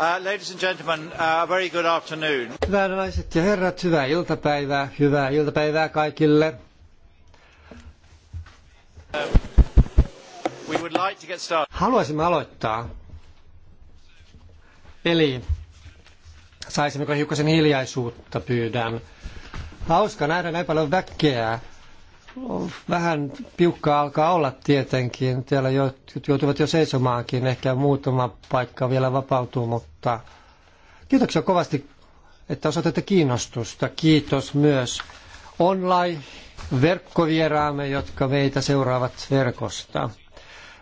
Uh, ladies and gentlemen, uh, very good afternoon. Hyvää naiset ja herrat, hyvää iltapäivää, hyvää iltapäivää kaikille. Uh, we would like to get started. Haluaisimme aloittaa. Eli saisimmeko hiukkasen hiljaisuutta pyydän. Hauska nähdä näin paljon väkeä vähän piukkaa alkaa olla tietenkin. Täällä jotkut joutuvat jo seisomaankin, ehkä muutama paikka vielä vapautuu, mutta kiitoksia kovasti, että osoitatte kiinnostusta. Kiitos myös online-verkkovieraamme, jotka meitä seuraavat verkosta.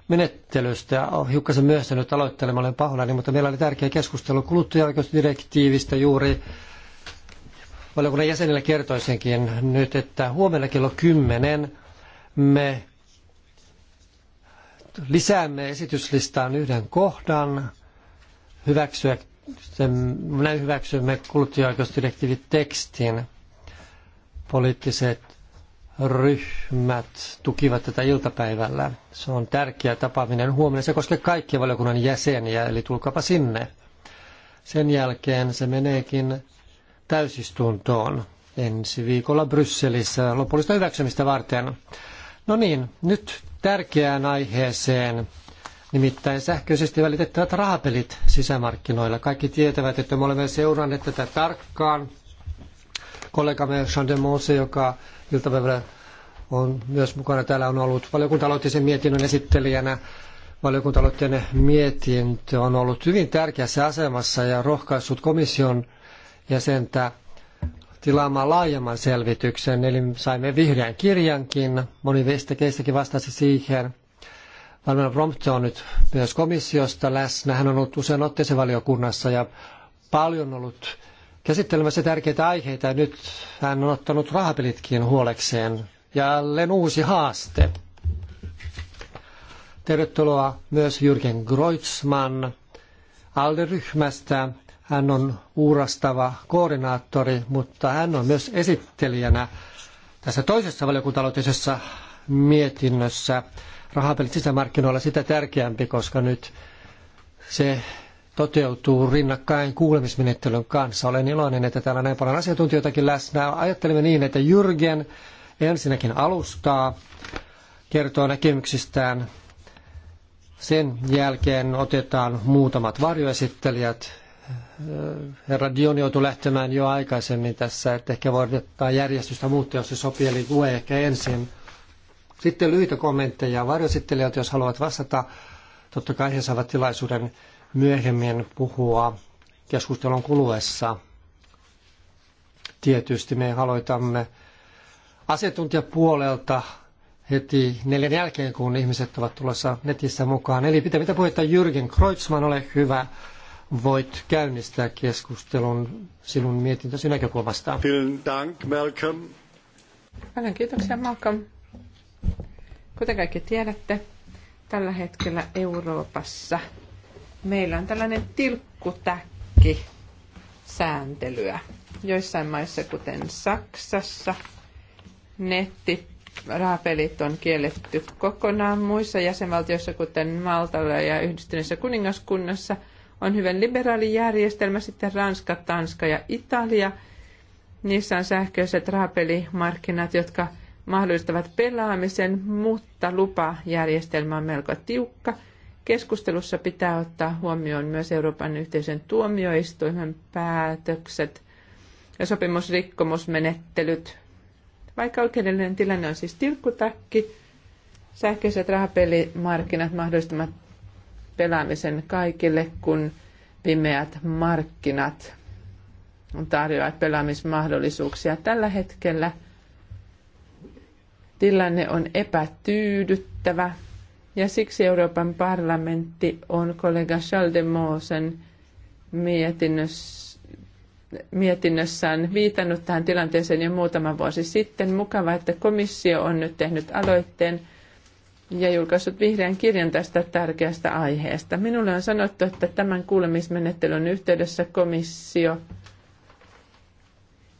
Menettelystä on hiukkasen myöhässä nyt aloittelemaan, olen pahoillani, mutta meillä oli tärkeä keskustelu kuluttajaoikeusdirektiivistä juuri valiokunnan jäsenille kertoisinkin nyt, että huomenna kello 10 me lisäämme esityslistaan yhden kohdan hyväksyä näin hyväksymme kuluttajaoikeusdirektiivin tekstin. Poliittiset ryhmät tukivat tätä iltapäivällä. Se on tärkeä tapaaminen huomenna. Se koskee kaikkia valiokunnan jäseniä, eli tulkapa sinne. Sen jälkeen se meneekin täysistuntoon ensi viikolla Brysselissä lopullista hyväksymistä varten. No niin, nyt tärkeään aiheeseen, nimittäin sähköisesti välitettävät rahapelit sisämarkkinoilla. Kaikki tietävät, että me olemme seuranneet tätä tarkkaan. Kollegamme Jean de Monse, joka iltapäivällä on myös mukana täällä, on ollut valiokunta-aloitteisen mietinnön esittelijänä. Valiokunta-aloitteinen mietintö on ollut hyvin tärkeässä asemassa ja rohkaissut komission jäsentä tilaamaan laajemman selvityksen, eli saimme vihreän kirjankin. Moni keistäkin vastasi siihen. Valmiina Prompto on nyt myös komissiosta läsnä. Hän on ollut usein otteeseen valiokunnassa ja paljon ollut käsittelemässä tärkeitä aiheita. Ja nyt hän on ottanut rahapelitkin huolekseen. Jälleen uusi haaste. Tervetuloa myös Jürgen Groitsman alderyhmästä hän on uurastava koordinaattori, mutta hän on myös esittelijänä tässä toisessa valiokuntaloitisessa mietinnössä rahapelit sisämarkkinoilla sitä tärkeämpi, koska nyt se toteutuu rinnakkain kuulemismenettelyn kanssa. Olen iloinen, että täällä on näin paljon asiantuntijoitakin läsnä. Ajattelimme niin, että Jürgen ensinnäkin alustaa, kertoo näkemyksistään. Sen jälkeen otetaan muutamat varjoesittelijät herra Dion joutui lähtemään jo aikaisemmin tässä, että ehkä voi ottaa järjestystä muuttaa, jos se sopii, eli lue ehkä ensin. Sitten lyhyitä kommentteja varjosittelijat, jos haluavat vastata. Totta kai he saavat tilaisuuden myöhemmin puhua keskustelun kuluessa. Tietysti me haluamme asiantuntijapuolelta heti neljän jälkeen, kun ihmiset ovat tulossa netissä mukaan. Eli pitää mitä puhetta Jürgen Kreutzmann, ole hyvä voit käynnistää keskustelun sinun mietintösi näkökulmasta. Vielen dank, Malcolm. Paljon kiitoksia, Malcolm. Kuten kaikki tiedätte, tällä hetkellä Euroopassa meillä on tällainen tilkkutäkki sääntelyä. Joissain maissa, kuten Saksassa, netti raapelit on kielletty kokonaan muissa jäsenvaltioissa, kuten Maltalla ja Yhdistyneessä kuningaskunnassa – on hyvin liberaali järjestelmä, sitten Ranska, Tanska ja Italia. Niissä on sähköiset rahapelimarkkinat, jotka mahdollistavat pelaamisen, mutta lupajärjestelmä on melko tiukka. Keskustelussa pitää ottaa huomioon myös Euroopan yhteisen tuomioistuimen päätökset ja sopimusrikkomusmenettelyt. Vaikka oikeudellinen tilanne on siis tilkkutakki, sähköiset rahapelimarkkinat mahdollistavat pelaamisen kaikille, kun pimeät markkinat tarjoavat pelaamismahdollisuuksia. Tällä hetkellä tilanne on epätyydyttävä ja siksi Euroopan parlamentti on kollega Schaldemosen mietinnössään viitannut tähän tilanteeseen jo muutama vuosi sitten. Mukava, että komissio on nyt tehnyt aloitteen – ja julkaissut vihreän kirjan tästä tärkeästä aiheesta. Minulle on sanottu, että tämän kuulemismenettelyn yhteydessä komissio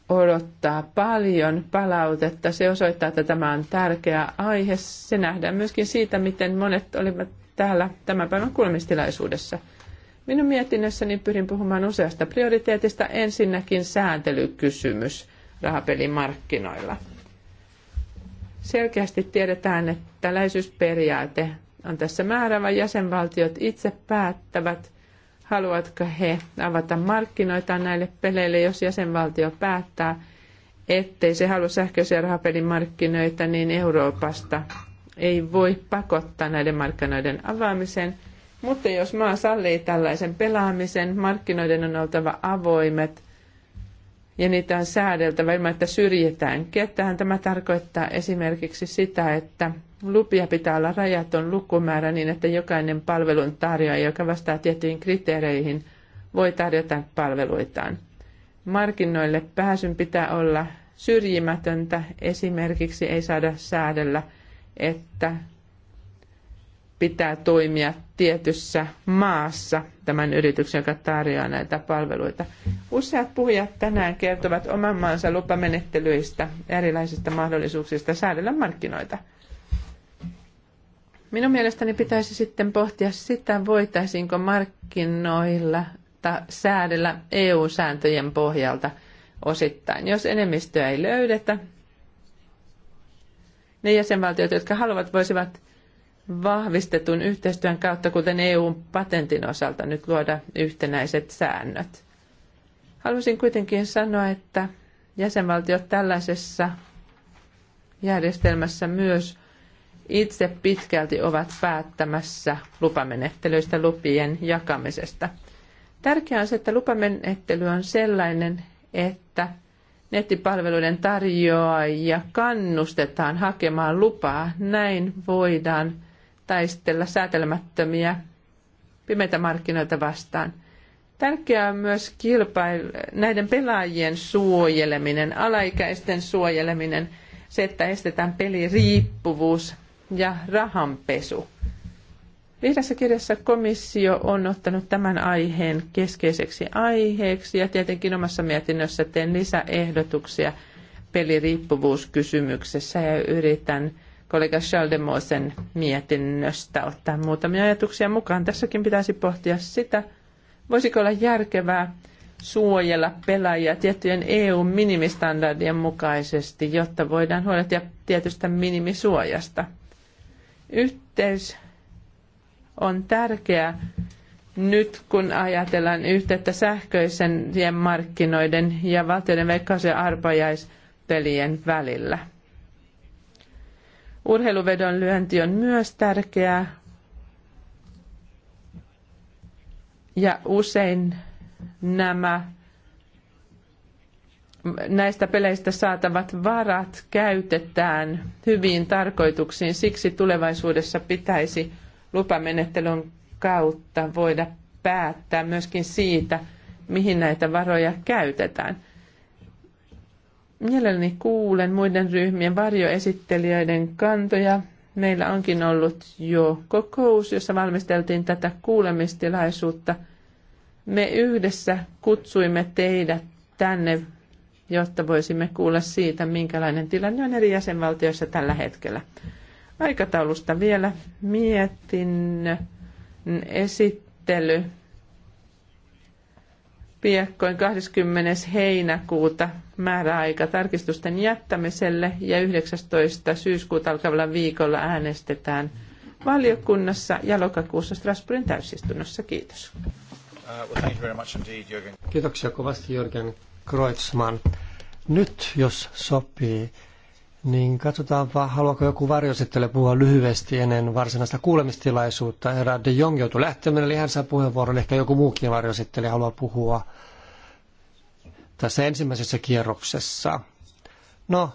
odottaa paljon palautetta. Se osoittaa, että tämä on tärkeä aihe. Se nähdään myöskin siitä, miten monet olivat täällä tämän päivän kuulemistilaisuudessa. Minun mietinnössäni pyrin puhumaan useasta prioriteetista. Ensinnäkin sääntelykysymys rahapelimarkkinoilla. Selkeästi tiedetään, että täläisyysperiaate on tässä määrävä. Jäsenvaltiot itse päättävät, haluatko he avata markkinoita näille peleille, jos jäsenvaltio päättää, ettei se halua sähköisiä rahapelimarkkinoita, niin Euroopasta ei voi pakottaa näiden markkinoiden avaamisen. Mutta jos maa sallii tällaisen pelaamisen, markkinoiden on oltava avoimet – ja niitä on säädeltävä ilman, että syrjitään ketään. Tämä tarkoittaa esimerkiksi sitä, että lupia pitää olla rajaton lukumäärä niin, että jokainen palvelun tarjoaja, joka vastaa tiettyihin kriteereihin, voi tarjota palveluitaan. Markkinoille pääsyn pitää olla syrjimätöntä. Esimerkiksi ei saada säädellä, että pitää toimia tietyssä maassa tämän yrityksen, joka tarjoaa näitä palveluita. Useat puhujat tänään kertovat oman maansa lupamenettelyistä erilaisista mahdollisuuksista säädellä markkinoita. Minun mielestäni pitäisi sitten pohtia sitä, voitaisiinko markkinoilla säädellä EU-sääntöjen pohjalta osittain. Jos enemmistöä ei löydetä, ne jäsenvaltiot, jotka haluavat, voisivat vahvistetun yhteistyön kautta, kuten EUn patentin osalta, nyt luoda yhtenäiset säännöt. Haluaisin kuitenkin sanoa, että jäsenvaltiot tällaisessa järjestelmässä myös itse pitkälti ovat päättämässä lupamenettelyistä lupien jakamisesta. Tärkeää on se, että lupamenettely on sellainen, että nettipalveluiden tarjoajia kannustetaan hakemaan lupaa. Näin voidaan taistella säätelemättömiä pimeitä markkinoita vastaan. Tärkeää on myös kilpailu, näiden pelaajien suojeleminen, alaikäisten suojeleminen, se, että estetään peliriippuvuus ja rahanpesu. Vihreässä kirjassa komissio on ottanut tämän aiheen keskeiseksi aiheeksi ja tietenkin omassa mietinnössä teen lisäehdotuksia peliriippuvuuskysymyksessä ja yritän kollega Schaldemosen mietinnöstä ottaa muutamia ajatuksia mukaan. Tässäkin pitäisi pohtia sitä, voisiko olla järkevää suojella pelaajia tiettyjen EU-minimistandardien mukaisesti, jotta voidaan huolehtia tietystä minimisuojasta. Yhteys on tärkeä nyt, kun ajatellaan yhteyttä sähköisen markkinoiden ja valtioiden veikkaus- ja arpajaispelien välillä. Urheiluvedon lyönti on myös tärkeää. Ja usein nämä näistä peleistä saatavat varat käytetään hyviin tarkoituksiin. Siksi tulevaisuudessa pitäisi lupamenettelyn kautta voida päättää myöskin siitä, mihin näitä varoja käytetään. Mielelläni kuulen muiden ryhmien varjoesittelijöiden kantoja. Meillä onkin ollut jo kokous, jossa valmisteltiin tätä kuulemistilaisuutta. Me yhdessä kutsuimme teidät tänne, jotta voisimme kuulla siitä, minkälainen tilanne on eri jäsenvaltioissa tällä hetkellä. Aikataulusta vielä mietin esittely Piekkoin 20. heinäkuuta määräaika tarkistusten jättämiselle ja 19. syyskuuta alkavalla viikolla äänestetään valiokunnassa ja lokakuussa Strasbourgin täysistunnossa. Kiitos. Uh, Kiitoksia kovasti Jörgen Kreutzmann. Nyt, jos sopii, niin katsotaanpa, haluaako joku varjoesittely puhua lyhyesti ennen varsinaista kuulemistilaisuutta. Herra de Jong joutui lähtemään, eli hän saa puheenvuoron. Ehkä joku muukin varjoesittelijä haluaa puhua tässä ensimmäisessä kierroksessa. No,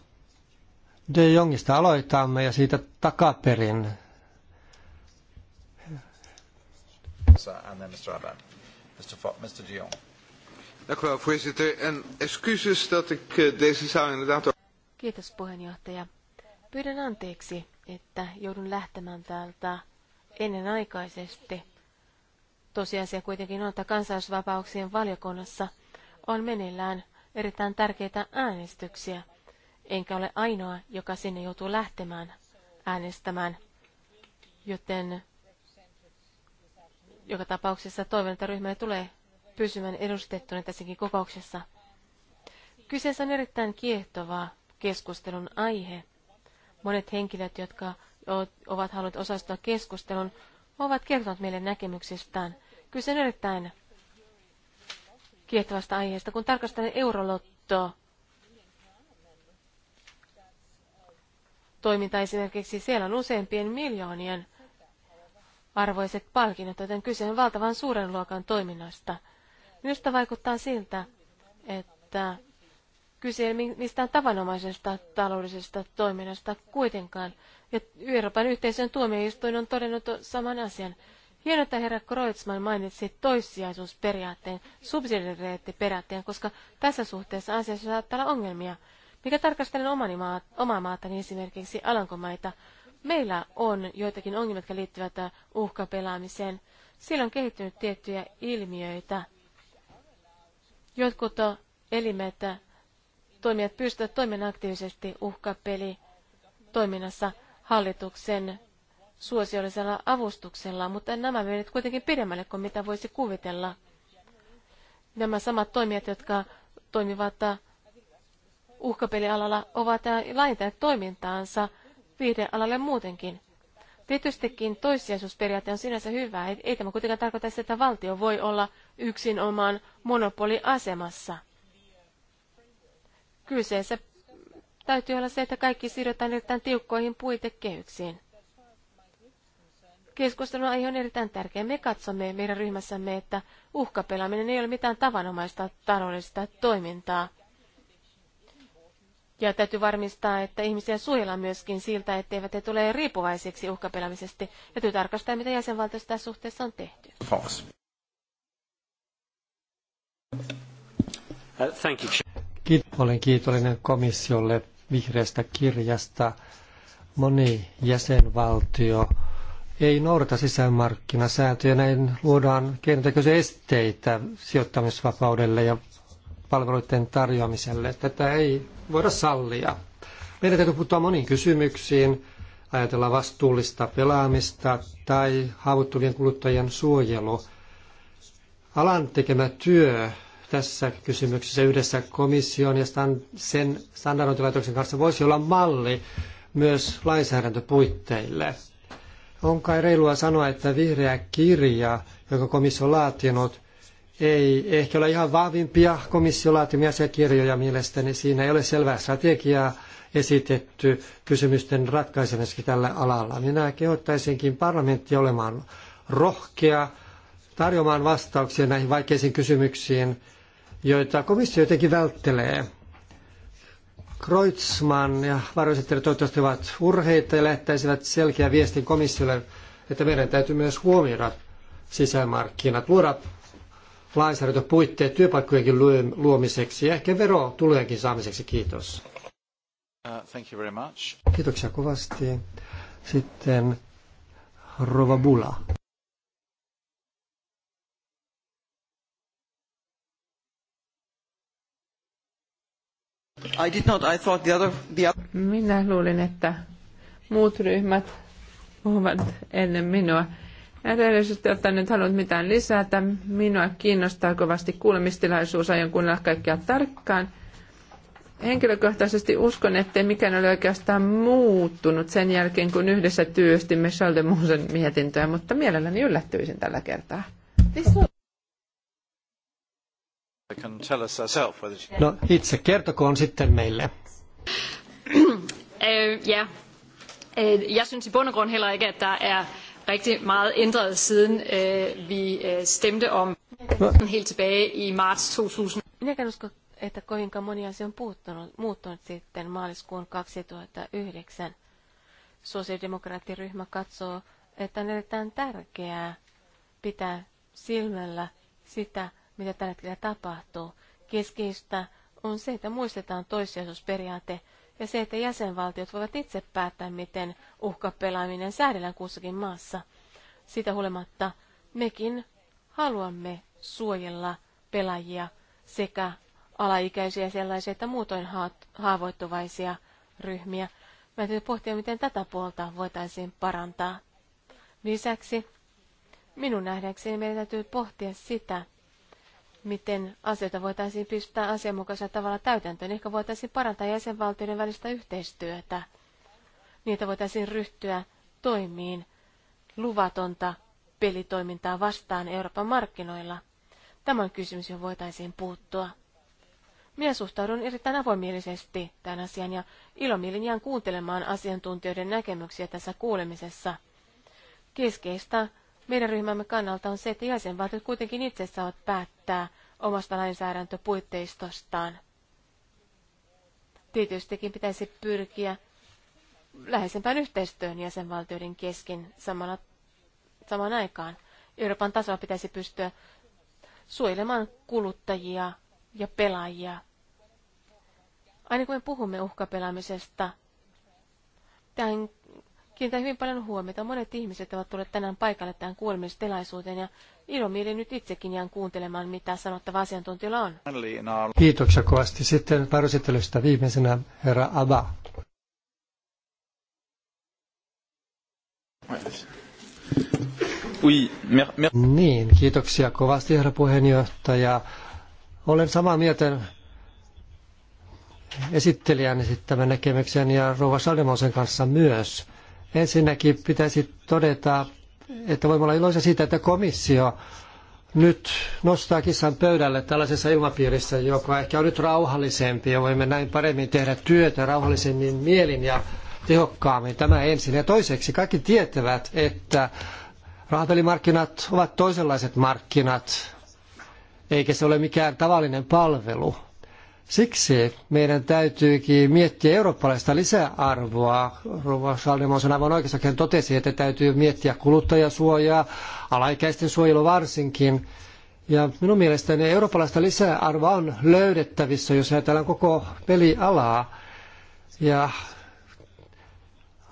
de Jongista aloitamme ja siitä takaperin. Mr. Mr. de Jong. Dank u wel, voorzitter. En excuses dat ik eh, deze zaal inderdaad... Kiitos puheenjohtaja. Pyydän anteeksi, että joudun lähtemään täältä ennenaikaisesti. Tosiasia kuitenkin on, että kansallisvapauksien valiokunnassa on meneillään erittäin tärkeitä äänestyksiä, enkä ole ainoa, joka sinne joutuu lähtemään äänestämään, joten joka tapauksessa toivon, että ryhmäni tulee pysymään edustettuna tässäkin kokouksessa. Kyseessä on erittäin kiehtovaa keskustelun aihe. Monet henkilöt, jotka ovat halunneet osallistua keskustelun, ovat kertoneet meille näkemyksistään. Kyse on erittäin kiehtovasta aiheesta, kun tarkastelen Eurolottoa. Toiminta esimerkiksi siellä on useampien miljoonien arvoiset palkinnot, joten kyse on valtavan suuren luokan toiminnasta. Minusta vaikuttaa siltä, että Kyse ei mistään tavanomaisesta taloudellisesta toiminnasta kuitenkaan. Ja Euroopan yhteisön tuomioistuin on todennut saman asian. Hienoa, että herra Kreutzmann mainitsi toissijaisuusperiaatteen, subsidiariteettiperiaatteen, koska tässä suhteessa asiassa saattaa olla ongelmia. Mikä tarkastelen omani omaa maatani esimerkiksi Alankomaita, meillä on joitakin ongelmia, jotka liittyvät äh, uhkapelaamiseen. Siellä on kehittynyt tiettyjä ilmiöitä. Jotkut äh, elimet äh, toimijat pystyvät toimimaan aktiivisesti uhkapeli toiminnassa hallituksen suosiollisella avustuksella, mutta nämä menevät kuitenkin pidemmälle kuin mitä voisi kuvitella. Nämä samat toimijat, jotka toimivat äh, uhkapelialalla, ovat äh, laajentaneet toimintaansa viihdealalle muutenkin. Tietystikin toissijaisuusperiaate on sinänsä hyvä, ei, ei tämä kuitenkaan tarkoita sitä, että valtio voi olla yksin oman monopoliasemassa. Kyseessä täytyy olla se, että kaikki siirretään erittäin tiukkoihin puitekehyksiin. Keskustelun aihe on erittäin tärkeä. Me katsomme meidän ryhmässämme, että uhkapelaaminen ei ole mitään tavanomaista taloudellista toimintaa. Ja täytyy varmistaa, että ihmisiä suojellaan myöskin siltä, etteivät he tule riippuvaiseksi uhkapelaamisesta. Ja täytyy tarkastaa, mitä jäsenvaltiossa tässä suhteessa on tehty. Fox. Uh, thank you. Kiitos. Olen kiitollinen komissiolle vihreästä kirjasta. Moni jäsenvaltio ei noudata sisämarkkinasääntöjä. Näin luodaan keinotekoisia esteitä sijoittamisvapaudelle ja palveluiden tarjoamiselle. Tätä ei voida sallia. Meidän täytyy puuttua moniin kysymyksiin, ajatella vastuullista pelaamista tai haavoittuvien kuluttajien suojelu. Alan tekemä työ tässä kysymyksessä yhdessä komission ja sen standardointilaitoksen kanssa voisi olla malli myös lainsäädäntöpuitteille. On kai reilua sanoa, että vihreä kirja, jonka komissio on laatinut, ei ehkä ole ihan vahvimpia komission laatimia asiakirjoja mielestäni. Siinä ei ole selvää strategiaa esitetty kysymysten ratkaisemiseksi tällä alalla. Minä kehottaisinkin parlamentti olemaan rohkea tarjoamaan vastauksia näihin vaikeisiin kysymyksiin joita komissio jotenkin välttelee. Kreutzmann ja varoesittelijät toivottavasti ovat urheita ja lähettäisivät selkeän viestin komissiolle, että meidän täytyy myös huomioida sisämarkkinat, luoda lainsäädäntöpuitteet työpaikkojenkin luomiseksi ja ehkä verotulojenkin saamiseksi. Kiitos. Uh, thank you very much. Kiitoksia kovasti. Sitten Rova Bula. I did not. I thought the other, the other. Minä luulin, että muut ryhmät puhuvat ennen minua. Edellisesti ottaen nyt halunnut mitään lisätä. Minua kiinnostaa kovasti kuulemistilaisuus. Aion kuunnella kaikkia tarkkaan. Henkilökohtaisesti uskon, ettei mikään ole oikeastaan muuttunut sen jälkeen, kun yhdessä työstimme Schaldemusen mietintöä, mutta mielelläni yllättyisin tällä kertaa. Niin can tell us herself whether she... No itse kertokoon sitten meille. Øh, ja, øh, jeg synes i bund og grund heller ikke, at der er rigtig meget ændret siden øh, vi stemte om helt tilbage i marts 2000. Minäkään usko, että kovinkaan moni asia on puuttunut, muuttunut sitten maaliskuun 2009. Sosiaalidemokraattiryhmä katsoo, että on erittäin tärkeää pitää silmällä sitä, mitä tällä hetkellä tapahtuu. Keskeistä on se, että muistetaan toissijaisuusperiaate ja se, että jäsenvaltiot voivat itse päättää, miten uhkapelaaminen säädellään kussakin maassa. Sitä huolimatta mekin haluamme suojella pelaajia sekä alaikäisiä sellaisia että muutoin haavoittuvaisia ryhmiä. Mä täytyy pohtia, miten tätä puolta voitaisiin parantaa. Lisäksi minun nähdäkseni meidän täytyy pohtia sitä, miten asioita voitaisiin pistää asianmukaisella tavalla täytäntöön. Ehkä voitaisiin parantaa jäsenvaltioiden välistä yhteistyötä. Niitä voitaisiin ryhtyä toimiin luvatonta pelitoimintaa vastaan Euroopan markkinoilla. Tämä on kysymys, johon voitaisiin puuttua. Minä suhtaudun erittäin avoimielisesti tämän asian ja ilomielin jään kuuntelemaan asiantuntijoiden näkemyksiä tässä kuulemisessa. Keskeistä meidän ryhmämme kannalta on se, että jäsenvaltiot kuitenkin itse saavat päättää omasta lainsäädäntöpuitteistostaan. Tietystikin pitäisi pyrkiä läheisempään yhteistyön jäsenvaltioiden kesken samana, samaan aikaan. Euroopan tasolla pitäisi pystyä suojelemaan kuluttajia ja pelaajia. Aina kun me puhumme uhkapelaamisesta, tämän kiinnitän hyvin paljon huomiota. Monet ihmiset ovat tulleet tänään paikalle tähän kuulemistilaisuuteen ja ilomieli nyt itsekin jään kuuntelemaan, mitä sanottava asiantuntijalla on. Kiitoksia kovasti. Sitten varusittelystä viimeisenä herra Aba. Oui, mer, mer. Niin, kiitoksia kovasti herra puheenjohtaja. Olen samaa mieltä esittelijän esittämän näkemyksen ja Rova Saldemosen kanssa myös. Ensinnäkin pitäisi todeta, että voimme olla iloisia siitä, että komissio nyt nostaa kissan pöydälle tällaisessa ilmapiirissä, joka ehkä on nyt rauhallisempi ja voimme näin paremmin tehdä työtä rauhallisemmin mielin ja tehokkaammin. Tämä ensin. Ja toiseksi kaikki tietävät, että rahapelimarkkinat ovat toisenlaiset markkinat, eikä se ole mikään tavallinen palvelu. Siksi meidän täytyykin miettiä eurooppalaista lisäarvoa. Rova Schaldemons on aivan oikeassa, hän totesi, että täytyy miettiä kuluttajasuojaa, alaikäisten suojelu varsinkin. Ja minun mielestäni eurooppalaista lisäarvoa on löydettävissä, jos ajatellaan koko pelialaa. Ja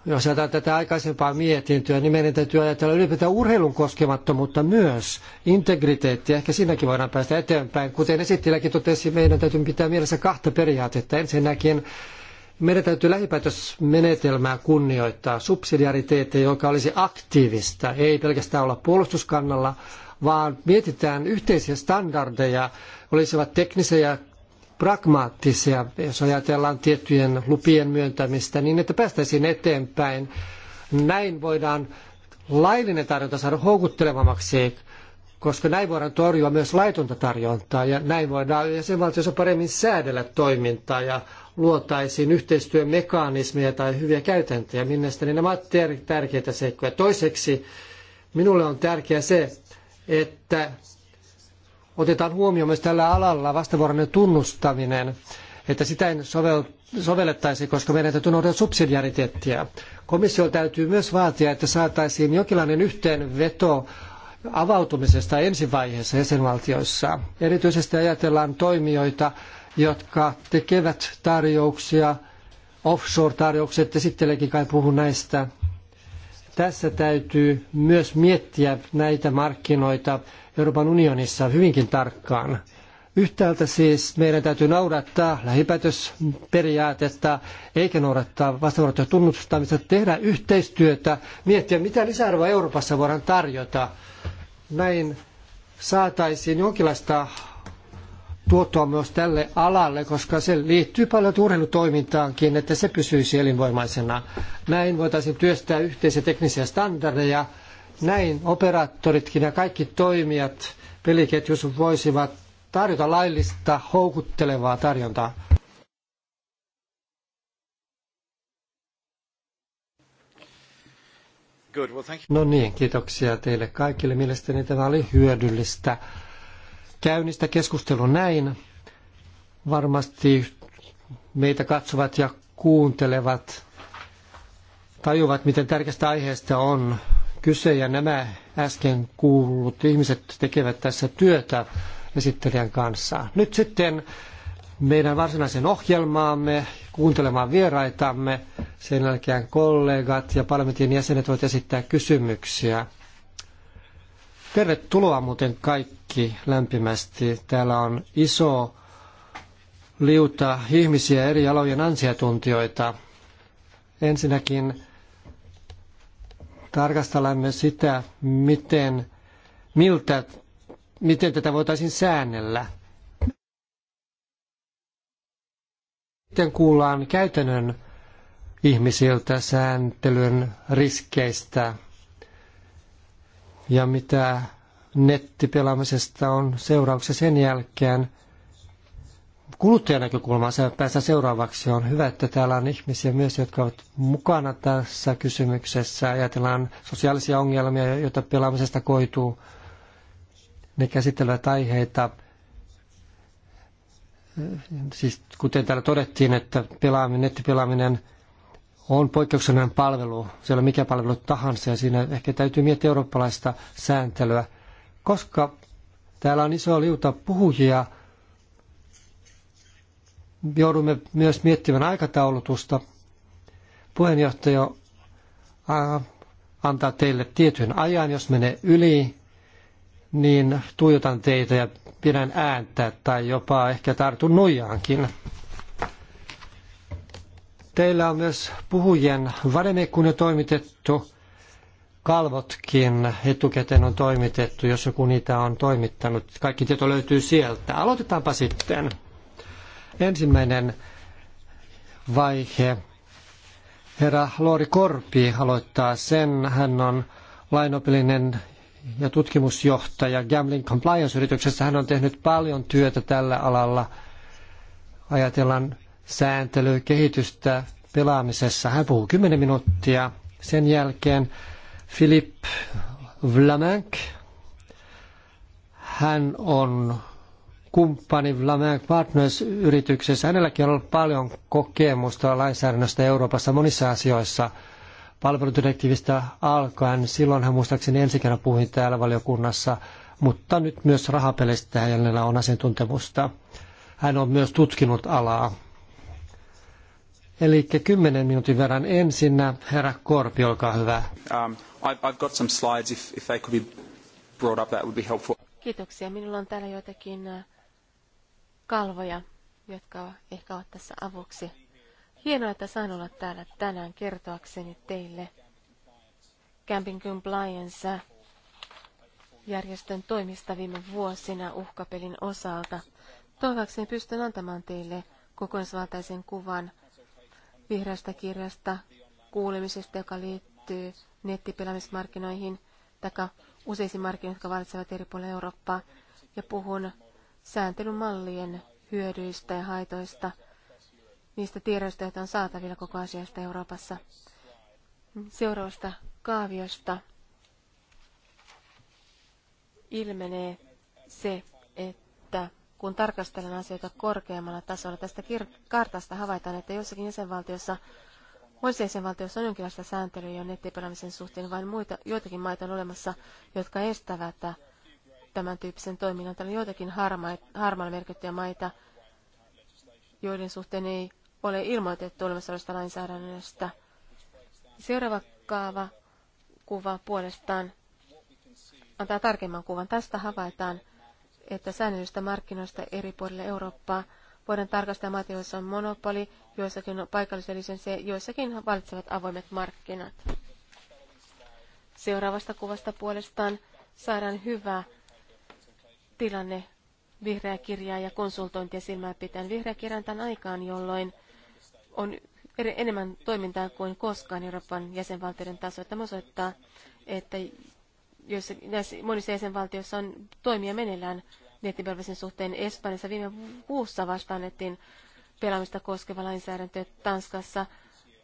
jos ajatellaan tätä aikaisempaa mietintöä, niin meidän täytyy ajatella ylipäätään urheilun koskemattomuutta myös, integriteettiä. Ehkä siinäkin voidaan päästä eteenpäin. Kuten esittiläkin totesi, meidän täytyy pitää mielessä kahta periaatetta. Ensinnäkin meidän täytyy lähipäätösmenetelmää kunnioittaa, subsidiariteettia, joka olisi aktiivista, ei pelkästään olla puolustuskannalla, vaan mietitään yhteisiä standardeja, olisivat teknisiä pragmaattisia, jos ajatellaan tiettyjen lupien myöntämistä, niin että päästäisiin eteenpäin. Näin voidaan laillinen tarjonta saada houkuttelevammaksi, koska näin voidaan torjua myös laitonta tarjontaa ja näin voidaan jäsenvaltiossa paremmin säädellä toimintaa ja luotaisiin yhteistyömekanismeja tai hyviä käytäntöjä. Mielestäni nämä ovat tärkeitä seikkoja. Toiseksi minulle on tärkeää se, että otetaan huomioon myös tällä alalla vastavuoroinen tunnustaminen, että sitä ei sovellettaisi, koska meidän täytyy noudattaa subsidiariteettia. Komissio täytyy myös vaatia, että saataisiin jokinlainen yhteenveto avautumisesta ensivaiheessa jäsenvaltioissa. Erityisesti ajatellaan toimijoita, jotka tekevät tarjouksia, offshore-tarjoukset, esittelekin kai puhu näistä. Tässä täytyy myös miettiä näitä markkinoita Euroopan unionissa hyvinkin tarkkaan. Yhtäältä siis meidän täytyy noudattaa lähipäätösperiaatetta, eikä noudattaa vastavuoroista tunnustamista, tehdä yhteistyötä, miettiä mitä lisäarvoa Euroopassa voidaan tarjota. Näin saataisiin jonkinlaista tuottoa myös tälle alalle, koska se liittyy paljon urheilutoimintaankin, että se pysyisi elinvoimaisena. Näin voitaisiin työstää yhteisiä teknisiä standardeja näin operaattoritkin ja kaikki toimijat peliketjus voisivat tarjota laillista, houkuttelevaa tarjontaa. No niin, kiitoksia teille kaikille. Mielestäni tämä oli hyödyllistä käynnistä keskustelu näin. Varmasti meitä katsovat ja kuuntelevat, tajuvat, miten tärkeästä aiheesta on kyse ja nämä äsken kuullut ihmiset tekevät tässä työtä esittelijän kanssa. Nyt sitten meidän varsinaisen ohjelmaamme, kuuntelemaan vieraitamme. Sen jälkeen kollegat ja parlamentin jäsenet voivat esittää kysymyksiä. Tervetuloa muuten kaikki lämpimästi. Täällä on iso liuta ihmisiä eri alojen ansiatuntijoita. Ensinnäkin tarkastelemme sitä, miten, miltä, miten tätä voitaisiin säännellä. Sitten kuullaan käytännön ihmisiltä sääntelyn riskeistä ja mitä nettipelaamisesta on seurauksia sen jälkeen – kuluttajan se päästä seuraavaksi. On hyvä, että täällä on ihmisiä myös, jotka ovat mukana tässä kysymyksessä. Ajatellaan sosiaalisia ongelmia, joita pelaamisesta koituu. Ne käsittelevät aiheita, siis kuten täällä todettiin, että pelaaminen, nettipelaaminen on poikkeuksellinen palvelu, se ei ole mikä palvelu tahansa, ja siinä ehkä täytyy miettiä eurooppalaista sääntelyä, koska täällä on iso liuta puhujia, joudumme myös miettimään aikataulutusta. Puheenjohtaja antaa teille tietyn ajan, jos menee yli, niin tuijotan teitä ja pidän ääntä tai jopa ehkä tartun nuijaankin. Teillä on myös puhujien vademekkune toimitettu, kalvotkin etukäteen on toimitettu, jos joku niitä on toimittanut. Kaikki tieto löytyy sieltä. Aloitetaanpa sitten. Ensimmäinen vaihe. Herra Lori Korpi aloittaa sen. Hän on lainopillinen ja tutkimusjohtaja Gambling Compliance-yrityksessä. Hän on tehnyt paljon työtä tällä alalla. Ajatellaan sääntelyä, kehitystä pelaamisessa. Hän puhuu 10 minuuttia. Sen jälkeen Philippe Vlamenck. Hän on kumppani Vlamek Partners-yrityksessä. Hänelläkin on ollut paljon kokemusta lainsäädännöstä Euroopassa monissa asioissa palveludirektiivistä alkaen. Silloin hän muistaakseni ensi kerran puhui täällä valiokunnassa, mutta nyt myös rahapeleistä hänellä on asiantuntemusta. Hän on myös tutkinut alaa. Eli kymmenen minuutin verran ensin Herra Korpi, olkaa hyvä. Um, Kiitoksia. Minulla on täällä joitakin uh, kalvoja, jotka ehkä ovat tässä avuksi. Hienoa, että saan olla täällä tänään kertoakseni teille Camping Compliance järjestön toimista viime vuosina uhkapelin osalta. Toivakseni pystyn antamaan teille kokonaisvaltaisen kuvan vihreästä kirjasta kuulemisesta, joka liittyy nettipelaamismarkkinoihin, taka useisiin markkinoihin, jotka valitsevat eri puolilla Eurooppaa, ja puhun sääntelymallien hyödyistä ja haitoista, niistä tiedoista, joita on saatavilla koko asiasta Euroopassa. Seuraavasta kaaviosta ilmenee se, että kun tarkastelen asioita korkeammalla tasolla, tästä kartasta havaitaan, että jossakin jäsenvaltiossa Monissa jäsenvaltioissa on jonkinlaista sääntelyä jo nettipelaamisen suhteen, vain muita, joitakin maita on olemassa, jotka estävät tämän tyyppisen toiminnan. Täällä on joitakin harmaan merkittyjä maita, joiden suhteen ei ole ilmoitettu olemassa olevasta lainsäädännöstä. Seuraava kaava kuva puolestaan antaa tarkemman kuvan. Tästä havaitaan, että säännöllistä markkinoista eri puolille Eurooppaa voidaan tarkastaa maita, joissa on monopoli, joissakin on paikallisia lisenssejä, joissakin valitsevat avoimet markkinat. Seuraavasta kuvasta puolestaan saadaan hyvä tilanne vihreä kirjaa ja konsultointia silmään pitäen. Vihreä kirjan tämän aikaan, jolloin on enemmän toimintaa kuin koskaan Euroopan jäsenvaltioiden taso. Tämä osoittaa, että jos näissä, monissa jäsenvaltioissa on toimia meneillään nettipelvisen suhteen. Espanjassa viime kuussa vastaanettiin pelaamista koskeva lainsäädäntö. Tanskassa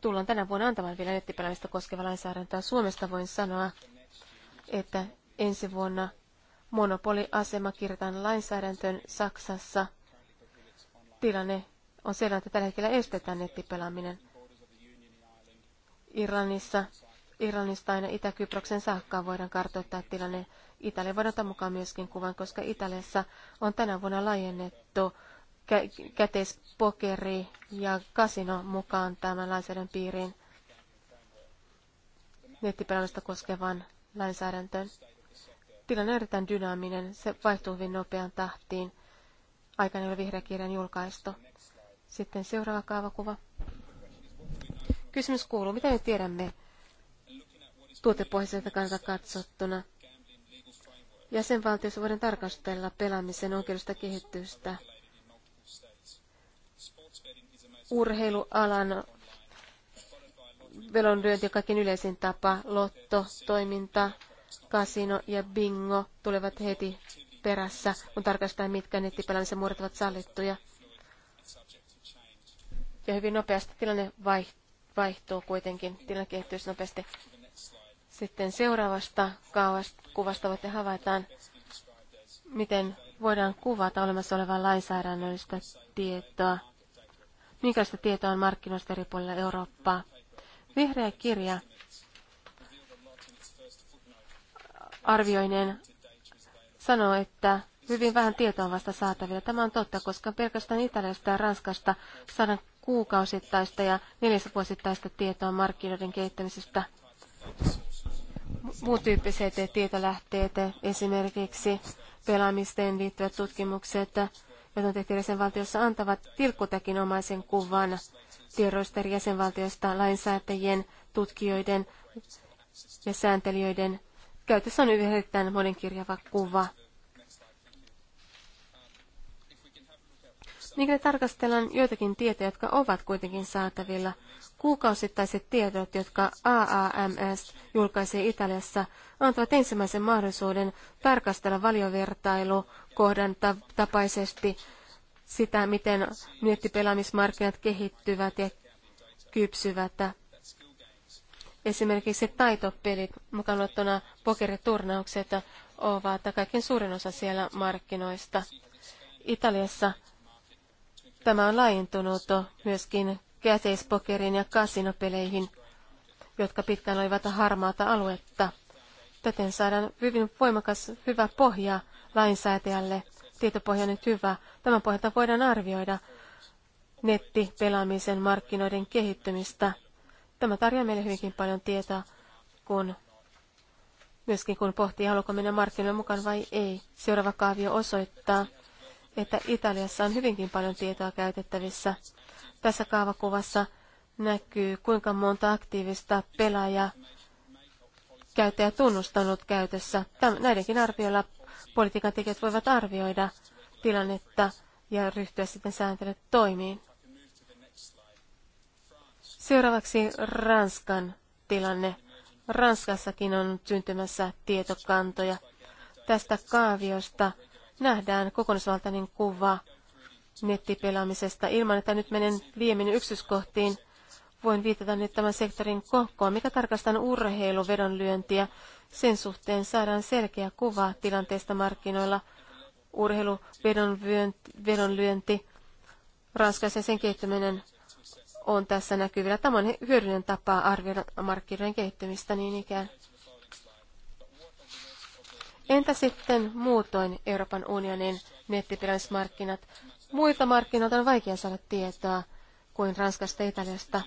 tullaan tänä vuonna antamaan vielä nettipelaamista koskeva lainsäädäntöä. Suomesta voin sanoa, että ensi vuonna monopoliasema kirjataan lainsäädäntöön Saksassa. Tilanne on sellainen, että tällä hetkellä estetään nettipelaaminen. Irlannissa, Irlannista aina Itä-Kyproksen saakkaan voidaan kartoittaa tilanne. Italia voidaan ottaa mukaan myöskin kuvan, koska Italiassa on tänä vuonna laajennettu kä- käteispokeri ja kasino mukaan tämän lainsäädännön piiriin nettipelaamista koskevan lainsäädäntöön tila on erittäin dynaaminen, se vaihtuu hyvin nopean tahtiin. Aikana ei ole vihreä kirjan julkaistu. Sitten seuraava kaavakuva. Kysymys kuuluu, mitä me tiedämme tuotepohjaiselta kannalta katsottuna? Jäsenvaltiossa voidaan tarkastella pelaamisen oikeudesta kehitystä. Urheilualan velonlyönti on kaikkein yleisin tapa, lotto, toiminta, kasino ja bingo tulevat heti perässä, kun tarkastetaan, mitkä nettipelaamisen muodot ovat sallittuja. Ja hyvin nopeasti tilanne vaihtuu kuitenkin, tilanne kehittyy nopeasti. Sitten seuraavasta kaavasta, kuvasta voitte havaitaan, miten voidaan kuvata olemassa olevaa lainsäädännöllistä tietoa. Minkälaista tietoa on markkinoista eri puolilla Eurooppaa? Vihreä kirja arvioineen sanoo, että hyvin vähän tietoa on vasta saatavilla. Tämä on totta, koska pelkästään Italiasta ja Ranskasta saadaan kuukausittaista ja neljäsvuosittaista tietoa markkinoiden kehittämisestä. Muut tyyppiset tietolähteet, esimerkiksi pelaamisten liittyvät tutkimukset, joita on tehty jäsenvaltiossa, antavat omaisen kuvan tiedoista eri jäsenvaltioista lainsäätäjien, tutkijoiden ja sääntelijöiden Käytössä on erittäin monenkirjava kuva. Mikäli tarkastellaan joitakin tietoja, jotka ovat kuitenkin saatavilla, kuukausittaiset tiedot, jotka AAMS julkaisee Italiassa, antavat ensimmäisen mahdollisuuden tarkastella valiovertailukohdan tapaisesti sitä, miten nettipelaamismarkkinat kehittyvät ja kypsyvät. Esimerkiksi taitopelit, mukaan luettuna pokeriturnaukset, ovat kaikkein suurin osa siellä markkinoista. Italiassa tämä on laajentunut myöskin käteispokeriin ja kasinopeleihin, jotka pitkään olivat harmaata aluetta. Täten saadaan hyvin voimakas, hyvä pohja lainsäätäjälle. Tietopohja on nyt hyvä. Tämän pohjalta voidaan arvioida nettipelaamisen markkinoiden kehittymistä – Tämä tarjoaa meille hyvinkin paljon tietoa, kun myöskin kun pohtii, haluaako mennä markkinoille mukaan vai ei. Seuraava kaavio osoittaa, että Italiassa on hyvinkin paljon tietoa käytettävissä. Tässä kaavakuvassa näkyy, kuinka monta aktiivista pelaajaa käyttäjä tunnustanut käytössä. näidenkin arvioilla politiikan tekijät voivat arvioida tilannetta ja ryhtyä sitten sääntelyt toimiin. Seuraavaksi Ranskan tilanne. Ranskassakin on syntymässä tietokantoja. Tästä kaaviosta nähdään kokonaisvaltainen kuva nettipelaamisesta. Ilman, että nyt menen liiemmin yksityiskohtiin, voin viitata nyt tämän sektorin kohkoon, mikä tarkastaa urheiluvedonlyöntiä. Sen suhteen saadaan selkeä kuva tilanteesta markkinoilla. Urheiluvedonlyönti, Ranskassa sen kehittyminen on tässä näkyvillä. Tämä on hyödyllinen tapa arvioida markkinoiden kehittymistä niin ikään. Entä sitten muutoin Euroopan unionin nettipiransmarkkinat? Muita markkinoita on vaikea saada tietoa kuin Ranskasta ja Italiasta.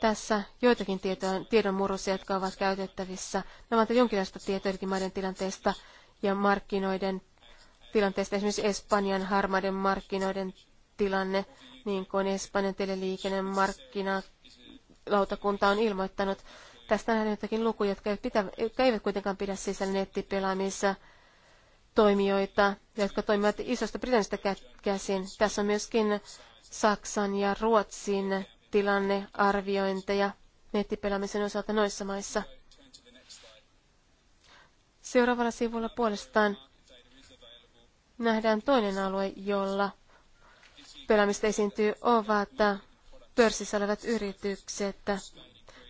Tässä joitakin tiedon, murusia, jotka ovat käytettävissä. Nämä ovat jonkinlaista tietoa maiden tilanteesta ja markkinoiden tilanteesta. Esimerkiksi Espanjan harmaiden markkinoiden tilanne niin kuin Espanjan teleliikennemarkkina on ilmoittanut. Tästä nähdään jotakin lukuja, jotka eivät, pitä, jotka eivät kuitenkaan pidä sisällä nettipelaamissa toimijoita, jotka toimivat isosta Britannista käsin. Tässä on myöskin Saksan ja Ruotsin tilannearviointeja nettipelaamisen osalta noissa maissa. Seuraavalla sivulla puolestaan nähdään toinen alue, jolla pelaamista esiintyy, ovat pörssissä olevat yritykset.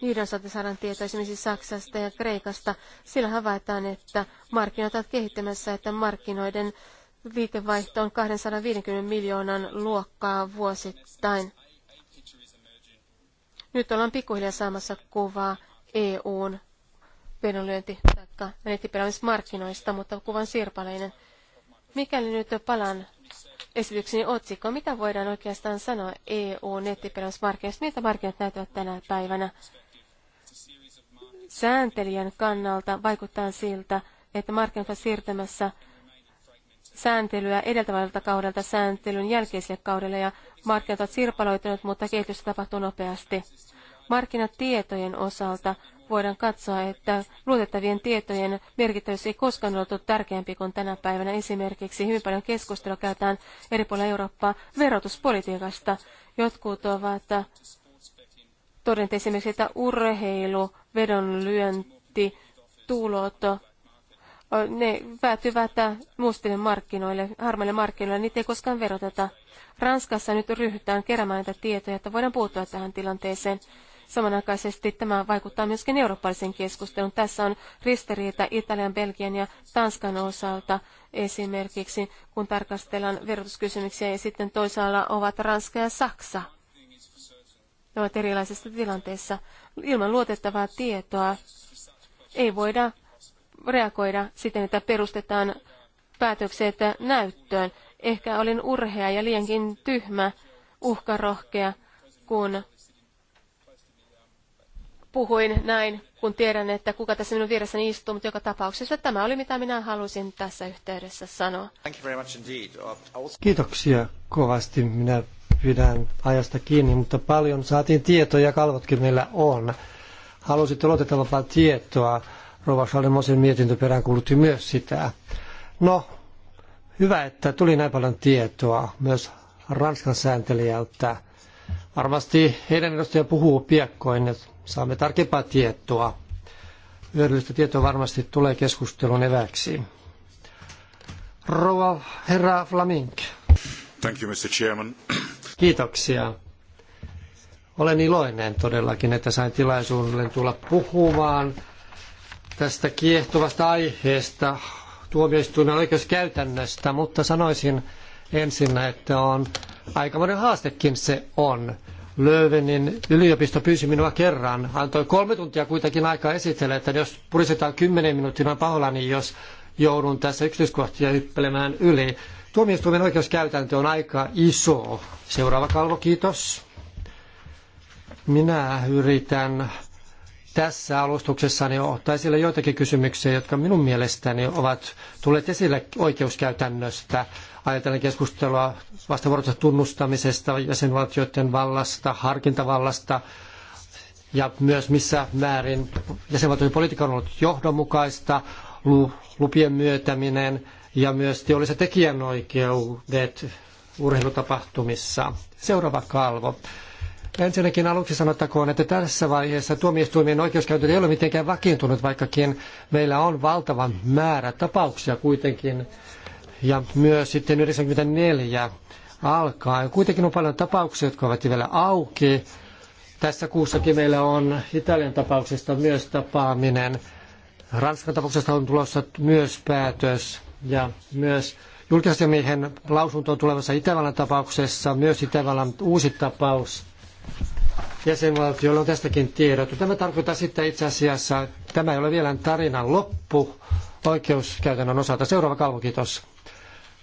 Niiden osalta saadaan tietoa esimerkiksi Saksasta ja Kreikasta. Sillä havaitaan, että markkinat ovat kehittymässä, että markkinoiden liikevaihto on 250 miljoonan luokkaa vuosittain. Nyt ollaan pikkuhiljaa saamassa kuvaa EUn vedonlyönti- tai nettipelaamismarkkinoista, mutta kuvan sirpaleinen. Mikäli nyt palaan esitykseni otsikko, mitä voidaan oikeastaan sanoa eu nettiperusmarkkinoista miltä markkinat näyttävät tänä päivänä. Sääntelijän kannalta vaikuttaa siltä, että markkinat ovat siirtämässä sääntelyä edeltävältä kaudelta sääntelyn jälkeiselle kaudelle ja markkinat ovat sirpaloituneet, mutta kehitys tapahtuu nopeasti. Markkinatietojen osalta voidaan katsoa, että luotettavien tietojen merkittävyys ei koskaan ollut tärkeämpi kuin tänä päivänä. Esimerkiksi hyvin paljon keskustelua käytetään eri puolilla Eurooppaa verotuspolitiikasta. Jotkut ovat todenneet esimerkiksi, että urheilu, vedonlyönti, tulot, ne päätyvät mustille markkinoille, harmaille markkinoille, niitä ei koskaan veroteta. Ranskassa nyt ryhdytään keräämään näitä tietoja, että voidaan puuttua tähän tilanteeseen. Samanaikaisesti tämä vaikuttaa myöskin eurooppalaisen keskusteluun. Tässä on ristiriita Italian, Belgian ja Tanskan osalta esimerkiksi, kun tarkastellaan verotuskysymyksiä ja sitten toisaalla ovat Ranska ja Saksa. Ne ovat erilaisessa tilanteessa. Ilman luotettavaa tietoa ei voida reagoida siten, että perustetaan päätökset näyttöön. Ehkä olin urhea ja liiankin tyhmä, uhkarohkea, kun puhuin näin, kun tiedän, että kuka tässä minun vieressäni istuu, mutta joka tapauksessa tämä oli mitä minä halusin tässä yhteydessä sanoa. Uh, Kiitoksia kovasti. Minä pidän ajasta kiinni, mutta paljon saatiin tietoja, kalvotkin meillä on. Halusitte luotettavaa tietoa. Rova Salmosen mietintö peräänkuulutti myös sitä. No, hyvä, että tuli näin paljon tietoa myös Ranskan sääntelijältä. Varmasti heidän edustajansa puhuu piakkoin, että saamme tarkempaa tietoa. Hyödyllistä tietoa varmasti tulee keskustelun eväksi. Rova herra Flamink. Thank you, Mr. Chairman. Kiitoksia. Olen iloinen todellakin, että sain tilaisuuden tulla puhumaan tästä kiehtovasta aiheesta tuomioistuimen oikeuskäytännöstä, mutta sanoisin ensin, että on aikamoinen haastekin se on Löövenin yliopisto pyysi minua kerran, antoi kolme tuntia kuitenkin aikaa esitellä, että jos puristetaan kymmenen minuuttia, mä pahoilla, niin jos joudun tässä yksityiskohtia hyppelemään yli. Tuomioistuimen oikeuskäytäntö on aika iso. Seuraava kalvo, kiitos. Minä yritän tässä alustuksessani ottaa esille joitakin kysymyksiä, jotka minun mielestäni ovat tulleet esille oikeuskäytännöstä. Ajatellen keskustelua vastavuoroisesta tunnustamisesta, jäsenvaltioiden vallasta, harkintavallasta ja myös missä määrin jäsenvaltioiden politiikka on ollut johdonmukaista, lupien myötäminen ja myös teolliset tekijänoikeudet urheilutapahtumissa. Seuraava kalvo. Ensinnäkin aluksi sanottakoon, että tässä vaiheessa tuomioistuimien oikeuskäytöt ei ole mitenkään vakiintunut, vaikkakin meillä on valtava määrä tapauksia kuitenkin. Ja myös sitten 94 alkaen. Kuitenkin on paljon tapauksia, jotka ovat vielä auki. Tässä kuussakin meillä on Italian tapauksesta myös tapaaminen. Ranskan tapauksesta on tulossa myös päätös ja myös julkisasiamiehen on tulevassa Itävallan tapauksessa myös Itävallan uusi tapaus jäsenvaltioilla on tästäkin tiedottu. Tämä tarkoittaa sitten itse asiassa, että tämä ei ole vielä tarinan loppu oikeuskäytännön osalta. Seuraava kalvo, kiitos.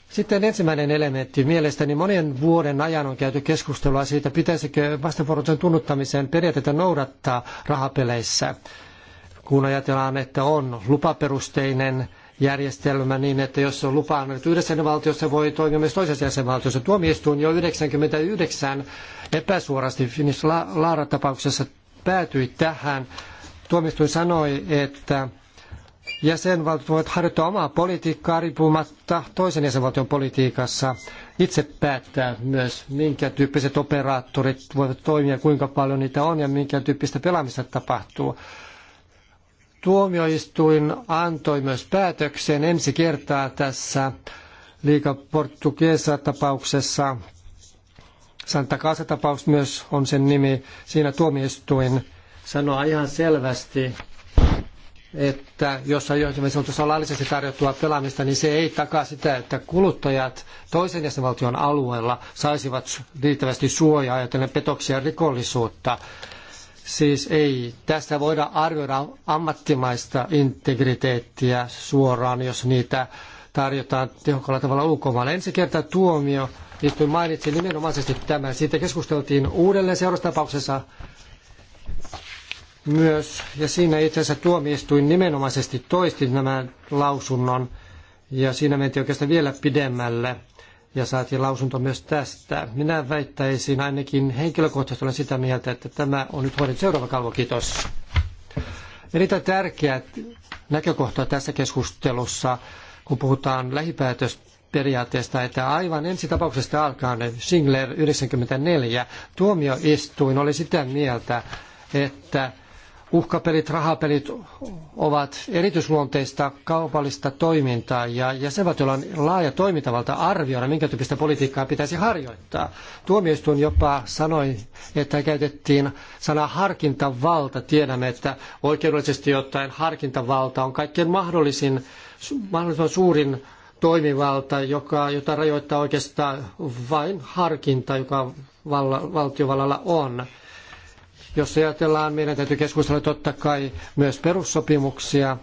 Sitten ensimmäinen elementti. Mielestäni monien vuoden ajan on käyty keskustelua siitä, pitäisikö vastavuoroisen tunnuttamisen periaatteita noudattaa rahapeleissä. Kun ajatellaan, että on lupaperusteinen järjestelmä niin, että jos on lupa annettu yhdessä jäsenvaltiossa, voi toimia myös toisessa jäsenvaltiossa. Tuomioistuin jo 99 epäsuorasti Finnish Laara-tapauksessa päätyi tähän. Tuomioistuin sanoi, että jäsenvaltiot voivat harjoittaa omaa politiikkaa riippumatta toisen jäsenvaltion politiikassa. Itse päättää myös, minkä tyyppiset operaattorit voivat toimia, kuinka paljon niitä on ja minkä tyyppistä pelaamista tapahtuu. Tuomioistuin antoi myös päätöksen ensi kertaa tässä Liga Portuguesa tapauksessa Santa Casa-tapaus myös on sen nimi. Siinä tuomioistuin sanoo ihan selvästi, että jos esimerkiksi on tuossa laillisesti tarjottua pelaamista, niin se ei takaa sitä, että kuluttajat toisen jäsenvaltion alueella saisivat riittävästi suojaa ajatellen petoksia ja rikollisuutta. Siis ei tästä voida arvioida ammattimaista integriteettiä suoraan, jos niitä tarjotaan tehokkaalla tavalla ulkomailla. Ensi kertaa tuomio liittyen mainitsin nimenomaisesti tämän. Siitä keskusteltiin uudelleen seurastapauksessa myös, ja siinä itse asiassa tuomioistuin nimenomaisesti toisti nämä lausunnon, ja siinä mentiin oikeastaan vielä pidemmälle – ja saatiin lausunto myös tästä. Minä väittäisin ainakin henkilökohtaisesti olen sitä mieltä, että tämä on nyt hoidettu seuraava kalvo, kiitos. Erittäin tärkeä näkökohta tässä keskustelussa, kun puhutaan lähipäätösperiaatteesta, että aivan ensi tapauksesta alkaen Singler 94 tuomioistuin oli sitä mieltä, että uhkapelit, rahapelit ovat erityisluonteista kaupallista toimintaa ja jäsenvaltiolla on laaja toimintavalta arvioida, minkä tyyppistä politiikkaa pitäisi harjoittaa. Tuomioistuin jopa sanoi, että käytettiin sanaa harkintavalta. Tiedämme, että oikeudellisesti ottaen harkintavalta on kaikkein mahdollisin, mahdollisimman suurin toimivalta, joka, jota rajoittaa oikeastaan vain harkinta, joka valla, valtiovallalla on. Jos ajatellaan, meidän täytyy keskustella totta kai myös perussopimuksia,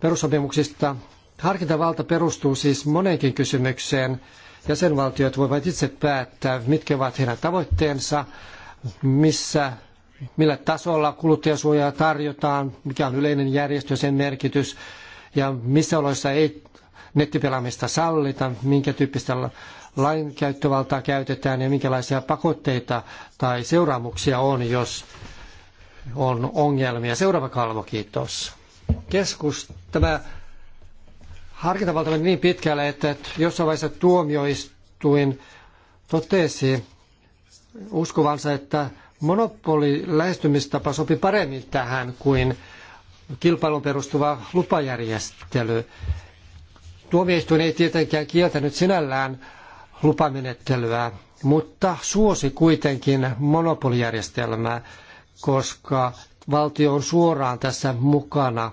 perussopimuksista. Harkintavalta perustuu siis moneenkin kysymykseen. Jäsenvaltiot voivat itse päättää, mitkä ovat heidän tavoitteensa, missä, millä tasolla kuluttajasuojaa tarjotaan, mikä on yleinen järjestö, sen merkitys ja missä oloissa ei nettipelaamista sallita, minkä tyyppistä lainkäyttövaltaa käytetään ja minkälaisia pakotteita tai seuraamuksia on, jos on ongelmia. Seuraava kalvo, kiitos. Keskus, tämä harkintavalta meni niin pitkälle, että jossain vaiheessa tuomioistuin totesi uskovansa, että monopoli lähestymistapa sopi paremmin tähän kuin kilpailun perustuva lupajärjestely. Tuomioistuin ei tietenkään kieltänyt sinällään lupamenettelyä, mutta suosi kuitenkin monopolijärjestelmää, koska valtio on suoraan tässä mukana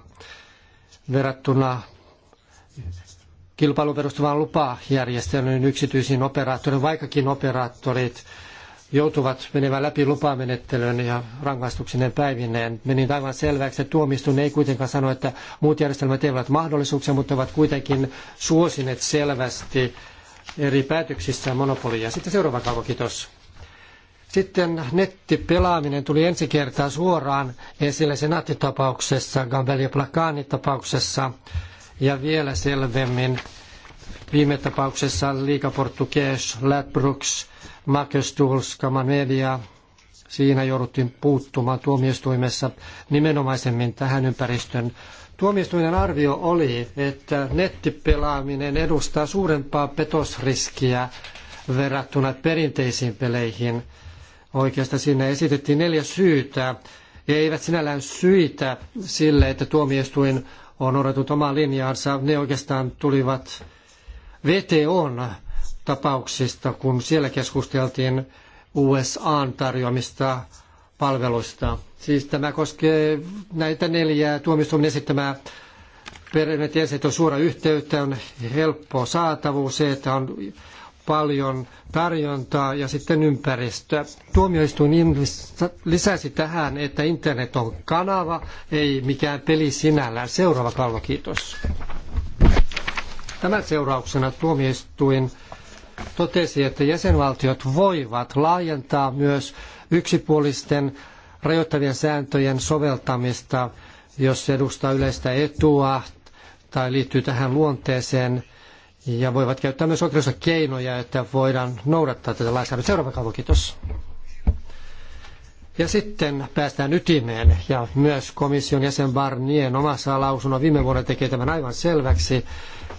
verrattuna kilpailuun perustuvaan lupajärjestelyyn yksityisiin operaattoreihin, vaikkakin operaattorit joutuvat menemään läpi lupamenettelyn ja rangaistuksineen päivineen. Meni aivan selväksi, että tuomistun ei kuitenkaan sano, että muut järjestelmät eivät ole mahdollisuuksia, mutta ovat kuitenkin suosineet selvästi eri päätöksissä monopolia. Sitten seuraava kalvo, kiitos. Sitten nettipelaaminen tuli ensi kertaa suoraan esille senaattitapauksessa, Gambelli Placani tapauksessa ja vielä selvemmin viime tapauksessa Liga Portugues, Ladbrokes, Marcus Tools, Media. Siinä jouduttiin puuttumaan tuomioistuimessa nimenomaisemmin tähän ympäristön Tuomioistuimen arvio oli, että nettipelaaminen edustaa suurempaa petosriskiä verrattuna perinteisiin peleihin. Oikeastaan siinä esitettiin neljä syytä, ja eivät sinällään syitä sille, että tuomioistuin on noudattanut omaa linjaansa. Ne oikeastaan tulivat VTOn tapauksista, kun siellä keskusteltiin USAn tarjoamista palveluista. Siis tämä koskee näitä neljää tuomistumin esittämää perinnettä. että on suora yhteyttä, on helppo saatavuus, se, että on paljon tarjontaa ja sitten ympäristö. Tuomioistuin lisäsi tähän, että internet on kanava, ei mikään peli sinällään. Seuraava kalvo, kiitos. Tämän seurauksena tuomioistuin totesi, että jäsenvaltiot voivat laajentaa myös yksipuolisten rajoittavien sääntöjen soveltamista, jos se edustaa yleistä etua tai liittyy tähän luonteeseen, ja voivat käyttää myös oikeudessa keinoja, että voidaan noudattaa tätä lainsäädäntöä. Seuraava kaavo, kiitos. Ja sitten päästään ytimeen, ja myös komission jäsen Barnier omassa lausunnon viime vuonna tekee tämän aivan selväksi,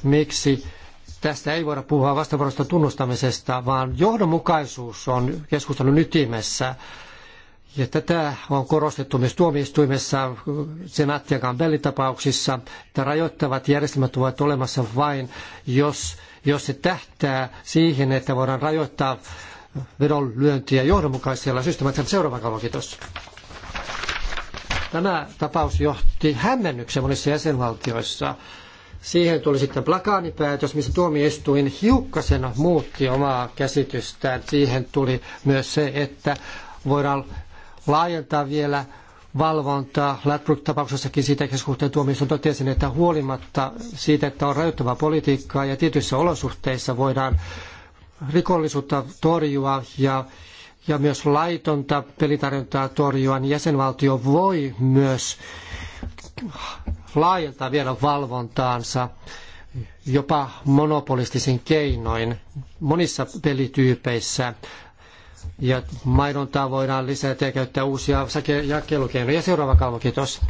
miksi Tästä ei voida puhua vastavuorosta tunnustamisesta, vaan johdonmukaisuus on keskustelun ytimessä. Ja tätä on korostettu myös tuomioistuimessa senaatti- ja Gambelli-tapauksissa, että rajoittavat järjestelmät ovat olemassa vain, jos, jos se tähtää siihen, että voidaan rajoittaa vedonlyöntiä johdonmukaisella systemaattisella seuraavalla kiitos. Tämä tapaus johti hämmennykseen monissa jäsenvaltioissa Siihen tuli sitten plakaanipäätös, missä tuomioistuin hiukkasena muutti omaa käsitystään. Siihen tuli myös se, että voidaan laajentaa vielä valvontaa. latbrook tapauksessakin siitä keskustelun tuomioistuin totesi, että huolimatta siitä, että on rajoittavaa politiikkaa ja tietyissä olosuhteissa voidaan rikollisuutta torjua ja, ja myös laitonta pelitarjontaa torjua, niin jäsenvaltio voi myös laajentaa vielä valvontaansa jopa monopolistisin keinoin monissa pelityypeissä. Ja mainontaa voidaan lisätä ja käyttää uusia jakelukeinoja. Seuraava kalvo, kiitos.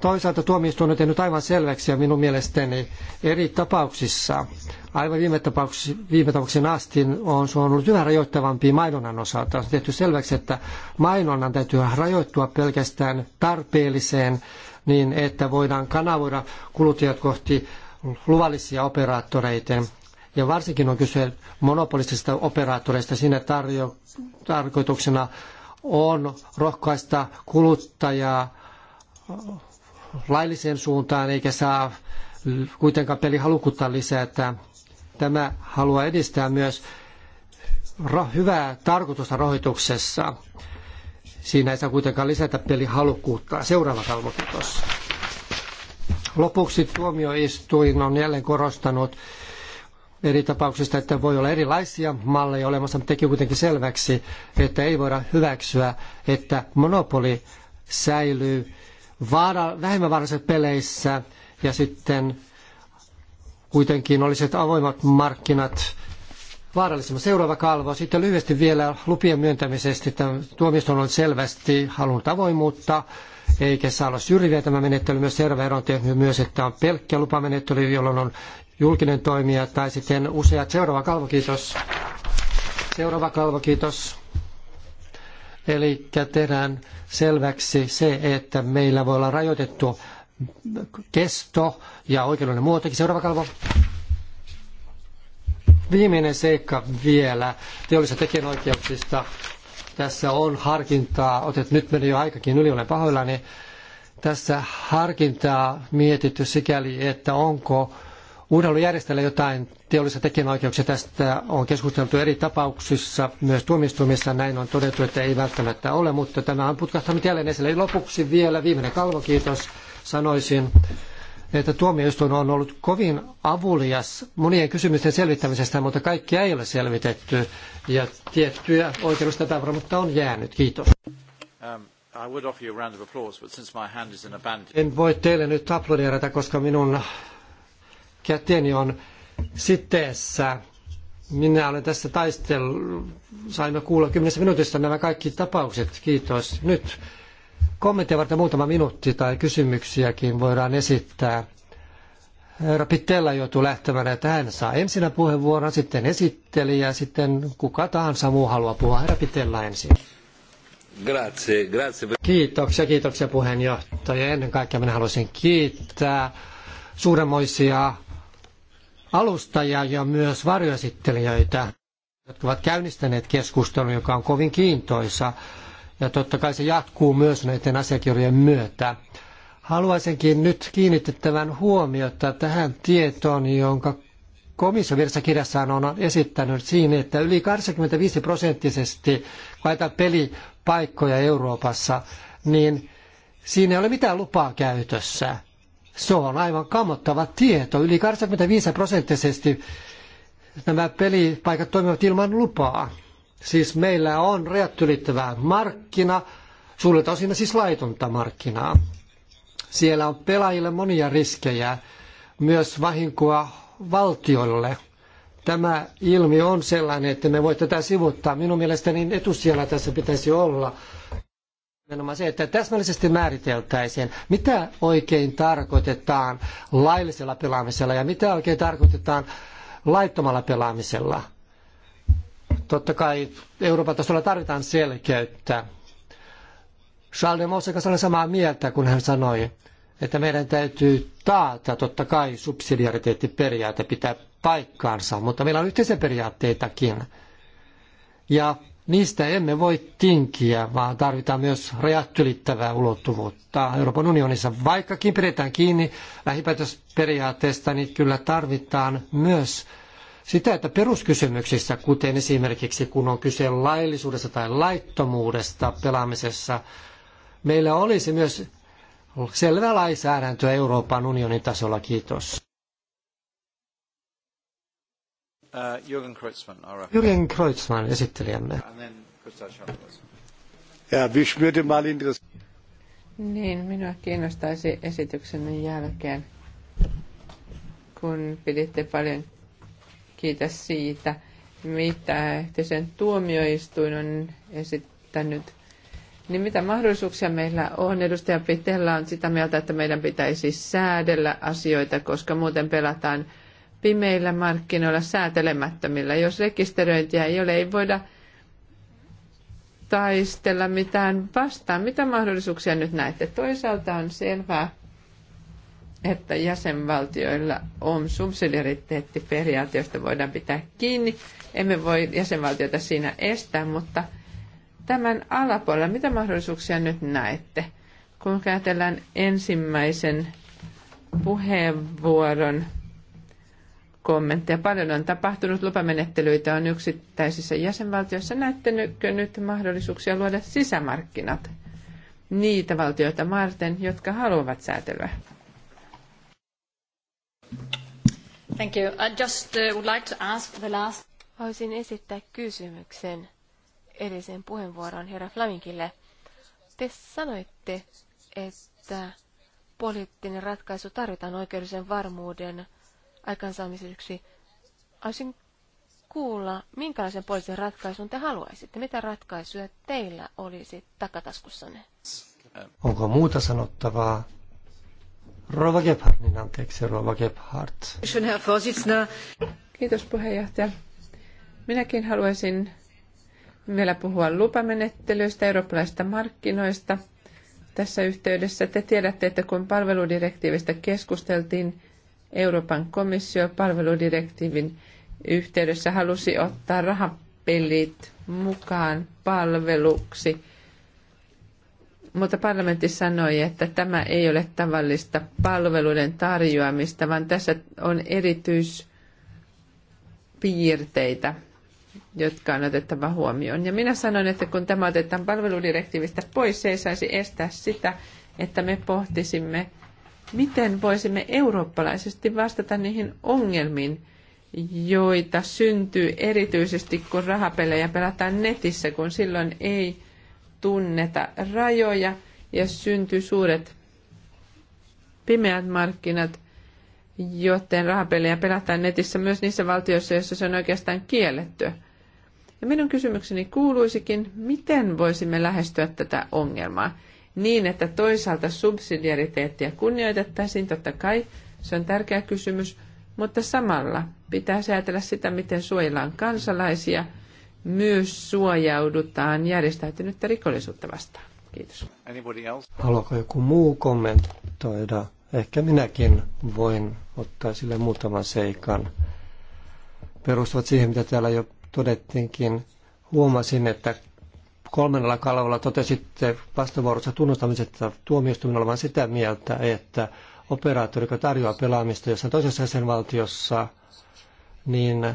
Toisaalta tuomioistuin on tehnyt aivan selväksi ja minun mielestäni eri tapauksissa, aivan viime, tapauksi, viime tapauksen asti, on se on ollut yhä rajoittavampi mainonnan osalta. On tehty selväksi, että mainonnan täytyy rajoittua pelkästään tarpeelliseen niin että voidaan kanavoida kuluttajat kohti luvallisia operaattoreita. Ja varsinkin on kyse monopolistisista operaattoreista. Siinä tarjo, tarkoituksena on rohkaista kuluttajaa lailliseen suuntaan, eikä saa kuitenkaan pelihalukkuutta lisätä. Tämä haluaa edistää myös hyvää tarkoitusta rahoituksessa. Siinä ei saa kuitenkaan lisätä pelihalukkuutta. Seuraava kalvo, Lopuksi tuomioistuin on jälleen korostanut eri tapauksista, että voi olla erilaisia malleja olemassa, mutta teki kuitenkin selväksi, että ei voida hyväksyä, että monopoli säilyy vaara, vähemmän vaarallisissa peleissä ja sitten kuitenkin että avoimat markkinat vaarallisemmin. Seuraava kalvo. Sitten lyhyesti vielä lupien myöntämisestä. Tuomioistuin on selvästi halunnut avoimuutta, eikä saa olla syrjiviä tämä menettely. Myös selvä ero on tehnyt myös, että on pelkkä lupamenettely, jolloin on julkinen toimija tai sitten useat. Seuraava kalvo, kiitos. Seuraava kalvo, kiitos. Eli tehdään selväksi se, että meillä voi olla rajoitettu kesto ja oikeudellinen muotokin. Seuraava kalvo. Viimeinen seikka vielä teollisista tekijänoikeuksista. Tässä on harkintaa, otet nyt meni jo aikakin yli, olen pahoillani. Tässä harkintaa mietitty sikäli, että onko urheilujärjestäjällä jotain teollisia tekijänoikeuksia. Tästä on keskusteltu eri tapauksissa, myös tuomistumissa näin on todettu, että ei välttämättä ole, mutta tämä on putkahtanut jälleen esille. Lopuksi vielä viimeinen kalvo, kiitos, sanoisin, että tuomioistuin on ollut kovin avulias monien kysymysten selvittämisestä, mutta kaikkia ei ole selvitetty ja tiettyä oikeudellista epävarmuutta on jäänyt. Kiitos. Um, en voi teille nyt aplodeerata, koska minun käteni on siteessä. Minä olen tässä taistellut, saimme kuulla kymmenessä minuutissa nämä kaikki tapaukset. Kiitos. Nyt kommentteja varten muutama minuutti tai kysymyksiäkin voidaan esittää. Herra Pittella joutuu lähtemään, että hän saa ensinnä puheenvuoron, sitten esittelijä, sitten kuka tahansa muu haluaa puhua. Herra Pitella ensin. Grazie, grazie. Kiitoksia, kiitoksia puheenjohtaja. Ennen kaikkea minä haluaisin kiittää suuremmoisia alustajia ja myös varjoesittelijöitä, jotka ovat käynnistäneet keskustelun, joka on kovin kiintoisa ja totta kai se jatkuu myös näiden asiakirjojen myötä. Haluaisinkin nyt kiinnitettävän huomiota tähän tietoon, jonka komission virtsakirjassaan on esittänyt siinä, että yli 85 prosenttisesti laita pelipaikkoja Euroopassa, niin siinä ei ole mitään lupaa käytössä. Se on aivan kammottava tieto. Yli 85 prosenttisesti nämä pelipaikat toimivat ilman lupaa. Siis meillä on rajat ylittävää markkina, suurelta osin siis laitonta markkinaa. Siellä on pelaajille monia riskejä, myös vahinkoa valtiolle. Tämä ilmi on sellainen, että me voi tätä sivuttaa. Minun mielestäni etusijalla tässä pitäisi olla nimenomaan se, että täsmällisesti määriteltäisiin, mitä oikein tarkoitetaan laillisella pelaamisella ja mitä oikein tarkoitetaan laittomalla pelaamisella – Totta kai Euroopan tasolla tarvitaan selkeyttä. Charles de Mosse kanssa olen samaa mieltä, kun hän sanoi, että meidän täytyy taata totta kai subsidiariteettiperiaate pitää paikkaansa, mutta meillä on yhteisiä periaatteitakin. Ja niistä emme voi tinkiä, vaan tarvitaan myös rajat ylittävää ulottuvuutta Euroopan unionissa. Vaikkakin pidetään kiinni lähipäätösperiaatteesta, niin kyllä tarvitaan myös sitä, että peruskysymyksissä, kuten esimerkiksi kun on kyse laillisuudesta tai laittomuudesta pelaamisessa, meillä olisi myös selvä lainsäädäntö Euroopan unionin tasolla. Kiitos. Uh, Jürgen Kreutzmann, esittelijämme. Ja, Niin, minua kiinnostaisi esityksen jälkeen, kun piditte paljon kiitä siitä, mitä sen tuomioistuin on esittänyt. Niin mitä mahdollisuuksia meillä on? Edustaja Pitellä on sitä mieltä, että meidän pitäisi säädellä asioita, koska muuten pelataan pimeillä markkinoilla säätelemättömillä. Jos rekisteröintiä ei ole, ei voida taistella mitään vastaan. Mitä mahdollisuuksia nyt näette? Toisaalta on selvää, että jäsenvaltioilla on subsidiariteettiperiaate, josta voidaan pitää kiinni. Emme voi jäsenvaltiota siinä estää, mutta tämän alapuolella, mitä mahdollisuuksia nyt näette? Kun käytellään ensimmäisen puheenvuoron kommentteja. Paljon on tapahtunut lupamenettelyitä on yksittäisissä jäsenvaltioissa. Näettekö nyt mahdollisuuksia luoda sisämarkkinat niitä valtioita varten, jotka haluavat säätelyä? Thank you. I just uh, would like to ask the last... esittää kysymyksen edellisen puheenvuoron herra Flaminkille. Te sanoitte, että poliittinen ratkaisu tarvitaan oikeudellisen varmuuden aikaansaamiseksi. Haluaisin kuulla, minkälaisen poliittisen ratkaisun te haluaisitte. Mitä ratkaisuja teillä olisi takataskussanne? Onko muuta sanottavaa? Rova Gebhardt, niin anteeksi, Rova Gebhardt. Kiitos puheenjohtaja. Minäkin haluaisin vielä puhua lupamenettelyistä, eurooppalaisista markkinoista. Tässä yhteydessä te tiedätte, että kun palveludirektiivistä keskusteltiin, Euroopan komissio palveludirektiivin yhteydessä halusi ottaa rahapelit mukaan palveluksi – mutta parlamentti sanoi, että tämä ei ole tavallista palveluiden tarjoamista, vaan tässä on erityispiirteitä, jotka on otettava huomioon. Ja minä sanoin, että kun tämä otetaan palveludirektiivistä pois, se ei saisi estää sitä, että me pohtisimme, miten voisimme eurooppalaisesti vastata niihin ongelmiin, joita syntyy erityisesti, kun rahapelejä pelataan netissä, kun silloin ei tunneta rajoja ja syntyy suuret pimeät markkinat, joten rahapelejä pelataan netissä myös niissä valtioissa, joissa se on oikeastaan kiellettyä. Ja minun kysymykseni kuuluisikin, miten voisimme lähestyä tätä ongelmaa niin, että toisaalta subsidiariteettia kunnioitettaisiin, totta kai se on tärkeä kysymys, mutta samalla pitää ajatella sitä, miten suojellaan kansalaisia – myös suojaudutaan järjestäytynyttä rikollisuutta vastaan. Kiitos. Haluaako joku muu kommentoida? Ehkä minäkin voin ottaa sille muutaman seikan. Perustuvat siihen, mitä täällä jo todettiinkin. Huomasin, että kolmannella kalvolla totesitte vastavuorossa tunnustamisesta tuomioistuminen olevan sitä mieltä, että operaattori, joka tarjoaa pelaamista jossain toisessa jäsenvaltiossa, niin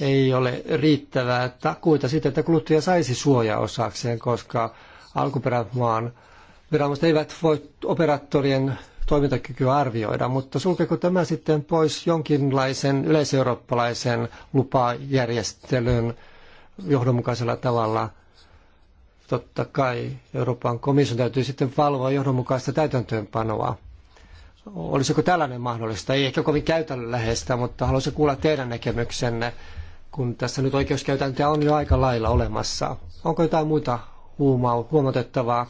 ei ole riittävää takuita siitä, että kuluttaja saisi suojaa osakseen, koska alkuperämaan viranomaiset eivät voi operaattorien toimintakykyä arvioida, mutta sulkeeko tämä sitten pois jonkinlaisen yleiseurooppalaisen lupajärjestelyn johdonmukaisella tavalla? Totta kai Euroopan komission täytyy sitten valvoa johdonmukaista täytäntöönpanoa. Olisiko tällainen mahdollista? Ei ehkä kovin käytännönläheistä, mutta haluaisin kuulla teidän näkemyksenne kun tässä nyt oikeuskäytäntöä on jo aika lailla olemassa. Onko jotain muuta huomautettavaa?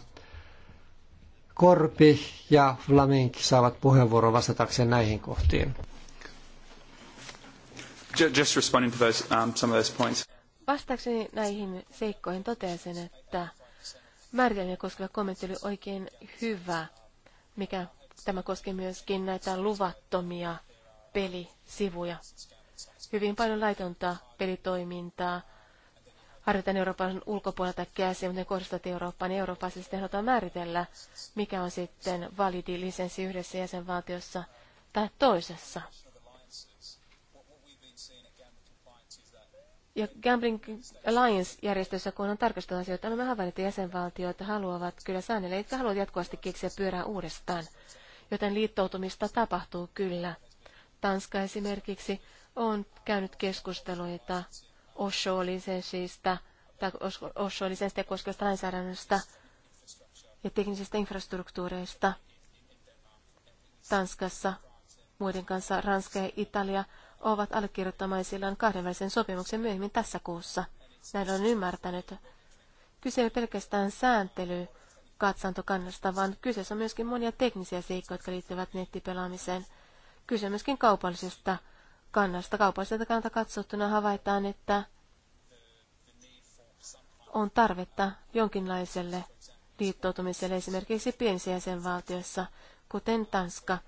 Korpi ja Flamink saavat puheenvuoron vastatakseen näihin kohtiin. Just responding to those, um, some of those points. Vastaakseni näihin seikkoihin toteaisin, että määritelmiä koskeva kommentti oli oikein hyvä, mikä tämä koski myöskin näitä luvattomia pelisivuja hyvin paljon laitonta pelitoimintaa Harjoitan Euroopan ulkopuolelta käsiä, mutta ne kohdistuvat Eurooppaan, niin Euroopassa sitten halutaan määritellä, mikä on sitten validi lisenssi yhdessä jäsenvaltiossa tai toisessa. Ja Gambling Alliance-järjestössä, kun on tarkastettu asioita, olemme havainneet, että jäsenvaltiot haluavat kyllä säännellä, jotka haluavat jatkuvasti keksiä pyörää uudestaan. Joten liittoutumista tapahtuu kyllä. Tanska esimerkiksi on käynyt keskusteluita offshore-lisenssistä tai offshore koskevasta lainsäädännöstä ja teknisistä infrastruktuureista Tanskassa. Muiden kanssa Ranska ja Italia ovat allekirjoittamaisillaan kahdenvälisen sopimuksen myöhemmin tässä kuussa. Näin on ymmärtänyt. Kyse ei pelkästään sääntely katsantokannasta, vaan kyseessä on myöskin monia teknisiä seikkoja, jotka liittyvät nettipelaamiseen. Kyse on myöskin kaupallisesta kannasta, kaupalliselta kannalta katsottuna havaitaan, että on tarvetta jonkinlaiselle liittoutumiselle esimerkiksi pienissä jäsenvaltioissa, kuten Tanska.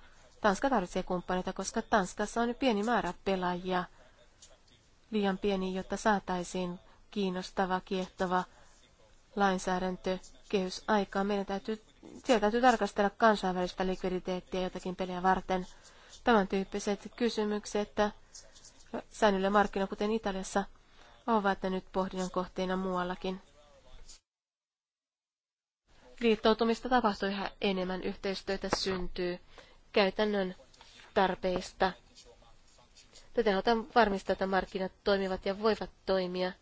Tanska tarvitsee kumppaneita, koska Tanskassa on pieni määrä pelaajia, liian pieni, jotta saataisiin kiinnostava, kiehtova lainsäädäntö kehys Meidän täytyy, siellä täytyy tarkastella kansainvälistä likviditeettiä jotakin peliä varten – Tämän tyyppiset kysymykset säännöllä markkina, kuten Italiassa, ovat nyt pohdinnan kohteena muuallakin. Liittoutumista tapahtuu yhä enemmän, yhteistyötä syntyy käytännön tarpeista. Täten otan varmistaa, että markkinat toimivat ja voivat toimia.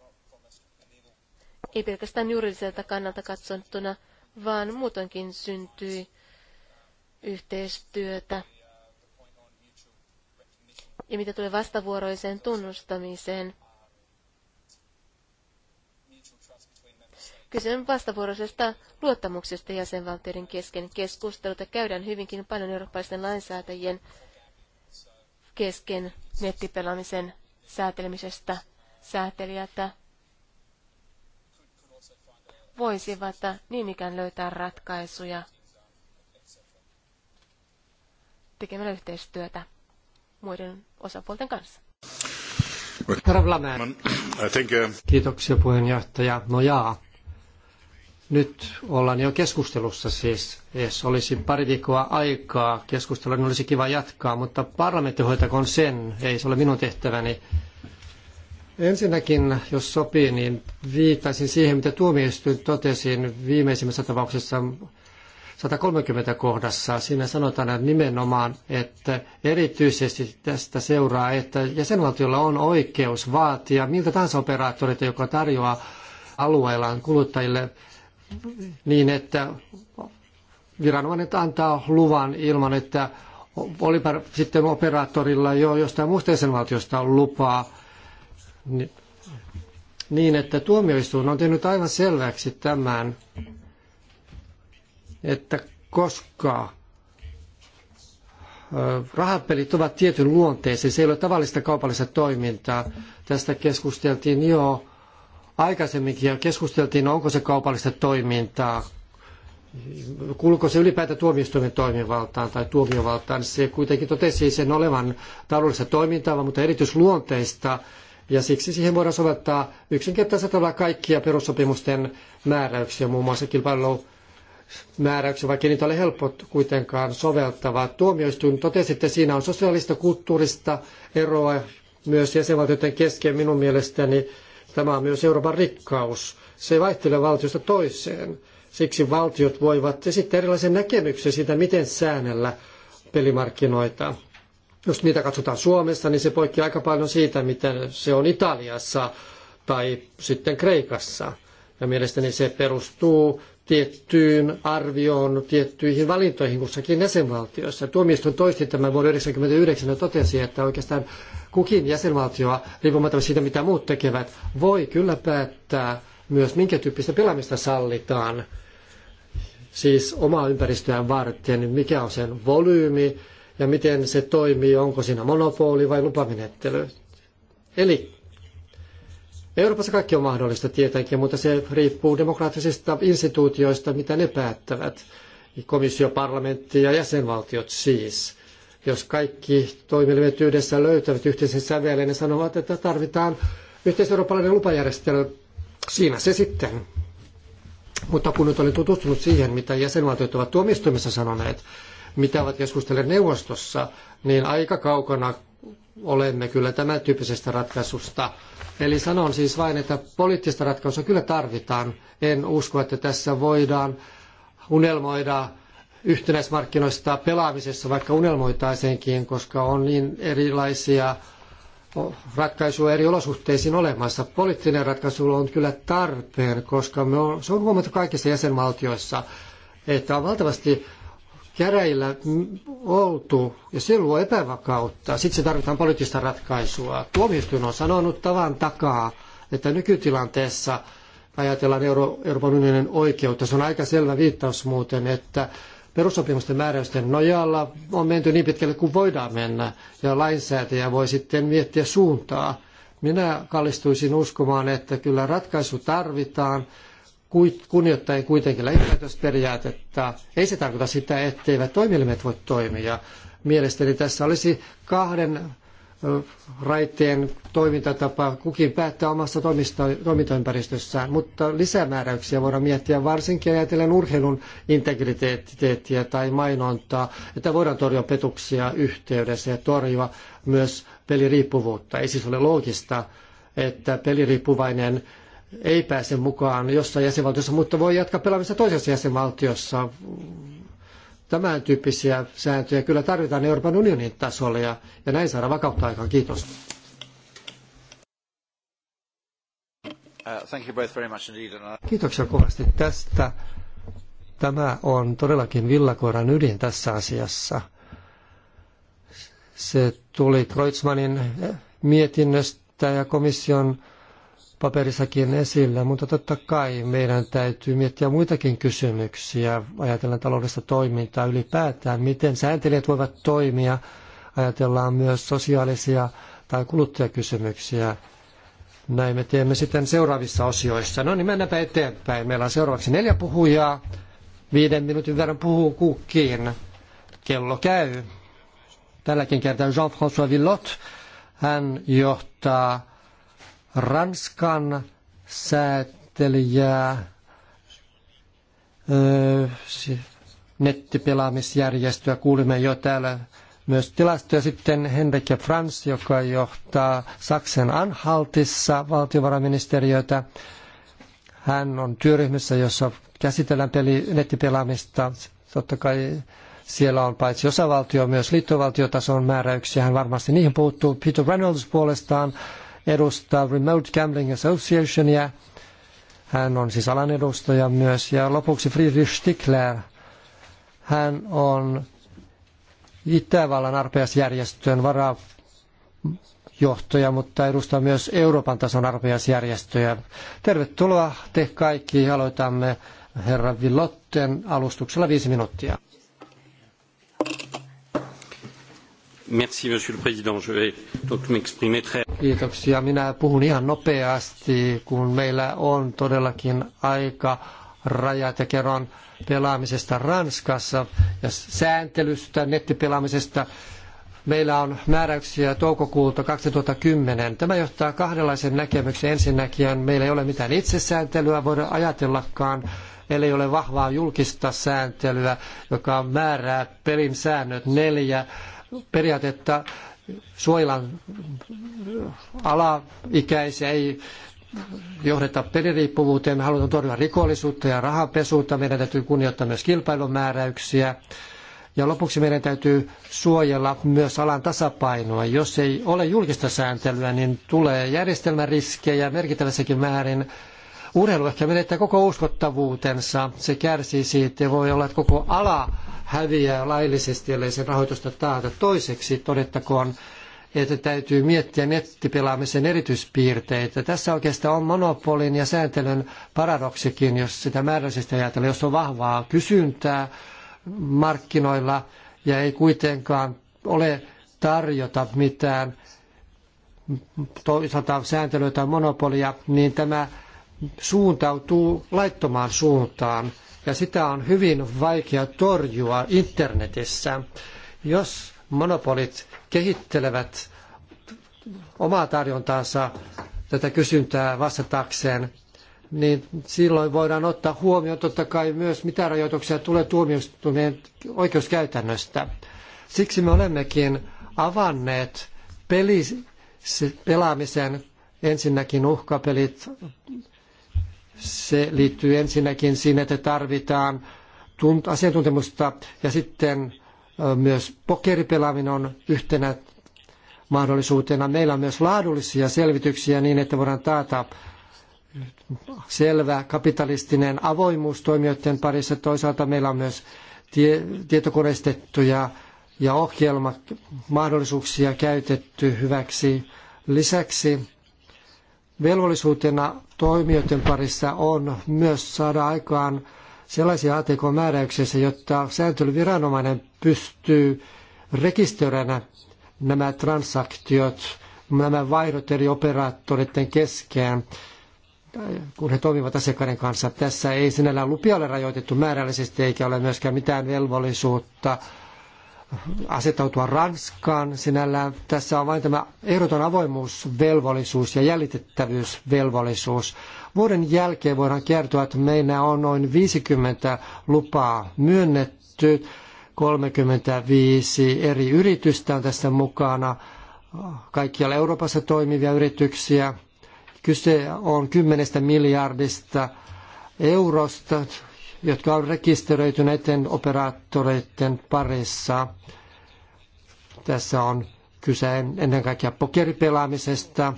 Ei pelkästään juridiselta kannalta katsottuna, vaan muutoinkin syntyi yhteistyötä ja mitä tulee vastavuoroiseen tunnustamiseen, Kyse on vastavuoroisesta luottamuksesta jäsenvaltioiden kesken. Keskusteluta käydään hyvinkin paljon eurooppalaisten lainsäätäjien kesken nettipelaamisen säätelemisestä. Säätelijät voisivat niin ikään löytää ratkaisuja tekemällä yhteistyötä muiden osapuolten kanssa. Uh, Kiitoksia puheenjohtaja. No jaa. Nyt ollaan jo keskustelussa siis. Jos olisi pari viikkoa aikaa keskustella, niin olisi kiva jatkaa, mutta parlamentti hoitakoon sen. Ei se ole minun tehtäväni. Ensinnäkin, jos sopii, niin viittaisin siihen, mitä tuomioistuin totesin viimeisimmässä tapauksessa 130 kohdassa. Siinä sanotaan että nimenomaan, että erityisesti tästä seuraa, että jäsenvaltiolla on oikeus vaatia miltä tahansa operaattorilta, joka tarjoaa alueellaan kuluttajille niin, että viranomainen antaa luvan ilman, että olipa sitten operaattorilla jo jostain muusta jäsenvaltiosta lupaa, niin että tuomioistuin on tehnyt aivan selväksi tämän, että koska rahapelit ovat tietyn luonteeseen, se ei ole tavallista kaupallista toimintaa. Tästä keskusteltiin jo aikaisemminkin ja keskusteltiin, onko se kaupallista toimintaa, kuuluuko se ylipäätään tuomioistuimen toimivaltaan tai tuomiovaltaan. Se kuitenkin totesi sen olevan taloudellista toimintaa, mutta erityisluonteista ja siksi siihen voidaan soveltaa yksinkertaisella tavalla kaikkia perussopimusten määräyksiä, muun muassa kilpailu määräyksiä, vaikka niitä ole helppo kuitenkaan soveltavaa. Tuomioistuin totesi, että siinä on sosiaalista kulttuurista eroa myös jäsenvaltioiden kesken. Minun mielestäni tämä on myös Euroopan rikkaus. Se vaihtelee valtiosta toiseen. Siksi valtiot voivat esittää erilaisen näkemyksen siitä, miten säännellä pelimarkkinoita. Jos niitä katsotaan Suomessa, niin se poikkeaa aika paljon siitä, miten se on Italiassa tai sitten Kreikassa. Ja mielestäni se perustuu tiettyyn arvioon, tiettyihin valintoihin kussakin jäsenvaltiossa. Tuomioistuin toisti tämän vuoden 1999 ja totesi, että oikeastaan kukin jäsenvaltio, riippumatta siitä mitä muut tekevät, voi kyllä päättää myös minkä tyyppistä pelaamista sallitaan, siis omaa ympäristöään varten, mikä on sen volyymi ja miten se toimii, onko siinä monopoli vai lupamenettely. Eli Euroopassa kaikki on mahdollista tietenkin, mutta se riippuu demokraattisista instituutioista, mitä ne päättävät. Komissio, parlamentti ja jäsenvaltiot siis. Jos kaikki toimielimet yhdessä löytävät yhteisen sävelen ja sanovat, että tarvitaan yhteiseurooppalainen lupajärjestelmä, siinä se sitten. Mutta kun nyt olen tutustunut siihen, mitä jäsenvaltiot ovat tuomistuimessa sanoneet, mitä ovat keskustelleet neuvostossa, niin aika kaukana olemme kyllä tämän tyyppisestä ratkaisusta. Eli sanon siis vain, että poliittista ratkaisua kyllä tarvitaan. En usko, että tässä voidaan unelmoida yhtenäismarkkinoista pelaamisessa, vaikka unelmoitaisenkin, koska on niin erilaisia ratkaisuja eri olosuhteisiin olemassa. Poliittinen ratkaisu on kyllä tarpeen, koska on, se on huomattu kaikissa jäsenvaltioissa, että on valtavasti käräjillä oltu, ja se luo epävakautta. Siksi tarvitaan poliittista ratkaisua. Tuomioistuin on sanonut tavan takaa, että nykytilanteessa ajatellaan Euro- Euroopan unionin oikeutta. Se on aika selvä viittaus muuten, että perussopimusten määräysten nojalla on menty niin pitkälle kuin voidaan mennä, ja lainsäätäjä voi sitten miettiä suuntaa. Minä kallistuisin uskomaan, että kyllä ratkaisu tarvitaan, kunnioittaen kuitenkin lähipäätösperiaatetta. Ei se tarkoita sitä, etteivät toimielimet voi toimia. Mielestäni tässä olisi kahden raiteen toimintatapa, kukin päättää omassa toimintaympäristössään, mutta lisämääräyksiä voidaan miettiä varsinkin ajatellen urheilun integriteettiä tai mainontaa, että voidaan torjua petuksia yhteydessä ja torjua myös peliriippuvuutta. Ei siis ole loogista, että peliriippuvainen ei pääse mukaan jossain jäsenvaltiossa, mutta voi jatkaa pelaamista toisessa jäsenvaltiossa. Tämän tyyppisiä sääntöjä kyllä tarvitaan Euroopan unionin tasolla ja, ja näin saada vakautta aikaan. Kiitos. Uh, Kiitoksia kovasti tästä. Tämä on todellakin villakoiran ydin tässä asiassa. Se tuli Kreutzmannin mietinnöstä ja komission paperissakin esillä, mutta totta kai meidän täytyy miettiä muitakin kysymyksiä. Ajatellaan taloudellista toimintaa ylipäätään, miten sääntelijät voivat toimia. Ajatellaan myös sosiaalisia tai kuluttajakysymyksiä. Näin me teemme sitten seuraavissa osioissa. No niin, mennäänpä eteenpäin. Meillä on seuraavaksi neljä puhujaa. Viiden minuutin verran puhuu kukkiin. Kello käy. Tälläkin kertaa Jean-François Villot. Hän johtaa Ranskan säätelijää, nettipelaamisjärjestöä. Kuulimme jo täällä myös tilastoja. Sitten Henrik Frans, joka johtaa Saksen Anhaltissa valtiovarainministeriötä. Hän on työryhmässä, jossa käsitellään peli, nettipelaamista. Totta kai siellä on paitsi osavaltio, myös liittovaltiotason määräyksiä. Hän varmasti niihin puuttuu. Peter Reynolds puolestaan edustaa Remote Gambling Associationia. Hän on siis alan edustaja myös. Ja lopuksi Friedrich Stickler. Hän on Itävallan arpeasjärjestön varajohtaja, mutta edustaa myös Euroopan tason arpeasjärjestöjä. Tervetuloa te kaikki. Aloitamme herra Villotten alustuksella viisi minuuttia. Merci, monsieur le président. Je vais donc m'exprimer très... Kiitoksia. Minä puhun ihan nopeasti, kun meillä on todellakin aika rajat ja kerron pelaamisesta Ranskassa ja sääntelystä, nettipelaamisesta. Meillä on määräyksiä toukokuulta 2010. Tämä johtaa kahdenlaisen näkemyksen. Ensinnäkin meillä ei ole mitään itsesääntelyä, voida ajatellakaan, eli ei ole vahvaa julkista sääntelyä, joka määrää pelin säännöt neljä periaatetta suojellaan alaikäisiä, ei johdeta peliriippuvuuteen, me halutaan torjua rikollisuutta ja rahapesuutta. meidän täytyy kunnioittaa myös kilpailumääräyksiä. Ja lopuksi meidän täytyy suojella myös alan tasapainoa. Jos ei ole julkista sääntelyä, niin tulee järjestelmäriskejä merkittävässäkin määrin urheilu ehkä menettää koko uskottavuutensa, se kärsii siitä ja voi olla, että koko ala häviää laillisesti, ellei sen rahoitusta taata. Toiseksi todettakoon, että täytyy miettiä nettipelaamisen erityispiirteitä. Tässä oikeastaan on monopolin ja sääntelyn paradoksikin, jos sitä määrällisesti ajatellaan, jos on vahvaa kysyntää markkinoilla ja ei kuitenkaan ole tarjota mitään toisaalta sääntelyä tai monopolia, niin tämä suuntautuu laittomaan suuntaan ja sitä on hyvin vaikea torjua internetissä. Jos monopolit kehittelevät omaa tarjontaansa tätä kysyntää vastatakseen, niin silloin voidaan ottaa huomioon totta kai myös, mitä rajoituksia tulee tuomioistuimien oikeuskäytännöstä. Siksi me olemmekin avanneet peli, pelaamisen ensinnäkin uhkapelit, se liittyy ensinnäkin siihen, että tarvitaan asiantuntemusta ja sitten myös pokeripelaaminen on yhtenä mahdollisuutena. Meillä on myös laadullisia selvityksiä niin, että voidaan taata selvä kapitalistinen avoimuus toimijoiden parissa. Toisaalta meillä on myös tie, tietokoneistettuja ja ohjelmamahdollisuuksia käytetty hyväksi. Lisäksi velvollisuutena toimijoiden parissa on myös saada aikaan sellaisia ATK-määräyksiä, jotta sääntelyviranomainen pystyy rekisteröimään nämä transaktiot, nämä vaihdot eri operaattoreiden kesken, kun he toimivat asiakkaiden kanssa. Tässä ei sinällään lupia ole rajoitettu määrällisesti eikä ole myöskään mitään velvollisuutta asettautua Ranskaan. Sinällään tässä on vain tämä ehdoton avoimuusvelvollisuus ja jäljitettävyysvelvollisuus. Vuoden jälkeen voidaan kertoa, että meillä on noin 50 lupaa myönnetty, 35 eri yritystä on tässä mukana, kaikkialla Euroopassa toimivia yrityksiä. Kyse on 10 miljardista eurosta jotka on rekisteröityneiden operaattoreiden parissa. Tässä on kyse ennen kaikkea pokeripelaamisesta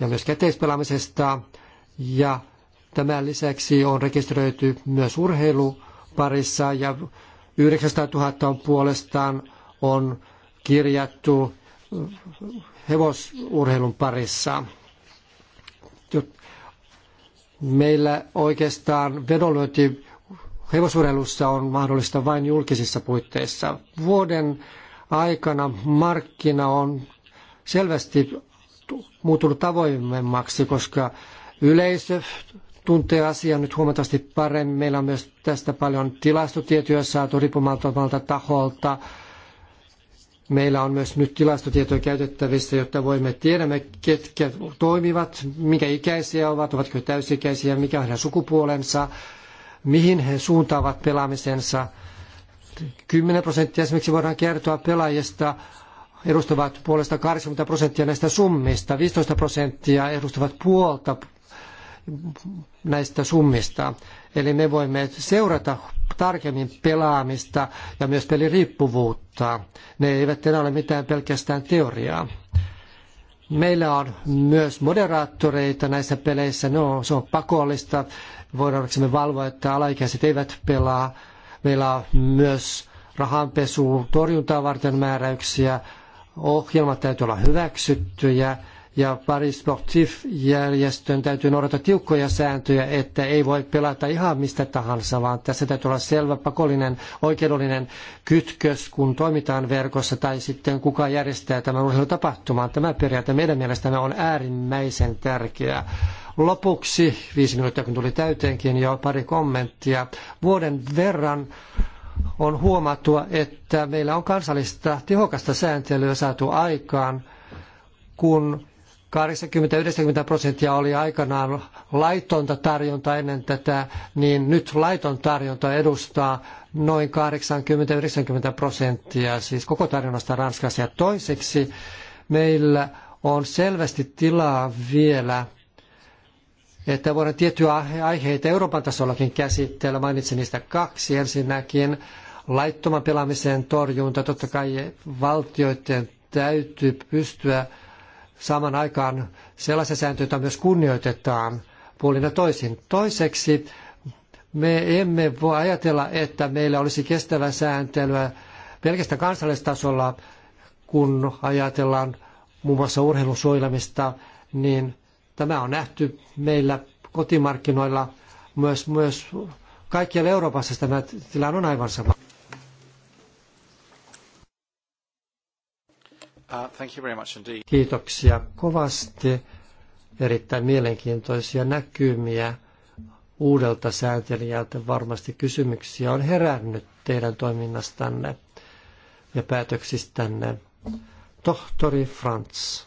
ja myös käteispelaamisesta. Ja tämän lisäksi on rekisteröity myös urheiluparissa ja 900 000 on puolestaan on kirjattu hevosurheilun parissa. Meillä oikeastaan vedonlyönti hevosurheilussa on mahdollista vain julkisissa puitteissa. Vuoden aikana markkina on selvästi muuttunut avoimemmaksi, koska yleisö tuntee asian nyt huomattavasti paremmin. Meillä on myös tästä paljon tilastotietoja saatu riippumattomalta taholta. Meillä on myös nyt tilastotietoja käytettävissä, jotta voimme tiedämme, ketkä toimivat, minkä ikäisiä ovat, ovatko täysikäisiä, mikä on heidän sukupuolensa, mihin he suuntaavat pelaamisensa. 10 prosenttia esimerkiksi voidaan kertoa pelaajista edustavat puolesta 80 prosenttia näistä summista, 15 prosenttia edustavat puolta näistä summista. Eli me voimme seurata tarkemmin pelaamista ja myös peliriippuvuutta. Ne eivät enää ole mitään pelkästään teoriaa. Meillä on myös moderaattoreita näissä peleissä, no, se on pakollista voidaksemme valvoa, että alaikäiset eivät pelaa. Meillä on myös rahanpesuun torjuntaa varten määräyksiä. Ohjelmat täytyy olla hyväksyttyjä ja pari sportif-järjestön täytyy noudata tiukkoja sääntöjä, että ei voi pelata ihan mistä tahansa, vaan tässä täytyy olla selvä pakollinen oikeudellinen kytkös, kun toimitaan verkossa tai sitten kuka järjestää tämän urheilutapahtuman. Tämä periaate meidän mielestämme on äärimmäisen tärkeä. Lopuksi, viisi minuuttia kun tuli täyteenkin jo pari kommenttia, vuoden verran on huomattua, että meillä on kansallista tehokasta sääntelyä saatu aikaan, kun 80-90 prosenttia oli aikanaan laitonta tarjontaa ennen tätä, niin nyt laiton tarjonta edustaa noin 80-90 prosenttia, siis koko tarjonnasta Ranskassa. Ja toiseksi meillä on selvästi tilaa vielä, että voidaan tiettyjä aiheita Euroopan tasollakin käsitellä. Mainitsin niistä kaksi. Ensinnäkin laittoman pelaamisen torjunta. Totta kai valtioiden täytyy pystyä saamaan aikaan sellaisia sääntöjä, joita myös kunnioitetaan puolina toisin. Toiseksi me emme voi ajatella, että meillä olisi kestävää sääntelyä pelkästään kansallistasolla, kun ajatellaan muun muassa urheilun suojelemista, niin tämä on nähty meillä kotimarkkinoilla myös, myös kaikkialla Euroopassa tämä tilanne on aivan sama. Uh, Kiitoksia kovasti. Erittäin mielenkiintoisia näkymiä uudelta sääntelijältä. Varmasti kysymyksiä on herännyt teidän toiminnastanne ja päätöksistänne. Tohtori Franz.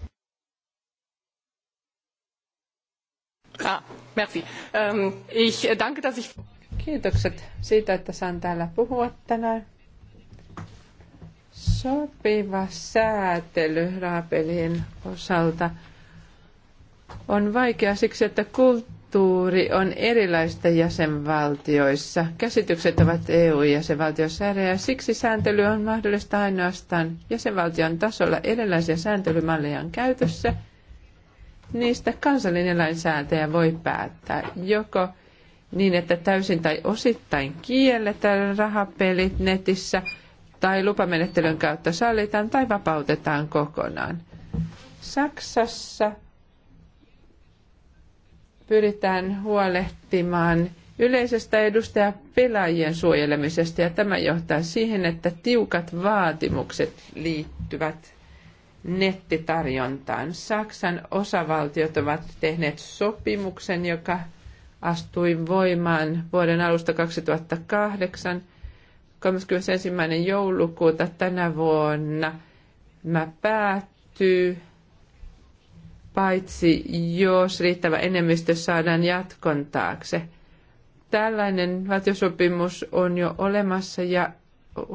Ah, merci. Ähm, ich danke, dass ich... Kiitokset siitä, että saan täällä puhua tänään. Sopiva säätely raapelien osalta on vaikea siksi, että kulttuuri on erilaista jäsenvaltioissa. Käsitykset ovat EU-jäsenvaltioissa ja siksi sääntely on mahdollista ainoastaan jäsenvaltion tasolla. Erilaisia sääntelymalleja on käytössä. Niistä kansallinen lainsäätäjä voi päättää joko niin, että täysin tai osittain kielletään rahapelit netissä – tai lupamenettelyn kautta sallitaan tai vapautetaan kokonaan. Saksassa pyritään huolehtimaan yleisestä edustaja pelaajien suojelemisesta ja tämä johtaa siihen, että tiukat vaatimukset liittyvät nettitarjontaan. Saksan osavaltiot ovat tehneet sopimuksen, joka astui voimaan vuoden alusta 2008 – 31. joulukuuta tänä vuonna mä päättyy, paitsi jos riittävä enemmistö saadaan jatkon taakse. Tällainen valtiosopimus on jo olemassa ja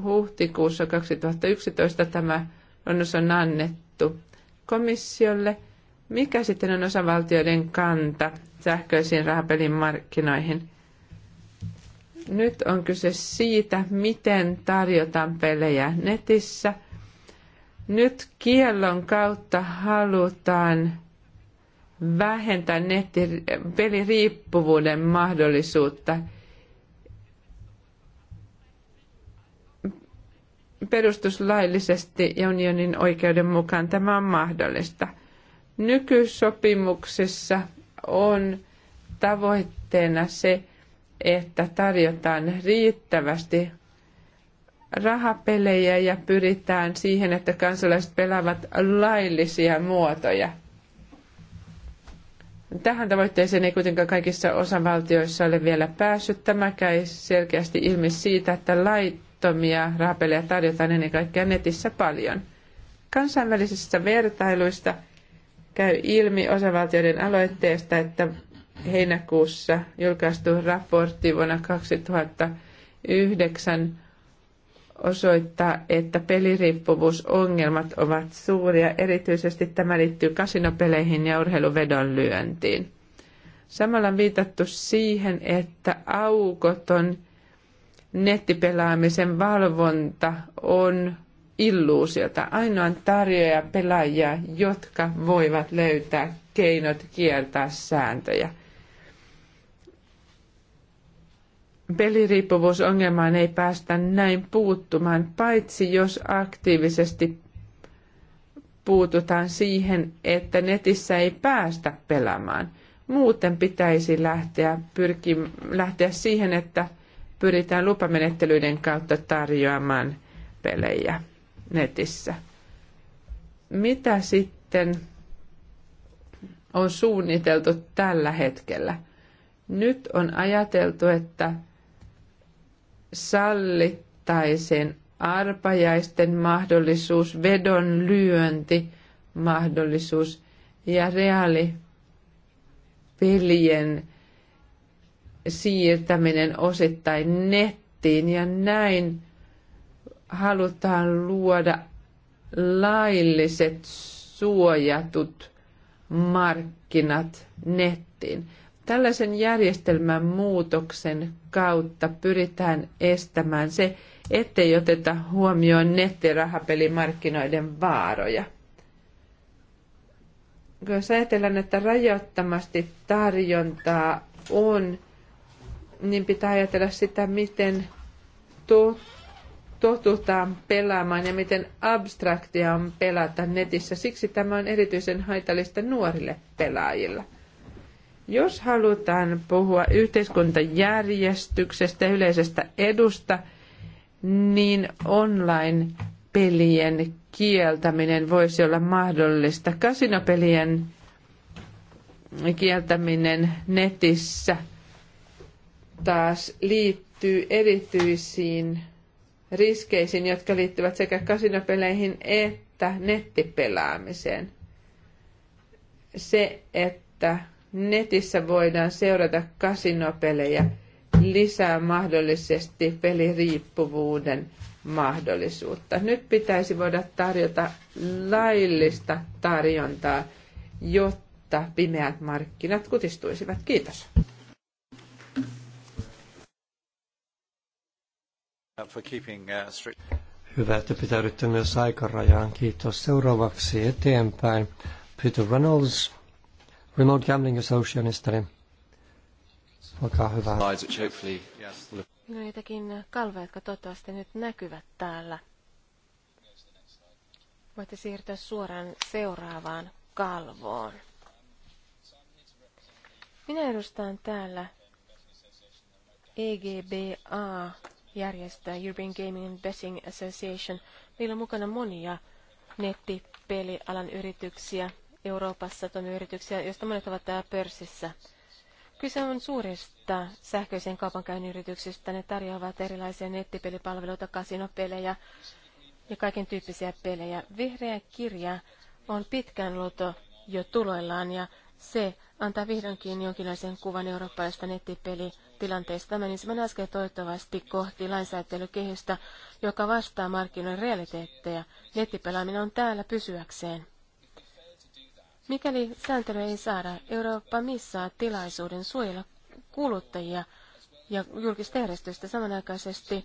huhtikuussa 2011 tämä luonnos on annettu komissiolle. Mikä sitten on osavaltioiden kanta sähköisiin rahapelimarkkinoihin? Nyt on kyse siitä, miten tarjotaan pelejä netissä. Nyt kiellon kautta halutaan vähentää netti, peliriippuvuuden mahdollisuutta. Perustuslaillisesti ja unionin oikeuden mukaan tämä on mahdollista. Nykysopimuksessa on tavoitteena se, että tarjotaan riittävästi rahapelejä ja pyritään siihen, että kansalaiset pelaavat laillisia muotoja. Tähän tavoitteeseen ei kuitenkaan kaikissa osavaltioissa ole vielä päässyt. Tämä käy selkeästi ilmi siitä, että laittomia rahapelejä tarjotaan ennen kaikkea netissä paljon. Kansainvälisissä vertailuista käy ilmi osavaltioiden aloitteesta, että heinäkuussa julkaistu raportti vuonna 2009 osoittaa, että peliriippuvuusongelmat ovat suuria. Erityisesti tämä liittyy kasinopeleihin ja lyöntiin. Samalla on viitattu siihen, että aukoton nettipelaamisen valvonta on illuusiota. Ainoan tarjoaja pelaajia, jotka voivat löytää keinot kieltää sääntöjä – peliriippuvuusongelmaan ei päästä näin puuttumaan, paitsi jos aktiivisesti puututaan siihen, että netissä ei päästä pelaamaan. Muuten pitäisi lähteä, pyrki, lähteä siihen, että pyritään lupamenettelyiden kautta tarjoamaan pelejä netissä. Mitä sitten on suunniteltu tällä hetkellä? Nyt on ajateltu, että sallittaisiin arpajaisten mahdollisuus, vedon lyönti mahdollisuus ja reaalipelien siirtäminen osittain nettiin ja näin halutaan luoda lailliset suojatut markkinat nettiin. Tällaisen järjestelmän muutoksen kautta pyritään estämään se, ettei oteta huomioon nettirahapelimarkkinoiden vaaroja. Jos ajatellaan, että rajoittamasti tarjontaa on, niin pitää ajatella sitä, miten totutaan pelaamaan ja miten abstraktia on pelata netissä. Siksi tämä on erityisen haitallista nuorille pelaajilla. Jos halutaan puhua yhteiskuntajärjestyksestä ja yleisestä edusta, niin online-pelien kieltäminen voisi olla mahdollista. Kasinopelien kieltäminen netissä taas liittyy erityisiin riskeisiin, jotka liittyvät sekä kasinopeleihin että nettipelaamiseen. Se, että Netissä voidaan seurata kasinopelejä lisää mahdollisesti peliriippuvuuden mahdollisuutta. Nyt pitäisi voida tarjota laillista tarjontaa, jotta pimeät markkinat kutistuisivat. Kiitos. Hyvä, että pitäydytte myös aikarajaan. Kiitos. Seuraavaksi eteenpäin. Peter Reynolds. Remote Gambling Associationista, olkaa hyvä. No jotakin kalveja, jotka toivottavasti nyt näkyvät täällä. Voitte siirtyä suoraan seuraavaan kalvoon. Minä edustan täällä EGBA järjestää European Gaming and Betting Association. Meillä on mukana monia nettipelialan yrityksiä, Euroopassa toimivia yrityksiä, joista monet ovat täällä pörssissä. Kyse on suurista sähköisen kaupankäynnin yrityksistä. Ne tarjoavat erilaisia nettipelipalveluita, kasinopelejä ja kaiken tyyppisiä pelejä. Vihreä kirja on pitkään ollut jo tuloillaan ja se antaa vihdoinkin jonkinlaisen kuvan eurooppalaisesta nettipelitilanteesta. Tämä ensimmäinen askel toivottavasti kohti lainsäätelykehystä, joka vastaa markkinoiden realiteetteja. Nettipelaaminen on täällä pysyäkseen. Mikäli sääntely ei saada, Eurooppa missaa tilaisuuden suojella kuluttajia ja julkista järjestöistä samanaikaisesti,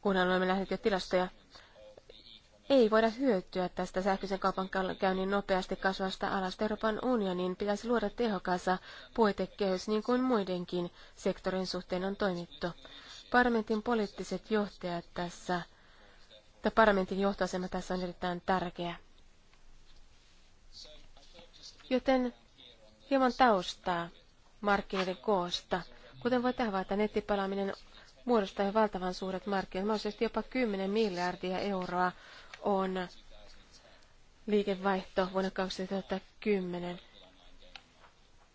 kun olemme nähneet jo tilastoja. Ei voida hyötyä tästä sähköisen kaupan käynnin nopeasti kasvasta alasta. Euroopan unionin pitäisi luoda tehokas puitekehys niin kuin muidenkin sektorin suhteen on toimittu. Parlamentin poliittiset johtajat tässä, tai parlamentin johtoasema tässä on erittäin tärkeä. Joten hieman taustaa markkinoiden koosta. Kuten voit havaita, nettipalaaminen muodostaa valtavan suuret markkinat. Mahdollisesti jopa 10 miljardia euroa on liikevaihto vuonna 2010.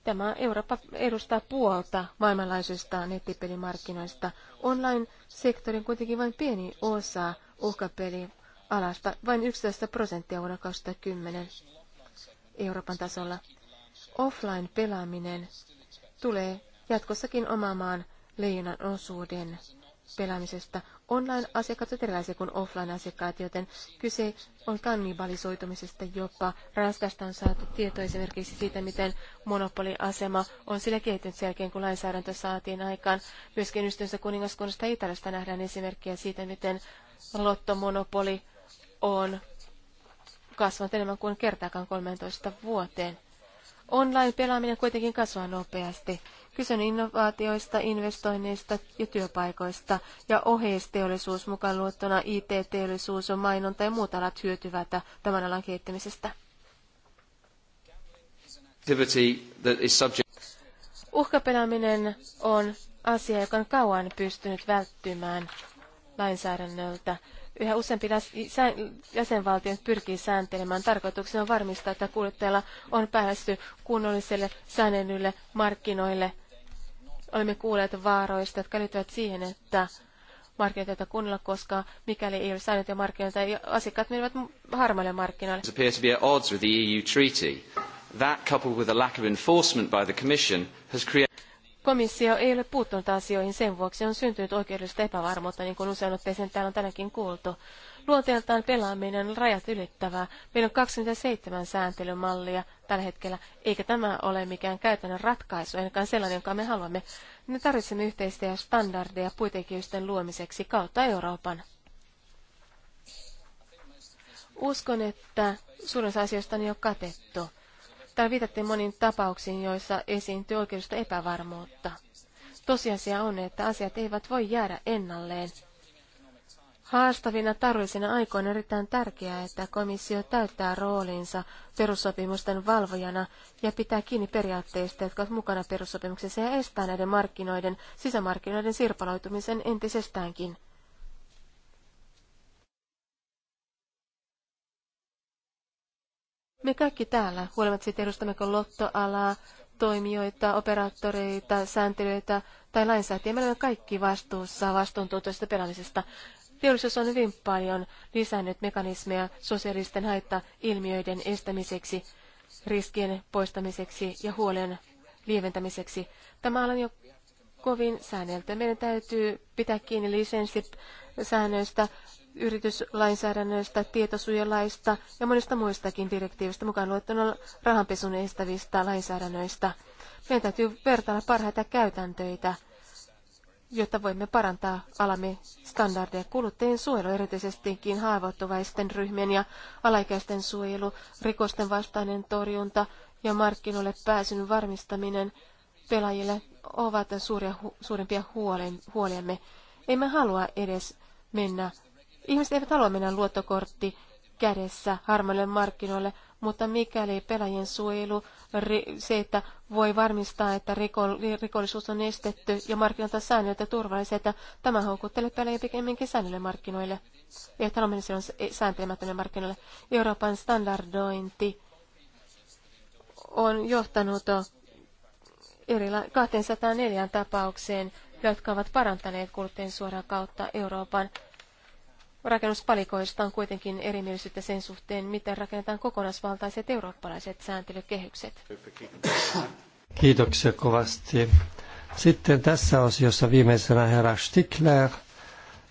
Tämä Eurooppa edustaa puolta maailmanlaajuisista nettipelimarkkinoista. Online-sektorin kuitenkin vain pieni osa uhkapelialasta, vain 11 prosenttia vuonna 2010. Euroopan tasolla. Offline-pelaaminen tulee jatkossakin omaamaan leijonan osuuden pelaamisesta. Online-asiakkaat ovat erilaisia kuin offline-asiakkaat, joten kyse on kannibalisoitumisesta jopa. Ranskasta on saatu tieto esimerkiksi siitä, miten monopoliasema on sillä kehittynyt sen jälkeen, kun lainsäädäntö saatiin aikaan. Myöskin ystävänsä kuningaskunnasta Italiasta nähdään esimerkkejä siitä, miten lottomonopoli on kasvanut enemmän kuin kertaakaan 13 vuoteen. Online-pelaaminen kuitenkin kasvaa nopeasti. Kysyn innovaatioista, investoinneista ja työpaikoista, ja oheisteollisuus mukaan luottona IT-teollisuus on mainonta ja muut alat hyötyvät tämän alan kehittämisestä. Uhkapelaaminen on asia, joka on kauan pystynyt välttymään lainsäädännöltä. Yhä useampi jäsenvaltio pyrkii sääntelemään. Tarkoituksena on varmistaa, että kuluttajalla on päästy kunnolliselle säännellylle markkinoille. Olemme kuulleet vaaroista, jotka liittyvät siihen, että markkinoita kunnolla, koska mikäli ei ole säännöt ja markkinoita, asiakkaat menevät harmaille markkinoille. E That coupled with a lack of enforcement by the Commission has created Komissio ei ole puuttunut asioihin, sen vuoksi on syntynyt oikeudellista epävarmuutta, niin kuin usein otteeseen täällä on tänäkin kuultu. Luonteeltaan pelaaminen on rajat ylittävää. Meillä on 27 sääntelymallia tällä hetkellä, eikä tämä ole mikään käytännön ratkaisu, ainakaan sellainen, jonka me haluamme. Me tarvitsemme yhteistä ja standardeja puitekijöisten luomiseksi kautta Euroopan. Uskon, että suurin osa asioista on jo katettu. Täällä viitattiin moniin tapauksiin, joissa esiintyy oikeudesta epävarmuutta. Tosiasia on, että asiat eivät voi jäädä ennalleen. Haastavina taruisina aikoina on erittäin tärkeää, että komissio täyttää roolinsa perussopimusten valvojana ja pitää kiinni periaatteista, jotka ovat mukana perussopimuksessa ja estää näiden markkinoiden, sisämarkkinoiden sirpaloitumisen entisestäänkin. Me kaikki täällä, huolimatta siitä edustammeko lottoalaa, toimijoita, operaattoreita, sääntelyitä tai lainsäätiä, me olemme kaikki vastuussa vastuuntuntoisesta pelaamisesta. Teollisuus on hyvin paljon lisännyt mekanismeja sosiaalisten haittailmiöiden ilmiöiden estämiseksi, riskien poistamiseksi ja huolen lieventämiseksi. Tämä on jo kovin säänneltä. Meidän täytyy pitää kiinni lisenssisäännöistä, yrityslainsäädännöistä, tietosuojalaista ja monista muistakin direktiivistä mukaan luettuna rahanpesun estävistä lainsäädännöistä. Meidän täytyy vertailla parhaita käytäntöitä, jotta voimme parantaa alamme standardeja. Kuluttajien suojelu erityisestikin haavoittuvaisten ryhmien ja alaikäisten suojelu, rikosten vastainen torjunta ja markkinoille pääsyn varmistaminen pelaajille ovat suuria, suurimpia huolen, huoliamme. Emme halua edes mennä. Ihmiset eivät halua mennä luottokortti kädessä harmaille markkinoille, mutta mikäli pelaajien suojelu, se, että voi varmistaa, että rikollisuus on estetty ja markkinoilta säännöt ja turvalliset, tämä houkuttelee pelaajia pikemminkin säännöille markkinoille. Eivät halua mennä silloin sääntelemättömille markkinoille. Euroopan standardointi on johtanut erila- 204 tapaukseen, jotka ovat parantaneet kuluttajien suoraan kautta Euroopan. Rakennuspalikoista on kuitenkin erimielisyyttä sen suhteen, miten rakennetaan kokonaisvaltaiset eurooppalaiset sääntelykehykset. Kiitoksia kovasti. Sitten tässä osiossa viimeisenä herra Stickler.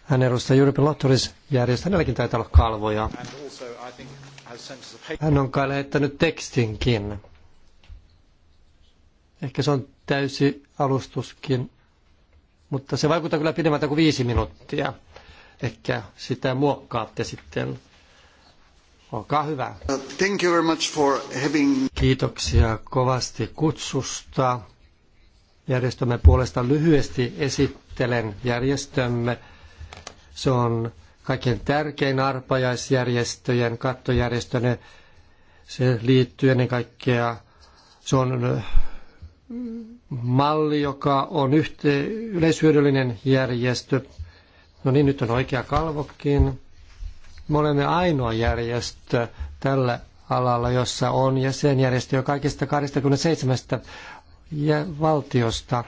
Hän edustaa Euroopan Lottoris-järjestö. Hänelläkin taitaa olla kalvoja. Hän on kai lähettänyt tekstinkin. Ehkä se on täysi alustuskin, mutta se vaikuttaa kyllä pidemmältä kuin viisi minuuttia. Ehkä sitä muokkaatte sitten. Olkaa hyvä. Thank you very much for having... Kiitoksia kovasti kutsusta. Järjestömme puolesta lyhyesti esittelen järjestömme. Se on kaikkein tärkein arpajaisjärjestöjen kattojärjestöne. Se liittyy ennen kaikkea, se on malli, joka on yhte, yleishyödyllinen järjestö. No niin, nyt on oikea kalvokin. Me olemme ainoa järjestö tällä alalla, jossa on jäsenjärjestö jo kaikista 27 valtiosta.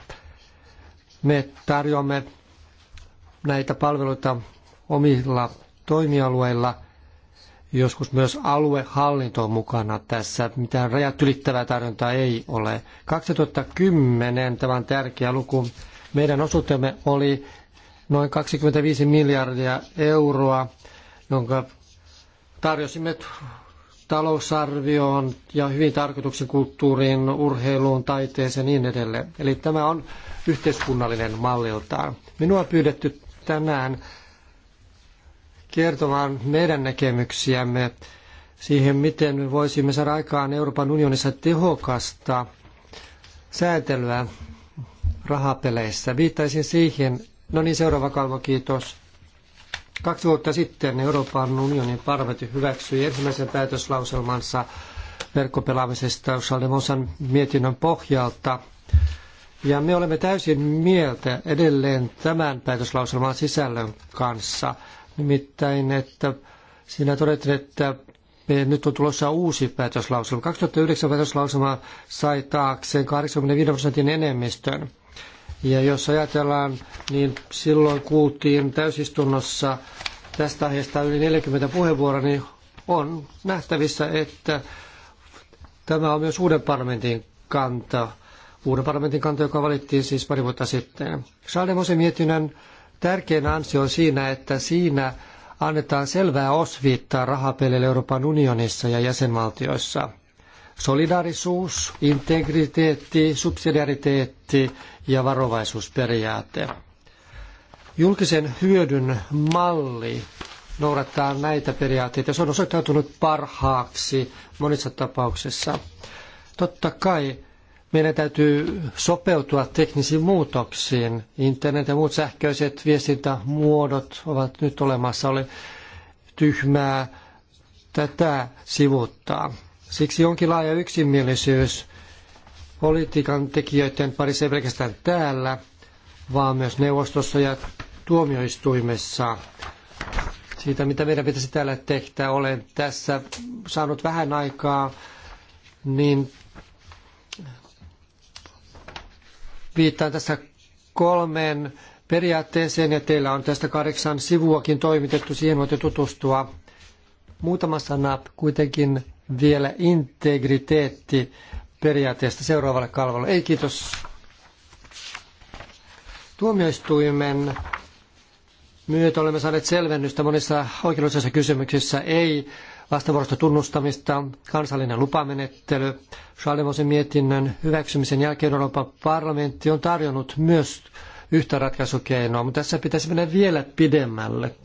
Me tarjoamme näitä palveluita omilla toimialueilla – joskus myös aluehallinto on mukana tässä. Mitään rajat ylittävää tarjontaa ei ole. 2010, tämä on tärkeä luku, meidän osuutemme oli noin 25 miljardia euroa, jonka tarjosimme talousarvioon ja hyvin tarkoituksen kulttuuriin, urheiluun, taiteeseen ja niin edelleen. Eli tämä on yhteiskunnallinen malliltaan. Minua on pyydetty tänään kertomaan meidän näkemyksiämme siihen, miten me voisimme saada aikaan Euroopan unionissa tehokasta säätelyä rahapeleissä. Viittaisin siihen, no niin seuraava kalvo, kiitos. Kaksi vuotta sitten Euroopan unionin parlamentti hyväksyi ensimmäisen päätöslauselmansa verkkopelaamisesta Saldemosan mietinnön pohjalta. Ja me olemme täysin mieltä edelleen tämän päätöslauselman sisällön kanssa nimittäin, että siinä todettiin, että nyt on tulossa uusi päätöslauselma. 2009 päätöslauselma sai taakseen 85 prosentin enemmistön. Ja jos ajatellaan, niin silloin kuultiin täysistunnossa tästä aiheesta yli 40 puheenvuoroa, niin on nähtävissä, että tämä on myös uuden parlamentin kanta. Uuden parlamentin kanta, joka valittiin siis pari vuotta sitten. Charles mietinnön tärkein ansio on siinä, että siinä annetaan selvää osviittaa rahapeleille Euroopan unionissa ja jäsenvaltioissa. Solidaarisuus, integriteetti, subsidiariteetti ja varovaisuusperiaate. Julkisen hyödyn malli noudattaa näitä periaatteita. Se on osoittautunut parhaaksi monissa tapauksissa. Totta kai meidän täytyy sopeutua teknisiin muutoksiin. Internet ja muut sähköiset viestintämuodot ovat nyt olemassa. Ole tyhmää tätä sivuttaa. Siksi onkin laaja yksimielisyys politiikan tekijöiden parissa ei pelkästään täällä, vaan myös neuvostossa ja tuomioistuimessa siitä, mitä meidän pitäisi täällä tehdä. Olen tässä saanut vähän aikaa niin Viittaan tässä kolmeen periaatteeseen ja teillä on tästä kahdeksan sivuakin toimitettu, siihen voitte tutustua. Muutama sana kuitenkin vielä integriteetti periaatteesta seuraavalle kalvolle. Ei kiitos. Tuomioistuimen myötä olemme saaneet selvennystä monissa oikeudellisissa kysymyksissä. Ei vastavuorosta tunnustamista, kansallinen lupamenettely. Schaldemosen mietinnön hyväksymisen jälkeen Euroopan parlamentti on tarjonnut myös yhtä ratkaisukeinoa, mutta tässä pitäisi mennä vielä pidemmälle.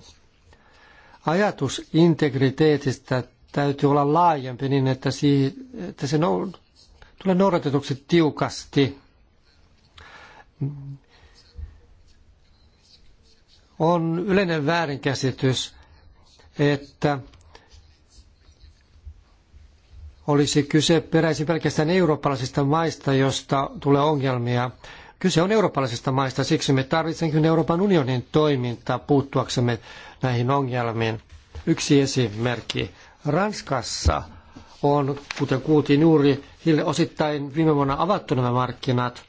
Ajatus integriteetistä täytyy olla laajempi niin, että, si- että se nou- tulee noudatetuksi tiukasti. On yleinen väärinkäsitys, että olisi kyse peräisin pelkästään eurooppalaisista maista, josta tulee ongelmia. Kyse on eurooppalaisista maista, siksi me tarvitsemme Euroopan unionin toimintaa puuttuaksemme näihin ongelmiin. Yksi esimerkki. Ranskassa on, kuten kuultiin juuri, osittain viime vuonna avattu nämä markkinat.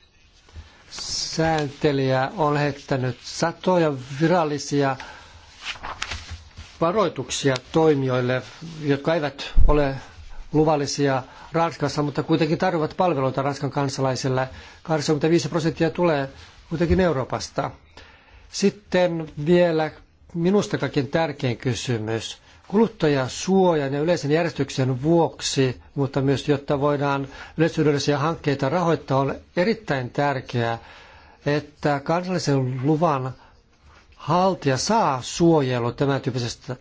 Sääntelijä on lähettänyt satoja virallisia varoituksia toimijoille, jotka eivät ole luvallisia Ranskassa, mutta kuitenkin tarjoavat palveluita Ranskan kansalaisille. 85 prosenttia tulee kuitenkin Euroopasta. Sitten vielä minusta kaikkein tärkein kysymys. Kuluttajasuojan ja yleisen järjestyksen vuoksi, mutta myös jotta voidaan yleishyödyllisiä hankkeita rahoittaa, on erittäin tärkeää, että kansallisen luvan haltija saa suojelua tämän tyyppisestä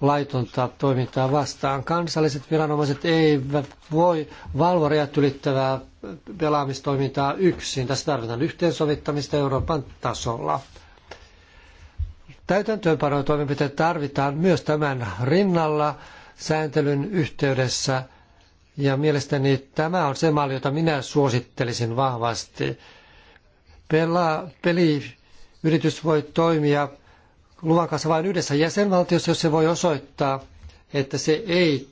laitonta toimintaa vastaan. Kansalliset viranomaiset eivät voi valvoa rajat ylittävää pelaamistoimintaa yksin. Tässä tarvitaan yhteensovittamista Euroopan tasolla. Täytäntöönpanon toimenpiteet tarvitaan myös tämän rinnalla sääntelyn yhteydessä. Ja mielestäni tämä on se malli, jota minä suosittelisin vahvasti. Pela, peliyritys voi toimia luvan kanssa vain yhdessä jäsenvaltiossa, jos se voi osoittaa, että se ei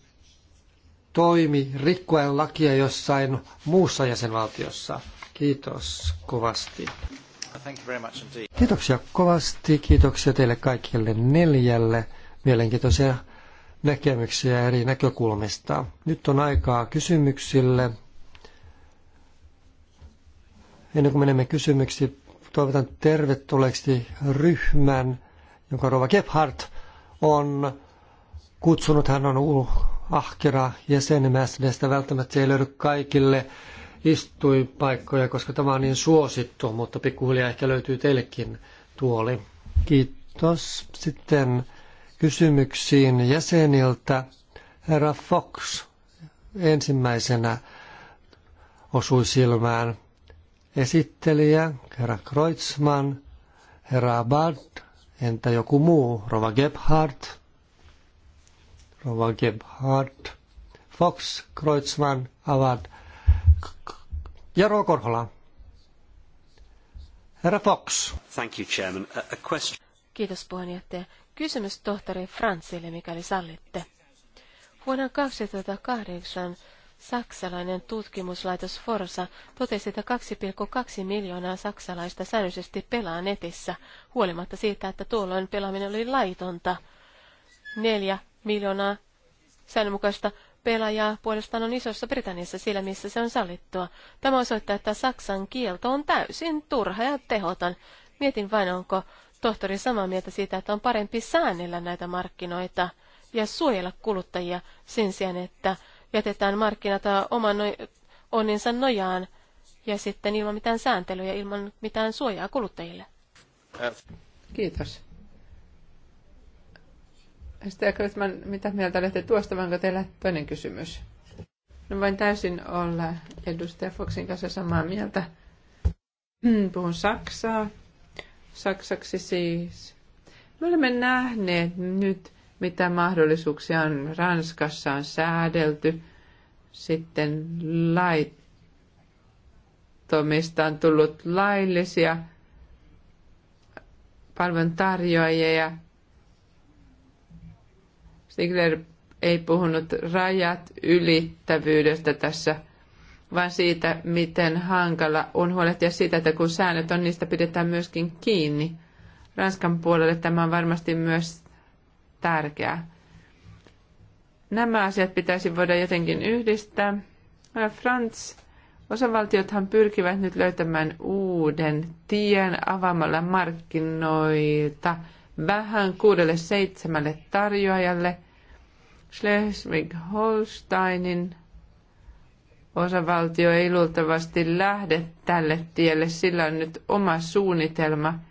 toimi rikkoen lakia jossain muussa jäsenvaltiossa. Kiitos kovasti. Kiitoksia kovasti. Kiitoksia teille kaikille neljälle. Mielenkiintoisia näkemyksiä eri näkökulmista. Nyt on aikaa kysymyksille. Ennen kuin menemme kysymyksiin, toivotan tervetulleeksi ryhmän, jonka Rova Gebhardt on kutsunut. Hän on ahkera jäsenemästä. Välttämättä ei löydy kaikille istuinpaikkoja, koska tämä on niin suosittu, mutta pikkuhiljaa ehkä löytyy teillekin tuoli. Kiitos. Sitten kysymyksiin jäseniltä. Herra Fox ensimmäisenä osui silmään. Esittelijä, herra Kreutzmann, herra Abad, Entä joku muu? Rova Gebhardt? Rova Gebhardt? Fox, Kreutzmann, Avad ja Rokorhola. Herra Fox. Thank you, Chairman. A, a question... Kiitos puheenjohtaja. Kysymys tohtori Franzille, mikäli sallitte. Vuonna 2008 Saksalainen tutkimuslaitos Forsa totesi, että 2,2 miljoonaa saksalaista säännöllisesti pelaa netissä, huolimatta siitä, että tuolloin pelaaminen oli laitonta. Neljä miljoonaa säännönmukaista pelaajaa puolestaan on isossa Britanniassa sillä, missä se on sallittua. Tämä osoittaa, että Saksan kielto on täysin turha ja tehoton. Mietin vain, onko tohtori samaa mieltä siitä, että on parempi säännellä näitä markkinoita ja suojella kuluttajia sen sijaan, että jätetään markkinat oman onninsa nojaan ja sitten ilman mitään sääntelyä, ilman mitään suojaa kuluttajille. Kiitos. Sitten Krötman, mitä mieltä olette tuosta, vai onko teillä toinen kysymys? No voin täysin olla edustaja Foxin kanssa samaa mieltä. Hmm, puhun Saksaa. Saksaksi siis. Me olemme nähneet nyt mitä mahdollisuuksia on Ranskassa on säädelty. Sitten laittomista on tullut laillisia palvelun tarjoajia. Stigler ei puhunut rajat ylittävyydestä tässä, vaan siitä, miten hankala on huolehtia siitä, että kun säännöt on, niistä pidetään myöskin kiinni. Ranskan puolelle tämä on varmasti myös tärkeää. Nämä asiat pitäisi voida jotenkin yhdistää. Frans, osavaltiothan pyrkivät nyt löytämään uuden tien avaamalla markkinoita vähän kuudelle seitsemälle tarjoajalle. Schleswig-Holsteinin osavaltio ei luultavasti lähde tälle tielle, sillä on nyt oma suunnitelma –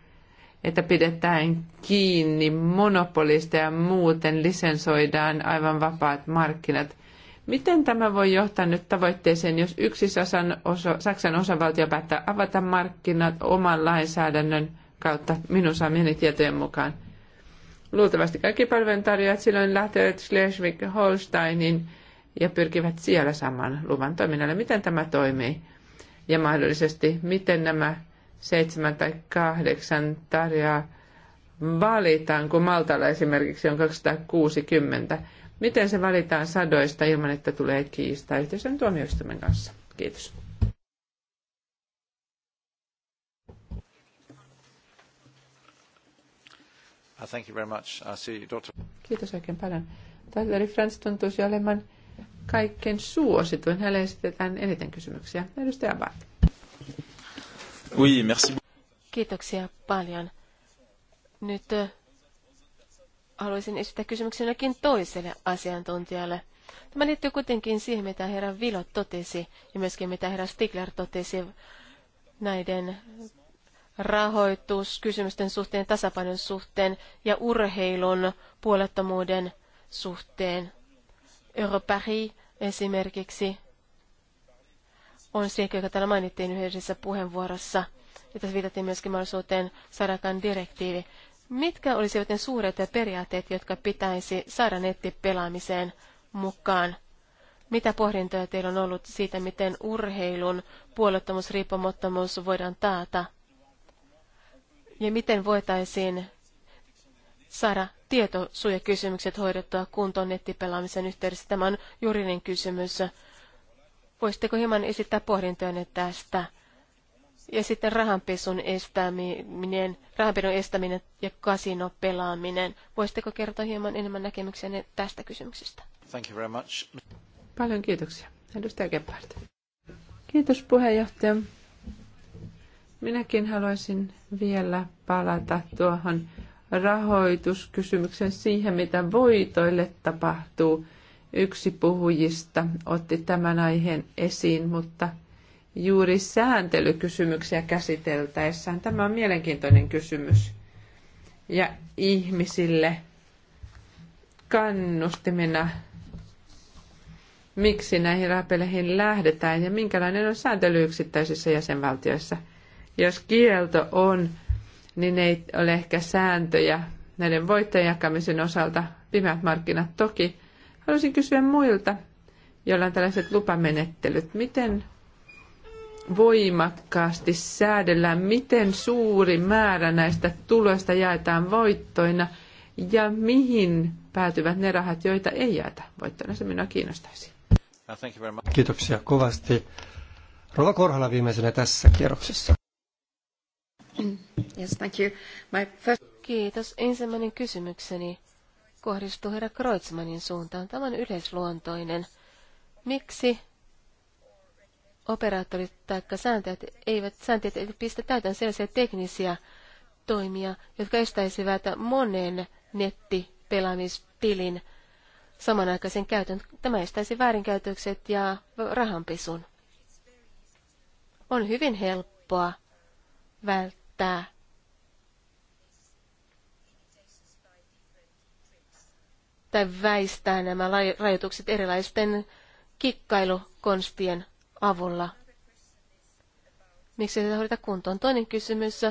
että pidetään kiinni monopolista ja muuten lisensoidaan aivan vapaat markkinat. Miten tämä voi johtaa nyt tavoitteeseen, jos yksi Saksan, osa, Saksan osavaltio päättää avata markkinat oman lainsäädännön kautta minun saamieni tietojen mukaan? Luultavasti kaikki palveluntarjoajat silloin lähtevät Schleswig-Holsteinin ja pyrkivät siellä saman luvan toiminnalle. Miten tämä toimii? Ja mahdollisesti, miten nämä seitsemän tai kahdeksan tarjoaa valitaan, kun Maltalla esimerkiksi on 260. Miten se valitaan sadoista ilman, että tulee kiistaa yhteisön tuomioistuimen kanssa? Kiitos. Uh, thank you very much. I see Dr. Kiitos oikein paljon. Tohtori Frans tuntuisi olemaan kaikkein suosituin. Hänelle esitetään eniten kysymyksiä. Edustaja Abad. Oui, merci. Kiitoksia paljon. Nyt äh, haluaisin esittää kysymyksen jokin toiselle asiantuntijalle. Tämä liittyy kuitenkin siihen, mitä herra Vilo totesi ja myöskin mitä herra Stigler totesi näiden rahoituskysymysten suhteen, tasapainon suhteen ja urheilun puolettomuuden suhteen. Europaris esimerkiksi on se, joka täällä mainittiin yhdessä puheenvuorossa, ja tässä viitattiin myöskin mahdollisuuteen sarakan direktiivi. Mitkä olisivat ne suuret periaatteet, jotka pitäisi saada nettipelaamiseen mukaan? Mitä pohdintoja teillä on ollut siitä, miten urheilun puolettomuus, riippumattomuus voidaan taata? Ja miten voitaisiin saada tietosuojakysymykset hoidettua kuntoon nettipelaamisen yhteydessä? Tämä on juridinen kysymys, Voisitteko hieman esittää pohdintojanne tästä? Ja sitten rahanpesun estäminen, rahanpedon estäminen ja kasinopelaaminen. Voisitteko kertoa hieman enemmän näkemyksiä tästä kysymyksestä? Thank you very much. Paljon kiitoksia. Edustaja Gebhardt. Kiitos puheenjohtaja. Minäkin haluaisin vielä palata tuohon rahoituskysymykseen siihen, mitä voitoille tapahtuu – yksi puhujista otti tämän aiheen esiin, mutta juuri sääntelykysymyksiä käsiteltäessään tämä on mielenkiintoinen kysymys. Ja ihmisille kannustimena, miksi näihin rahapeleihin lähdetään ja minkälainen on sääntely yksittäisissä jäsenvaltioissa. Jos kielto on, niin ei ole ehkä sääntöjä näiden voittojen jakamisen osalta. Pimeät markkinat toki Haluaisin kysyä muilta, joilla on tällaiset lupamenettelyt, miten voimakkaasti säädellään, miten suuri määrä näistä tuloista jaetaan voittoina ja mihin päätyvät ne rahat, joita ei jaeta voittoina. Se minua kiinnostaisi. Uh, Kiitoksia kovasti. Rova Korhala viimeisenä tässä kierroksessa. Yes, thank you. My first... Kiitos. Ensimmäinen kysymykseni kohdistuu herra Kreutzmannin suuntaan. Tämä on yleisluontoinen. Miksi operaattorit tai sääntäjät eivät, sääntäjät eivät pistä täytän sellaisia teknisiä toimia, jotka estäisivät monen nettipelaamistilin samanaikaisen käytön. Tämä estäisi väärinkäytökset ja rahanpisun. On hyvin helppoa välttää tai väistää nämä rajoitukset erilaisten kikkailukonstien avulla. Miksi sitä hoideta kuntoon? Toinen kysymys.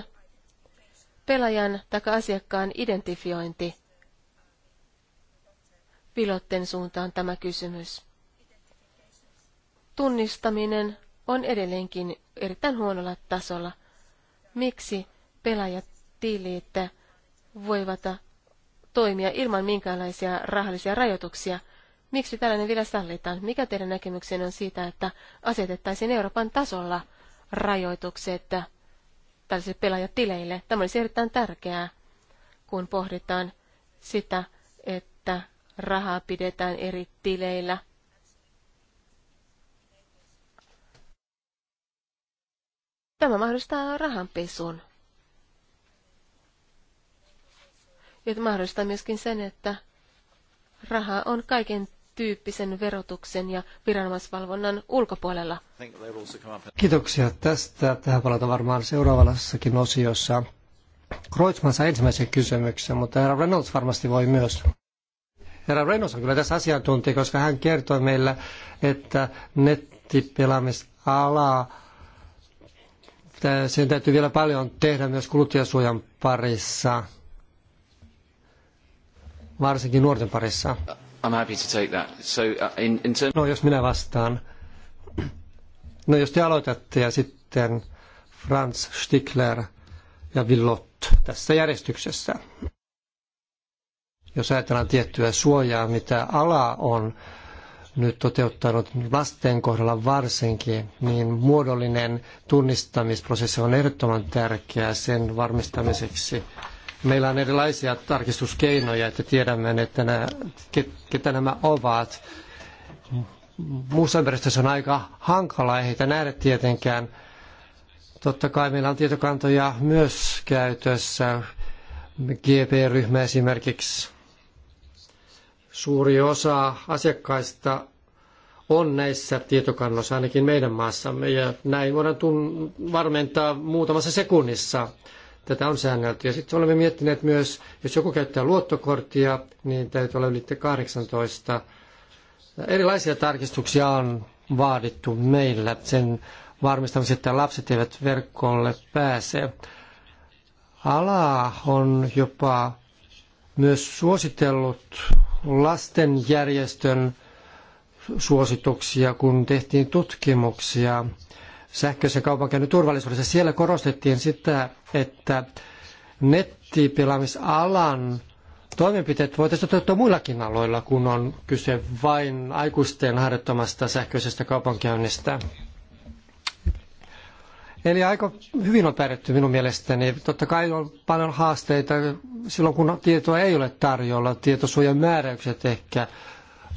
Pelaajan tai asiakkaan identifiointi. Pilotten suuntaan tämä kysymys. Tunnistaminen on edelleenkin erittäin huonolla tasolla. Miksi pelaajatilit voivat toimia ilman minkäänlaisia rahallisia rajoituksia. Miksi tällainen vielä sallitaan? Mikä teidän näkemyksenne on siitä, että asetettaisiin Euroopan tasolla rajoitukset tällaisille pelaajatileille? Tämä olisi erittäin tärkeää, kun pohditaan sitä, että rahaa pidetään eri tileillä. Tämä mahdollistaa rahanpesun. joka mahdollistaa myöskin sen, että rahaa on kaiken tyyppisen verotuksen ja viranomaisvalvonnan ulkopuolella. Kiitoksia tästä. Tähän palataan varmaan seuraavallassakin osiossa. Kreutzmann saa ensimmäisen kysymyksen, mutta herra Reynolds varmasti voi myös. Herra Reynolds on kyllä tässä asiantuntija, koska hän kertoi meillä, että nettipelaamisala, sen täytyy vielä paljon tehdä myös kuluttajasuojan parissa varsinkin nuorten parissa. I'm happy to take that. So, uh, in, in term... No jos minä vastaan. No jos te aloitatte ja sitten Franz Stickler ja Villot tässä järjestyksessä. Jos ajatellaan tiettyä suojaa, mitä ala on nyt toteuttanut lasten kohdalla varsinkin, niin muodollinen tunnistamisprosessi on ehdottoman tärkeä sen varmistamiseksi, Meillä on erilaisia tarkistuskeinoja, että tiedämme, että nämä, ketä nämä ovat. Muussa ympäristössä on aika hankala, ei heitä nähdä tietenkään. Totta kai meillä on tietokantoja myös käytössä, GP-ryhmä esimerkiksi. Suuri osa asiakkaista on näissä tietokannoissa, ainakin meidän maassamme, ja näin voidaan tun- varmentaa muutamassa sekunnissa – Tätä on säännelty. Ja sitten olemme miettineet myös, jos joku käyttää luottokorttia, niin täytyy olla yli 18. Erilaisia tarkistuksia on vaadittu meillä sen varmistamiseksi, että lapset eivät verkkoon pääse. Ala on jopa myös suositellut lastenjärjestön suosituksia, kun tehtiin tutkimuksia sähköisen kaupankäynnin turvallisuudessa. Siellä korostettiin sitä, että nettipelaamisalan toimenpiteet voitaisiin toteuttaa muillakin aloilla, kun on kyse vain aikuisten harjoittamasta sähköisestä kaupankäynnistä. Eli aika hyvin on pärjätty minun mielestäni. Totta kai on paljon haasteita silloin, kun tietoa ei ole tarjolla. Tietosuojan määräykset ehkä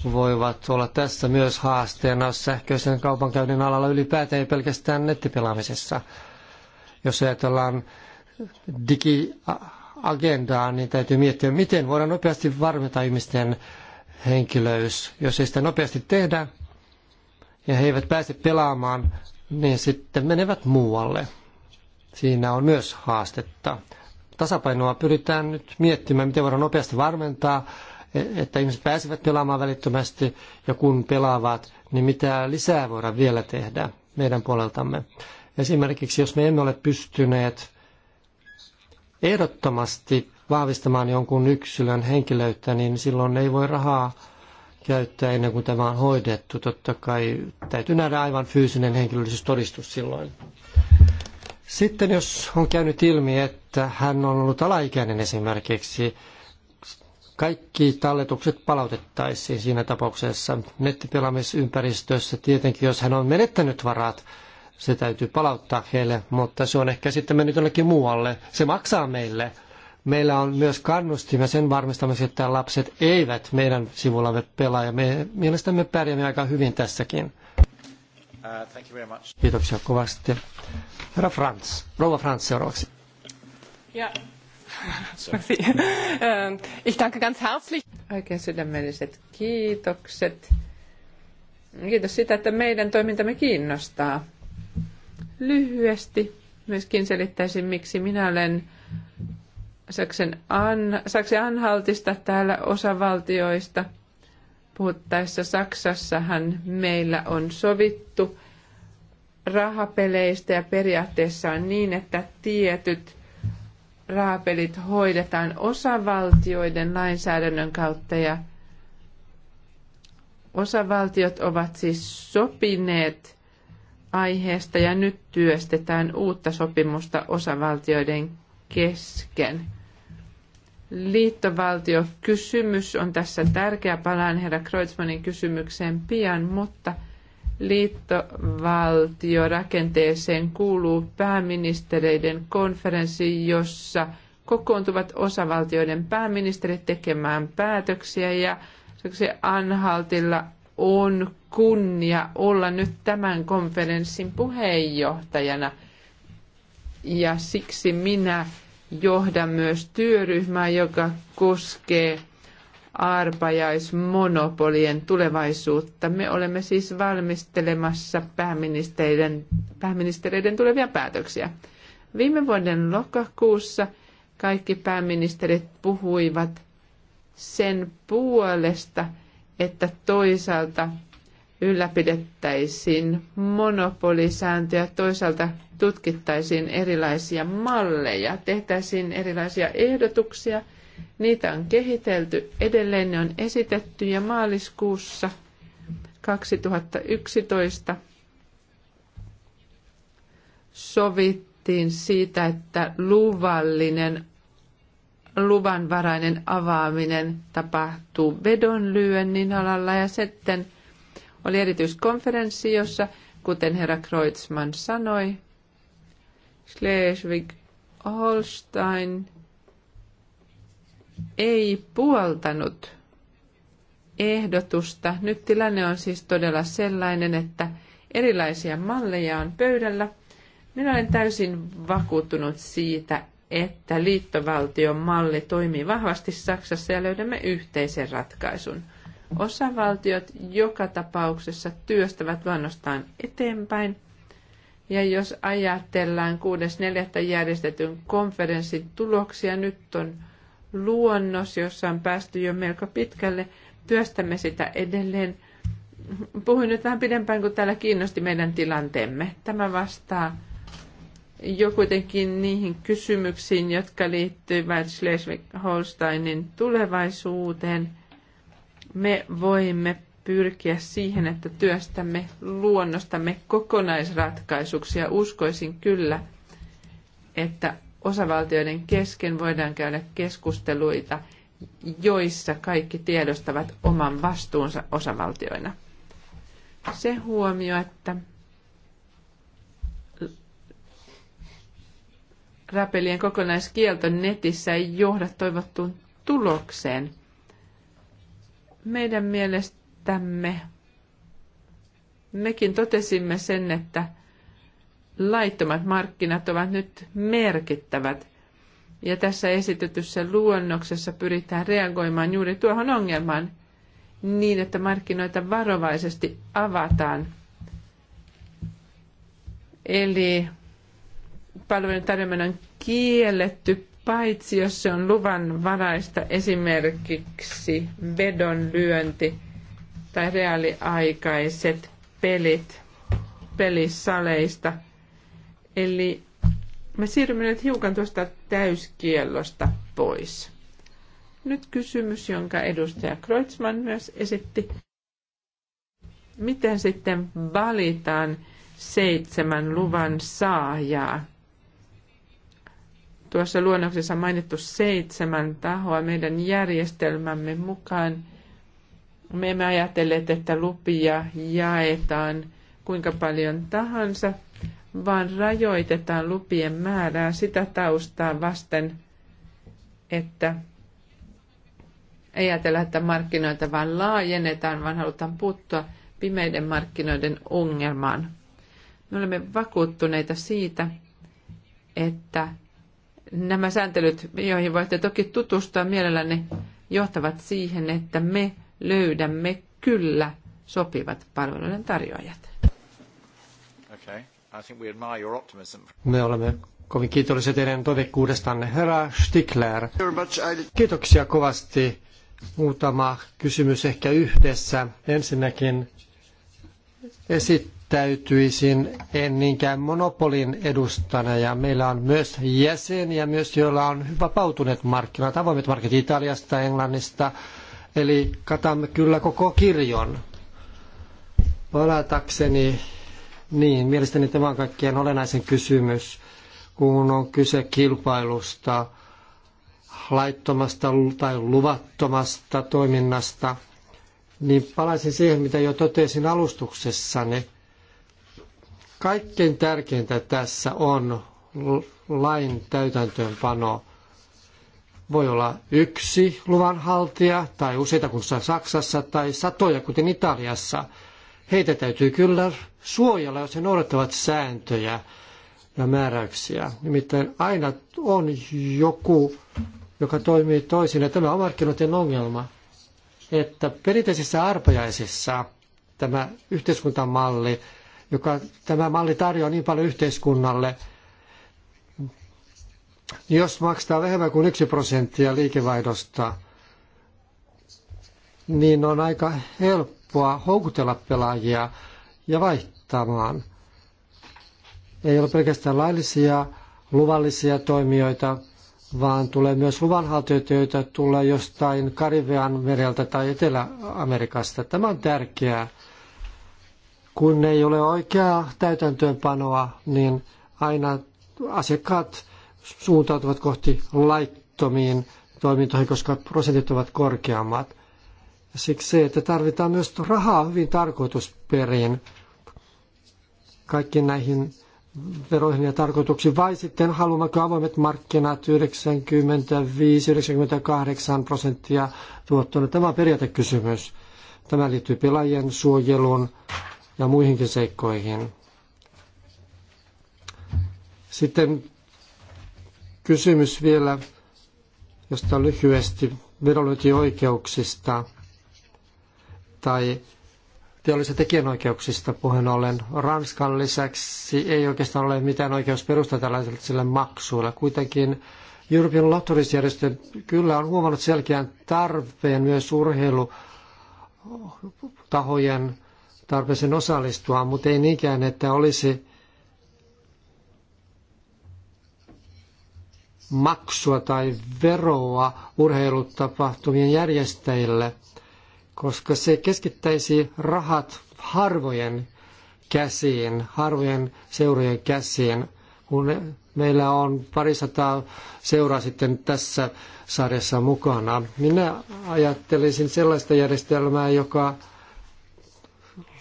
voivat olla tässä myös haasteena sähköisen kaupankäynnin alalla ylipäätään ei pelkästään nettipelaamisessa. Jos ajatellaan digiagendaa, niin täytyy miettiä, miten voidaan nopeasti varmentaa ihmisten henkilöys. Jos ei sitä nopeasti tehdä ja he eivät pääse pelaamaan, niin sitten menevät muualle. Siinä on myös haastetta. Tasapainoa pyritään nyt miettimään, miten voidaan nopeasti varmentaa että ihmiset pääsevät pelaamaan välittömästi ja kun pelaavat, niin mitä lisää voidaan vielä tehdä meidän puoleltamme. Esimerkiksi jos me emme ole pystyneet ehdottomasti vahvistamaan jonkun yksilön henkilöitä, niin silloin ei voi rahaa käyttää ennen kuin tämä on hoidettu. Totta kai täytyy nähdä aivan fyysinen henkilöllisyystodistus silloin. Sitten jos on käynyt ilmi, että hän on ollut alaikäinen esimerkiksi, kaikki talletukset palautettaisiin siinä tapauksessa. Nettipelaamisympäristössä tietenkin, jos hän on menettänyt varat, se täytyy palauttaa heille, mutta se on ehkä sitten mennyt jollekin muualle. Se maksaa meille. Meillä on myös kannustimia sen varmistamiseksi, että lapset eivät meidän sivullamme pelaa, ja me mielestämme pärjäämme aika hyvin tässäkin. Uh, Kiitoksia kovasti. Herra Frans, rouva Frans seuraavaksi. Yeah. Ähm, ich danke ganz herzlich. Oikein sydämelliset kiitokset. Kiitos sitä, että meidän toimintamme kiinnostaa. Lyhyesti myöskin selittäisin, miksi minä olen Saksen An, Saksen Anhaltista täällä osavaltioista. Puhuttaessa Saksassahan meillä on sovittu rahapeleistä ja periaatteessa on niin, että tietyt raapelit hoidetaan osavaltioiden lainsäädännön kautta ja osavaltiot ovat siis sopineet aiheesta ja nyt työstetään uutta sopimusta osavaltioiden kesken. Liittovaltiokysymys on tässä tärkeä. Palaan herra Kreutzmannin kysymykseen pian, mutta – liittovaltiorakenteeseen kuuluu pääministereiden konferenssi, jossa kokoontuvat osavaltioiden pääministerit tekemään päätöksiä ja siksi Anhaltilla on kunnia olla nyt tämän konferenssin puheenjohtajana. Ja siksi minä johdan myös työryhmää, joka koskee arpajaismonopolien tulevaisuutta. Me olemme siis valmistelemassa pääministeriden pääministeriden tulevia päätöksiä. Viime vuoden lokakuussa kaikki pääministerit puhuivat sen puolesta, että toisaalta ylläpidettäisiin monopolisääntöjä, toisaalta tutkittaisiin erilaisia malleja, tehtäisiin erilaisia ehdotuksia – Niitä on kehitelty, edelleen ne on esitetty ja maaliskuussa 2011 sovittiin siitä, että luvallinen luvanvarainen avaaminen tapahtuu vedonlyönnin alalla ja sitten oli erityiskonferenssi, jossa, kuten herra Kreutzmann sanoi, Schleswig-Holstein ei puoltanut ehdotusta. Nyt tilanne on siis todella sellainen, että erilaisia malleja on pöydällä. Minä olen täysin vakuuttunut siitä, että liittovaltion malli toimii vahvasti Saksassa ja löydämme yhteisen ratkaisun. Osavaltiot joka tapauksessa työstävät luonnostaan eteenpäin. Ja jos ajatellaan 6.4. järjestetyn konferenssin tuloksia, nyt on luonnos, jossa on päästy jo melko pitkälle. Työstämme sitä edelleen. Puhuin nyt vähän pidempään, kun täällä kiinnosti meidän tilanteemme. Tämä vastaa jo kuitenkin niihin kysymyksiin, jotka liittyvät Schleswig-Holsteinin tulevaisuuteen. Me voimme pyrkiä siihen, että työstämme luonnostamme kokonaisratkaisuksia. uskoisin kyllä, että osavaltioiden kesken voidaan käydä keskusteluita, joissa kaikki tiedostavat oman vastuunsa osavaltioina. Se huomio, että räpelien kokonaiskielto netissä ei johda toivottuun tulokseen. Meidän mielestämme mekin totesimme sen, että laittomat markkinat ovat nyt merkittävät. Ja tässä esitetyssä luonnoksessa pyritään reagoimaan juuri tuohon ongelmaan niin, että markkinoita varovaisesti avataan. Eli palvelun tarjoaminen on kielletty, paitsi jos se on luvanvaraista esimerkiksi vedonlyönti tai reaaliaikaiset pelit pelisaleista – Eli me siirrymme nyt hiukan tuosta täyskiellosta pois. Nyt kysymys, jonka edustaja Kreutzmann myös esitti. Miten sitten valitaan seitsemän luvan saajaa? Tuossa luonnoksessa mainittu seitsemän tahoa meidän järjestelmämme mukaan. Me emme ajatelleet, että lupia jaetaan kuinka paljon tahansa – vaan rajoitetaan lupien määrää sitä taustaa vasten, että ei ajatella, että markkinoita vaan laajennetaan, vaan halutaan puuttua pimeiden markkinoiden ongelmaan. Me olemme vakuuttuneita siitä, että nämä sääntelyt, joihin voitte toki tutustua mielelläni, johtavat siihen, että me löydämme kyllä sopivat palveluiden tarjoajat. Okay. Me olemme kovin kiitollisia teidän toivekkuudestanne. Herra Stickler, kiitoksia kovasti. Muutama kysymys ehkä yhdessä. Ensinnäkin esittäytyisin en niinkään monopolin edustana ja meillä on myös jäseniä myös, joilla on vapautuneet markkinat, avoimet markkinat Italiasta, Englannista, eli katamme kyllä koko kirjon. Palatakseni niin, mielestäni tämä on kaikkien olennaisen kysymys, kun on kyse kilpailusta, laittomasta tai luvattomasta toiminnasta. Niin palaisin siihen, mitä jo totesin alustuksessani. Kaikkein tärkeintä tässä on lain täytäntöönpano. Voi olla yksi luvanhaltija tai useita kuin Saksassa tai satoja kuten Italiassa – Heitä täytyy kyllä suojella, jos he noudattavat sääntöjä ja määräyksiä. Nimittäin aina on joku, joka toimii toisin. Ja tämä on markkinoiden ongelma, että perinteisissä arpajaisissa tämä yhteiskuntamalli, joka tämä malli tarjoaa niin paljon yhteiskunnalle, niin jos maksetaan vähemmän kuin yksi prosenttia liikevaihdosta, niin on aika helppo helppoa houkutella pelaajia ja vaihtamaan. Ei ole pelkästään laillisia, luvallisia toimijoita, vaan tulee myös luvanhaltijoita, joita tulee jostain Karivean mereltä tai Etelä-Amerikasta. Tämä on tärkeää. Kun ei ole oikeaa täytäntöönpanoa, niin aina asiakkaat suuntautuvat kohti laittomiin toimintoihin, koska prosentit ovat korkeammat siksi, että tarvitaan myös rahaa hyvin tarkoitusperiin kaikkiin näihin veroihin ja tarkoituksiin, vai sitten haluammeko avoimet markkinat 95-98 prosenttia tuottona. Tämä on periaatekysymys. Tämä liittyy pelaajien suojeluun ja muihinkin seikkoihin. Sitten kysymys vielä, josta lyhyesti verolyöntioikeuksista. oikeuksista tai teollisista tekijänoikeuksista puheen ollen. Ranskan lisäksi ei oikeastaan ole mitään oikeusperusta tällaiselle maksuille. Kuitenkin European Lotteries järjestö kyllä on huomannut selkeän tarpeen myös urheilutahojen tarpeeseen osallistua, mutta ei niinkään, että olisi maksua tai veroa urheilutapahtumien järjestäjille – koska se keskittäisi rahat harvojen käsiin, harvojen seurojen käsiin, kun meillä on parisataa seuraa sitten tässä sarjassa mukana. Minä ajattelisin sellaista järjestelmää, joka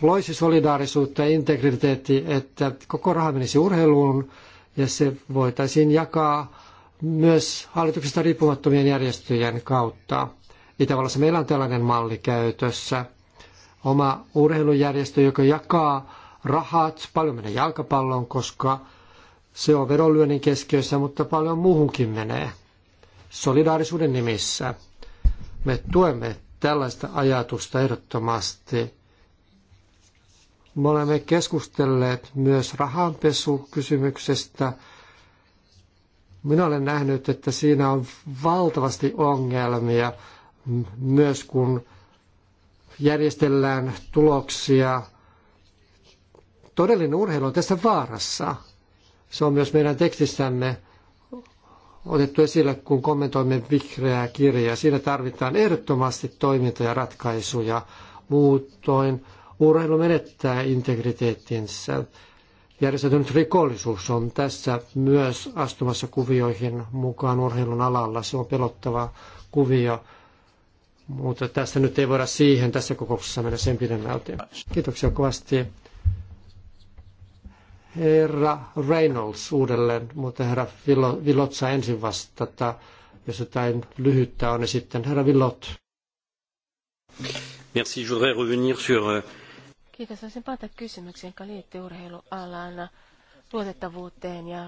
loisi solidaarisuutta ja integriteetti, että koko raha menisi urheiluun ja se voitaisiin jakaa myös hallituksesta riippumattomien järjestöjen kautta. Itävallassa meillä on tällainen malli käytössä. Oma urheilujärjestö, joka jakaa rahat, paljon menee jalkapalloon, koska se on vedonlyönnin keskiössä, mutta paljon muuhunkin menee solidaarisuuden nimissä. Me tuemme tällaista ajatusta ehdottomasti. Me olemme keskustelleet myös rahanpesukysymyksestä. Minä olen nähnyt, että siinä on valtavasti ongelmia myös kun järjestellään tuloksia. Todellinen urheilu on tässä vaarassa. Se on myös meidän tekstissämme otettu esille, kun kommentoimme vihreää kirjaa. Siinä tarvitaan ehdottomasti toimintoja ja ratkaisuja. Muutoin urheilu menettää integriteettinsä. Järjestetynyt rikollisuus on tässä myös astumassa kuvioihin mukaan urheilun alalla. Se on pelottava kuvio. Mutta tästä nyt ei voida siihen tässä kokouksessa mennä sen pidemmälti. Kiitoksia kovasti. Herra Reynolds uudelleen, mutta herra Villot saa ensin vastata. Jos jotain lyhyttä on, niin sitten herra Villot. Merci, je voudrais revenir sur... Euh, Kiitos. Olisin palata kysymykseen, joka liittyy urheilualana luotettavuuteen ja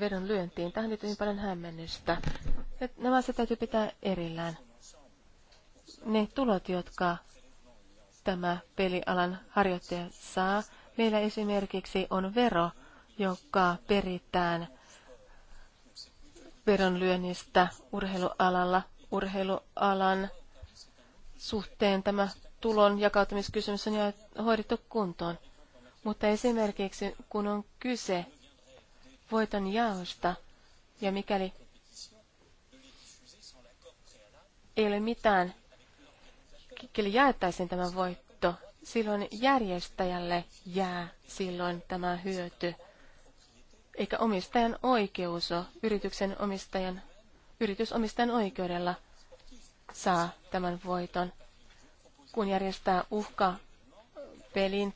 vedon lyöntiin. Tähän liittyy hyvin paljon hämmennystä. Nämä asiat täytyy pitää erillään ne tulot, jotka tämä pelialan harjoittaja saa. Meillä esimerkiksi on vero, joka peritään veronlyönnistä urheilualalla. Urheilualan suhteen tämä tulon jakautumiskysymys on jo hoidettu kuntoon. Mutta esimerkiksi kun on kyse voiton jaosta, ja mikäli ei ole mitään liikkeelle jaettaisiin tämä voitto, silloin järjestäjälle jää silloin tämä hyöty, eikä omistajan oikeus ole yrityksen omistajan, yritysomistajan oikeudella saa tämän voiton. Kun järjestää uhka pelin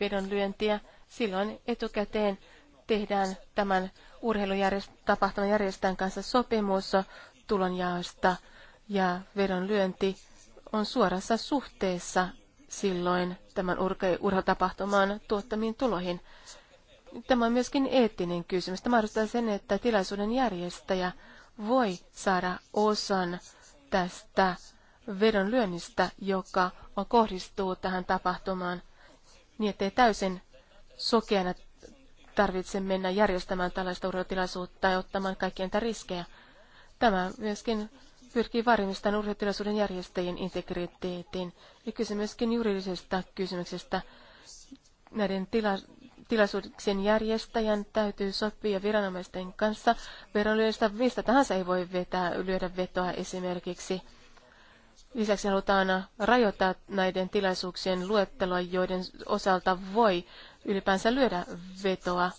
vedonlyöntiä, silloin etukäteen tehdään tämän urheilutapahtuman järjestäjän kanssa sopimus tulonjaosta ja vedonlyönti on suorassa suhteessa silloin tämän urheilutapahtuman tuottamiin tuloihin. Tämä on myöskin eettinen kysymys. Tämä mahdollistaa sen, että tilaisuuden järjestäjä voi saada osan tästä vedonlyönnistä, joka on kohdistuu tähän tapahtumaan, niin ettei täysin sokeana tarvitse mennä järjestämään tällaista urheilutilaisuutta ja ottamaan kaikkia niitä riskejä. Tämä myöskin pyrkii varmistamaan urheilutilaisuuden järjestäjien integriteetin. Ja kyse myöskin juridisesta kysymyksestä. Näiden tila, tilaisuuksien järjestäjän täytyy sopia viranomaisten kanssa. Verolyöstä mistä tahansa ei voi vetää, lyödä vetoa esimerkiksi. Lisäksi halutaan rajoittaa näiden tilaisuuksien luettelua, joiden osalta voi ylipäänsä lyödä vetoa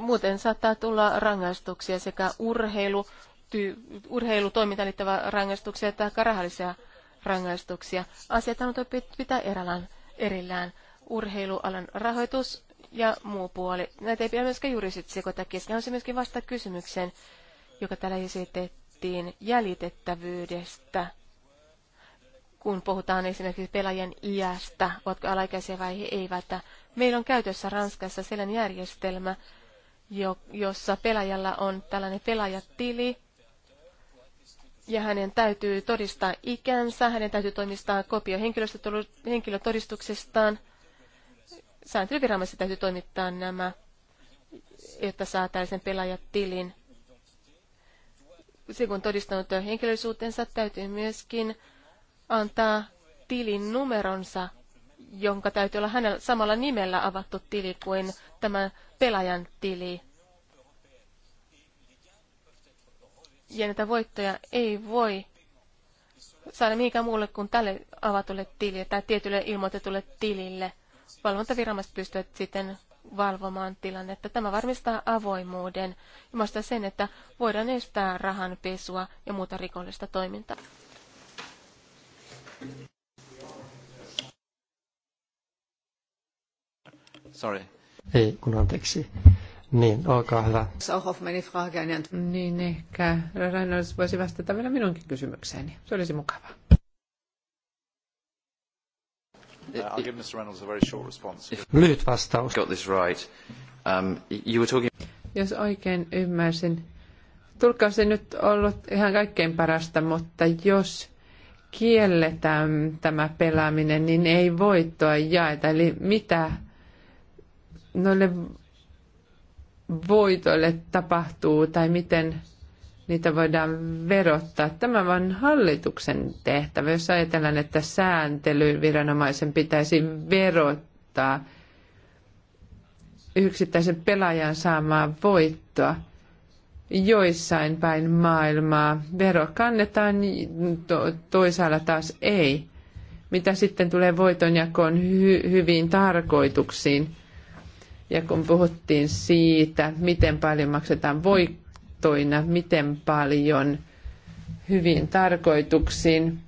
Muuten saattaa tulla rangaistuksia sekä urheilu, ty, urheilutoimintaan liittyvä rangaistuksia tai rahallisia rangaistuksia. Asiat on pitää erillään, erillään urheilualan rahoitus ja muu puoli. Näitä ei pidä myöskään juristit sekoittaa kesken. On se myöskin vasta kysymykseen, joka täällä esitettiin jäljitettävyydestä kun puhutaan esimerkiksi pelaajien iästä, ovatko alaikäisiä vai he eivät. Meillä on käytössä Ranskassa sellainen järjestelmä, jossa pelaajalla on tällainen pelaajatili, ja hänen täytyy todistaa ikänsä, hänen täytyy toimistaa kopio henkilötodistuksestaan. Sääntelyviranomaisen täytyy toimittaa nämä, jotta saa tällaisen pelaajatilin. Se, kun todistanut henkilöllisuutensa, täytyy myöskin antaa tilin numeronsa, jonka täytyy olla hänellä samalla nimellä avattu tili kuin tämä pelaajan tili. Ja näitä voittoja ei voi saada mihinkään muulle kuin tälle avatulle tilille tai tietylle ilmoitetulle tilille. Valvontaviranomaiset pystyvät sitten valvomaan tilannetta. Tämä varmistaa avoimuuden ja mahdollistaa sen, että voidaan estää rahanpesua ja muuta rikollista toimintaa. Sorry. Ei, kun anteeksi. Niin, olkaa hyvä. Niin, niin, ehkä Reynolds voisi vastata vielä minunkin kysymykseeni. Se olisi mukavaa. Uh, Lyhyt vastaus. Got this right. Um, you were talking... Jos oikein ymmärsin, tulkaus ei nyt ollut ihan kaikkein parasta, mutta jos kielletään tämä pelaaminen, niin ei voittoa jaeta. Eli mitä noille voitoille tapahtuu tai miten niitä voidaan verottaa. Tämä on hallituksen tehtävä, jos ajatellaan, että sääntelyviranomaisen pitäisi verottaa yksittäisen pelaajan saamaa voittoa. Joissain päin maailmaa vero kannetaan, to- toisaalla taas ei. Mitä sitten tulee voitonjakoon hy- hyviin tarkoituksiin – ja kun puhuttiin siitä, miten paljon maksetaan voittoina, miten paljon hyvin tarkoituksiin,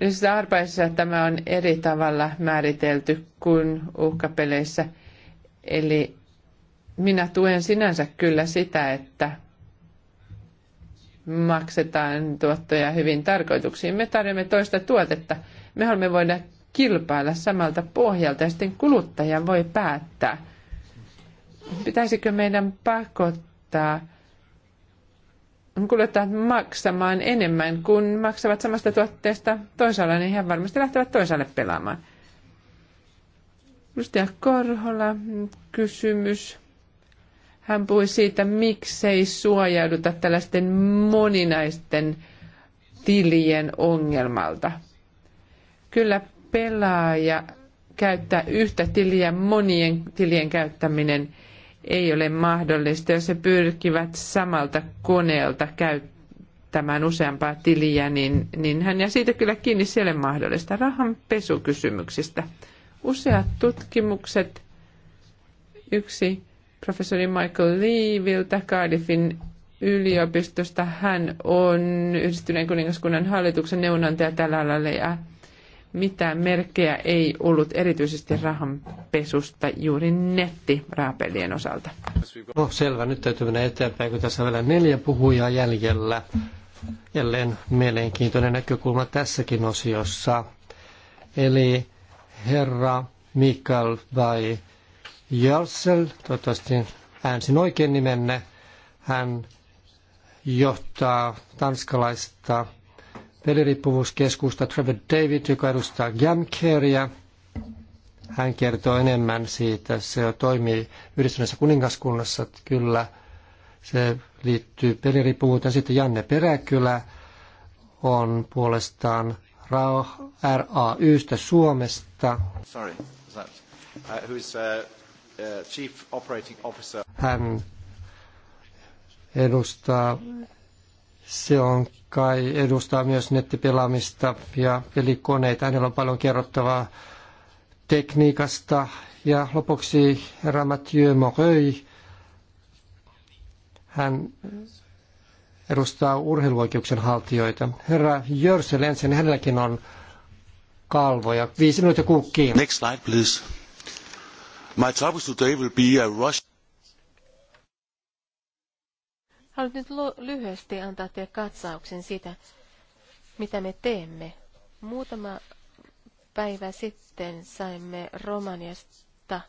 Yhdessä arpaisissa tämä on eri tavalla määritelty kuin uhkapeleissä. Eli minä tuen sinänsä kyllä sitä, että maksetaan tuottoja hyvin tarkoituksiin. Me tarjoamme toista tuotetta. Me haluamme voida kilpailla samalta pohjalta ja sitten kuluttaja voi päättää, pitäisikö meidän pakottaa kuluttajat maksamaan enemmän kuin maksavat samasta tuotteesta toisaalla, niin he varmasti lähtevät toisaalle pelaamaan. Lustia Korhola, kysymys. Hän puhui siitä, miksei suojauduta tällaisten moninaisten tilien ongelmalta. Kyllä pelaaja käyttää yhtä tiliä, monien tilien käyttäminen ei ole mahdollista, jos he pyrkivät samalta koneelta käyttämään useampaa tiliä, niin, niin hän ja siitä kyllä kiinni siellä mahdollista. Rahan pesukysymyksistä. Useat tutkimukset, yksi professori Michael Leeviltä Cardiffin yliopistosta, hän on yhdistyneen kuningaskunnan hallituksen neuvonantaja tällä alalla ja mitään merkkejä ei ollut erityisesti rahanpesusta juuri nettiraapelien osalta. No selvä, nyt täytyy mennä eteenpäin, kun tässä on vielä neljä puhujaa jäljellä. Jälleen mielenkiintoinen näkökulma tässäkin osiossa. Eli herra Mikael vai Jörsel, toivottavasti äänsin oikein nimenne, hän johtaa tanskalaista peliriippuvuuskeskusta Trevor David, joka edustaa Gamcareia. Hän kertoo enemmän siitä. Se toimii yhdistyneessä kuningaskunnassa, kyllä. Se liittyy peliriippuvuuteen. Sitten Janne Peräkylä on puolestaan RAYstä Suomesta. Sorry, that, uh, who's, uh, uh, chief operating officer. Hän edustaa se on kai edustaa myös nettipelaamista ja pelikoneita. Hänellä on paljon kerrottavaa tekniikasta. Ja lopuksi herra Mathieu Moreuil. Hän edustaa urheiluoikeuksien haltijoita. Herra Jörsel ensin, hänelläkin on kalvoja. Viisi minuuttia kukkiin. Next slide, please. My topic today will be a Russian... Haluan nyt lyhyesti antaa teille katsauksen siitä, mitä me teemme. Muutama päivä sitten saimme Romaniasta,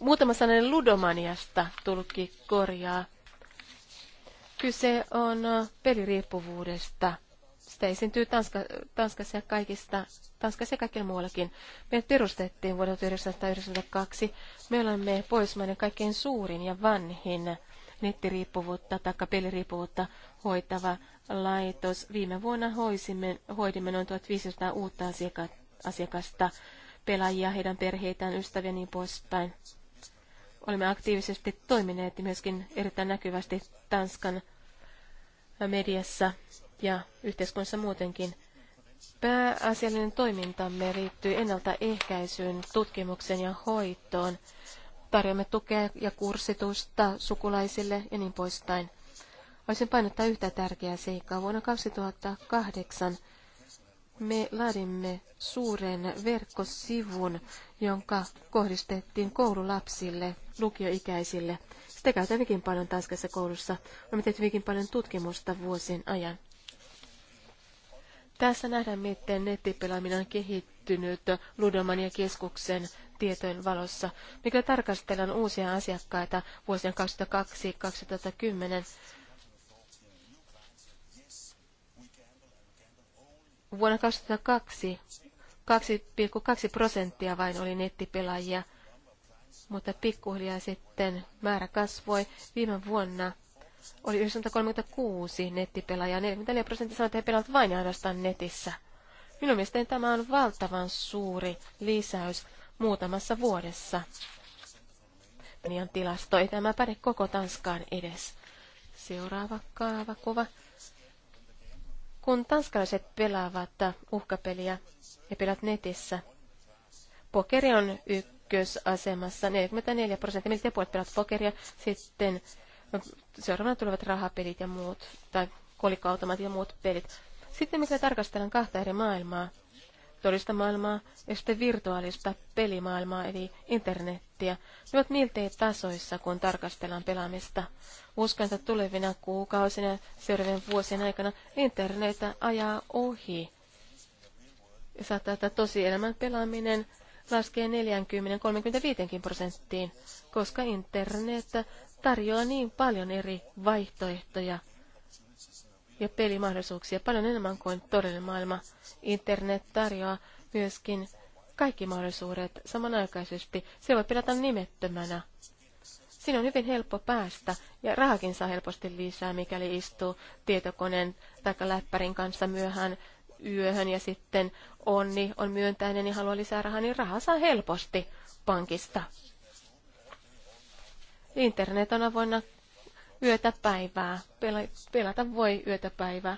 muutama sananen Ludomaniasta tulkki korjaa. Kyse on äh, peliriippuvuudesta. Sitä esiintyy Tanska, Tanskassa ja kaikista, Tanskassa ja kaikilla muuallakin. Me perustettiin vuonna 1992. Me olemme Pohjoismaiden kaikkein suurin ja vanhin nettiriippuvuutta tai peliriippuvuutta hoitava laitos. Viime vuonna hoisimme, hoidimme noin 1500 uutta asiakasta, pelaajia, heidän perheitään, ystäviä ja niin poispäin. Olemme aktiivisesti toimineet myöskin erittäin näkyvästi Tanskan mediassa ja yhteiskunnassa muutenkin. Pääasiallinen toimintamme liittyy ennaltaehkäisyyn, tutkimukseen ja hoitoon tarjoamme tukea ja kurssitusta sukulaisille ja niin poispäin. Voisin painottaa yhtä tärkeää seikkaa. Vuonna 2008 me laadimme suuren verkkosivun, jonka kohdistettiin koululapsille, lukioikäisille. Sitä käytetään hyvinkin paljon Tanskassa koulussa. Olemme tehneet hyvinkin paljon tutkimusta vuosien ajan. Tässä nähdään, miten nettipelaaminen on kehittynyt Ludomania keskuksen tietojen valossa, mikä tarkastellaan uusia asiakkaita vuosien 2002-2010. Vuonna 2002 2,2 prosenttia vain oli nettipelaajia, mutta pikkuhiljaa sitten määrä kasvoi. Viime vuonna oli 936 nettipelaajaa, 44 prosenttia sanoi, että he pelaavat vain ainoastaan netissä. Minun mielestäni tämä on valtavan suuri lisäys muutamassa vuodessa. Tanian tilasto ei tämä päde koko Tanskaan edes. Seuraava kaavakuva. Kun tanskalaiset pelaavat uhkapeliä ja pelaavat netissä, pokeri on ykkösasemassa 44 prosenttia, miltei puolet pelaat pokeria, sitten No, seuraavana tulevat rahapelit ja muut, tai kolikautomat ja muut pelit. Sitten mikä tarkastellaan kahta eri maailmaa, todista maailmaa ja sitten virtuaalista pelimaailmaa, eli internettiä, ne ovat miltei tasoissa, kun tarkastellaan pelaamista. Uskon, että tulevina kuukausina ja seuraavien vuosien aikana internet ajaa ohi. Ja saattaa, että tosielämän pelaaminen laskee 40-35 prosenttiin, koska internet tarjoaa niin paljon eri vaihtoehtoja ja pelimahdollisuuksia paljon enemmän kuin todellinen maailma. Internet tarjoaa myöskin kaikki mahdollisuudet samanaikaisesti. Se voi pelata nimettömänä. Siinä on hyvin helppo päästä ja rahakin saa helposti lisää, mikäli istuu tietokoneen tai läppärin kanssa myöhään yöhön ja sitten onni on myöntäinen ja haluaa lisää rahaa, niin rahaa saa helposti pankista. Internet on avoinna yötä päivää. Pelata voi yötä päivää.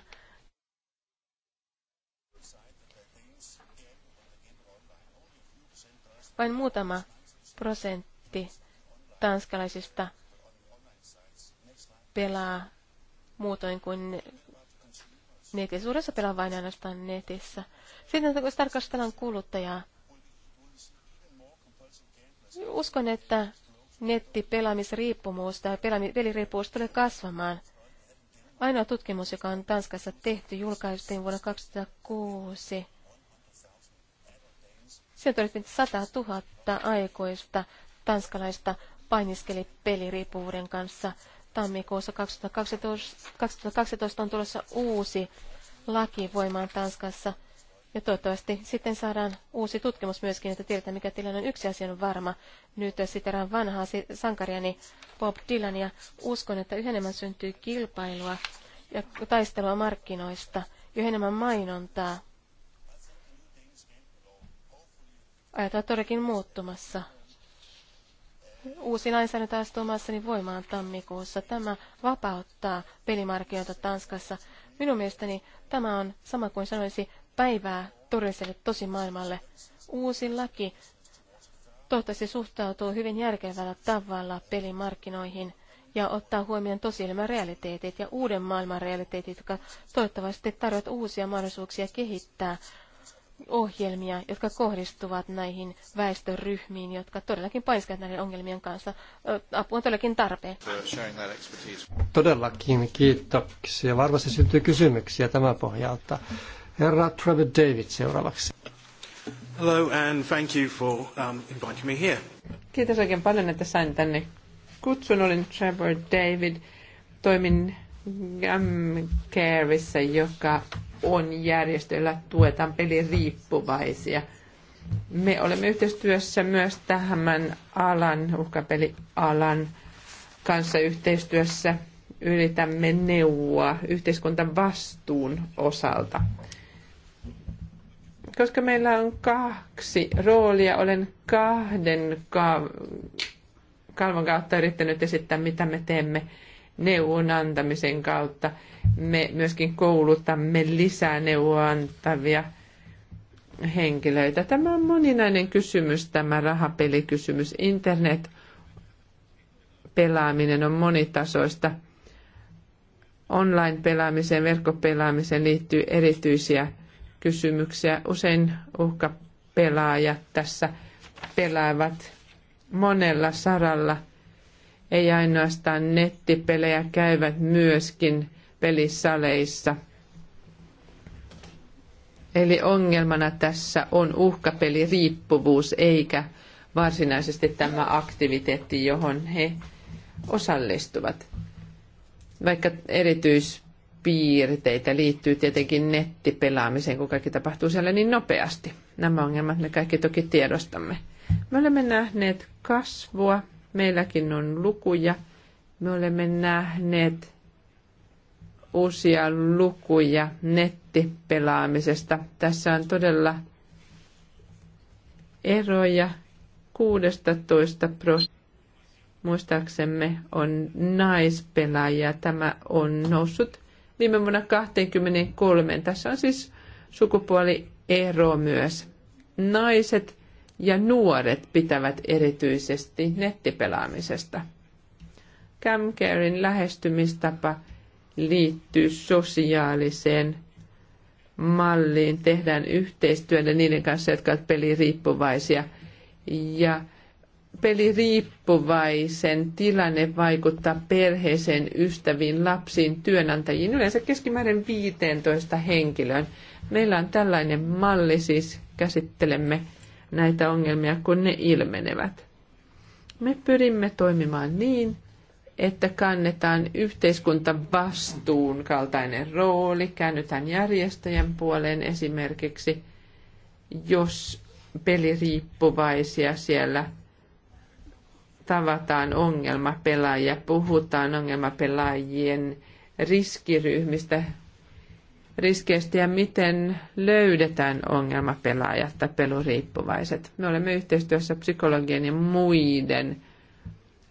Vain muutama prosentti tanskalaisista pelaa muutoin kuin netissä. Suuressa pelaa vain ainoastaan netissä. Sitten kun tarkastellaan kuluttajaa, uskon, että nettipelaamisriippumus tai peliriippumus tulee kasvamaan. Ainoa tutkimus, joka on Tanskassa tehty, julkaistiin vuonna 2006. Siellä todettiin, että 100 000 aikoista tanskalaista painiskeli peliriippuvuuden kanssa. Tammikuussa 2012, 2012 on tulossa uusi laki voimaan Tanskassa. Ja toivottavasti sitten saadaan uusi tutkimus myöskin, että tiedetään mikä tilanne on. Yksi asia on varma. Nyt siteraan vanhaa sankariani Bob Dylania. Uskon, että yhä enemmän syntyy kilpailua ja taistelua markkinoista, yhä enemmän mainontaa. Ajatellaan todellakin muuttumassa uusi lainsäädäntö astuu maassani niin voimaan tammikuussa. Tämä vapauttaa pelimarkkinoita Tanskassa. Minun mielestäni tämä on sama kuin sanoisi päivää todelliselle maailmalle. Uusi laki toivottavasti suhtautuu hyvin järkevällä tavalla pelimarkkinoihin ja ottaa huomioon tosielämän realiteetit ja uuden maailman realiteetit, jotka toivottavasti tarjoavat uusia mahdollisuuksia kehittää ohjelmia, jotka kohdistuvat näihin väestöryhmiin, jotka todellakin paiskavat näiden ongelmien kanssa. Apu on todellakin tarpeen. Todellakin, kiitoksia. Varmasti syntyy kysymyksiä tämän pohjalta. Herra Trevor David seuraavaksi. Hello and thank you for um, inviting me here. Kiitos oikein paljon, että sain tänne kutsun. Olin Trevor David. Toimin Gam Careissa, joka on järjestöillä tuetaan peliriippuvaisia. Me olemme yhteistyössä myös tähän alan, uhkapelialan kanssa yhteistyössä. Yritämme neuvoa yhteiskunnan vastuun osalta. Koska meillä on kaksi roolia, olen kahden kalvon kautta yrittänyt esittää, mitä me teemme neuvon antamisen kautta. Me myöskin koulutamme lisää neuvoa antavia henkilöitä. Tämä on moninainen kysymys, tämä rahapelikysymys. Internet pelaaminen on monitasoista. Online-pelaamiseen, verkkopelaamiseen liittyy erityisiä kysymyksiä. Usein uhkapelaajat tässä pelaavat monella saralla – ei ainoastaan nettipelejä, käyvät myöskin pelisaleissa. Eli ongelmana tässä on uhkapeliriippuvuus eikä varsinaisesti tämä aktiviteetti, johon he osallistuvat. Vaikka erityispiirteitä liittyy tietenkin nettipelaamiseen, kun kaikki tapahtuu siellä niin nopeasti. Nämä ongelmat me kaikki toki tiedostamme. Me olemme nähneet kasvua Meilläkin on lukuja. Me olemme nähneet uusia lukuja nettipelaamisesta. Tässä on todella eroja 16 prosenttia. Muistaaksemme on naispelaajia. Tämä on noussut viime vuonna 23. Tässä on siis sukupuoliero myös. Naiset ja nuoret pitävät erityisesti nettipelaamisesta. Camcarein lähestymistapa liittyy sosiaaliseen malliin, tehdään yhteistyötä niiden kanssa, jotka ovat peliriippuvaisia. Ja peliriippuvaisen tilanne vaikuttaa perheeseen, ystäviin, lapsiin, työnantajiin, yleensä keskimäärin 15 henkilöön. Meillä on tällainen malli, siis käsittelemme näitä ongelmia, kun ne ilmenevät. Me pyrimme toimimaan niin, että kannetaan yhteiskuntavastuun kaltainen rooli, käännytään järjestäjän puoleen esimerkiksi, jos peliriippuvaisia siellä tavataan ongelmapelaajia, puhutaan ongelmapelaajien riskiryhmistä, riskeistä ja miten löydetään ongelmapelaajat tai peluriippuvaiset. Me olemme yhteistyössä psykologien ja muiden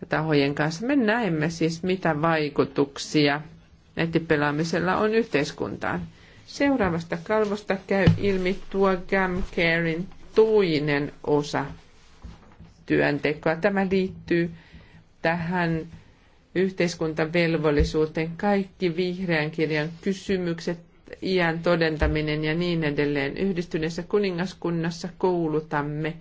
tahojen kanssa. Me näemme siis, mitä vaikutuksia nettipelaamisella on yhteiskuntaan. Seuraavasta kalvosta käy ilmi tuo Gamcarein toinen osa työntekoa. Tämä liittyy tähän yhteiskuntavelvollisuuteen. Kaikki vihreän kirjan kysymykset, iän todentaminen ja niin edelleen. Yhdistyneessä kuningaskunnassa koulutamme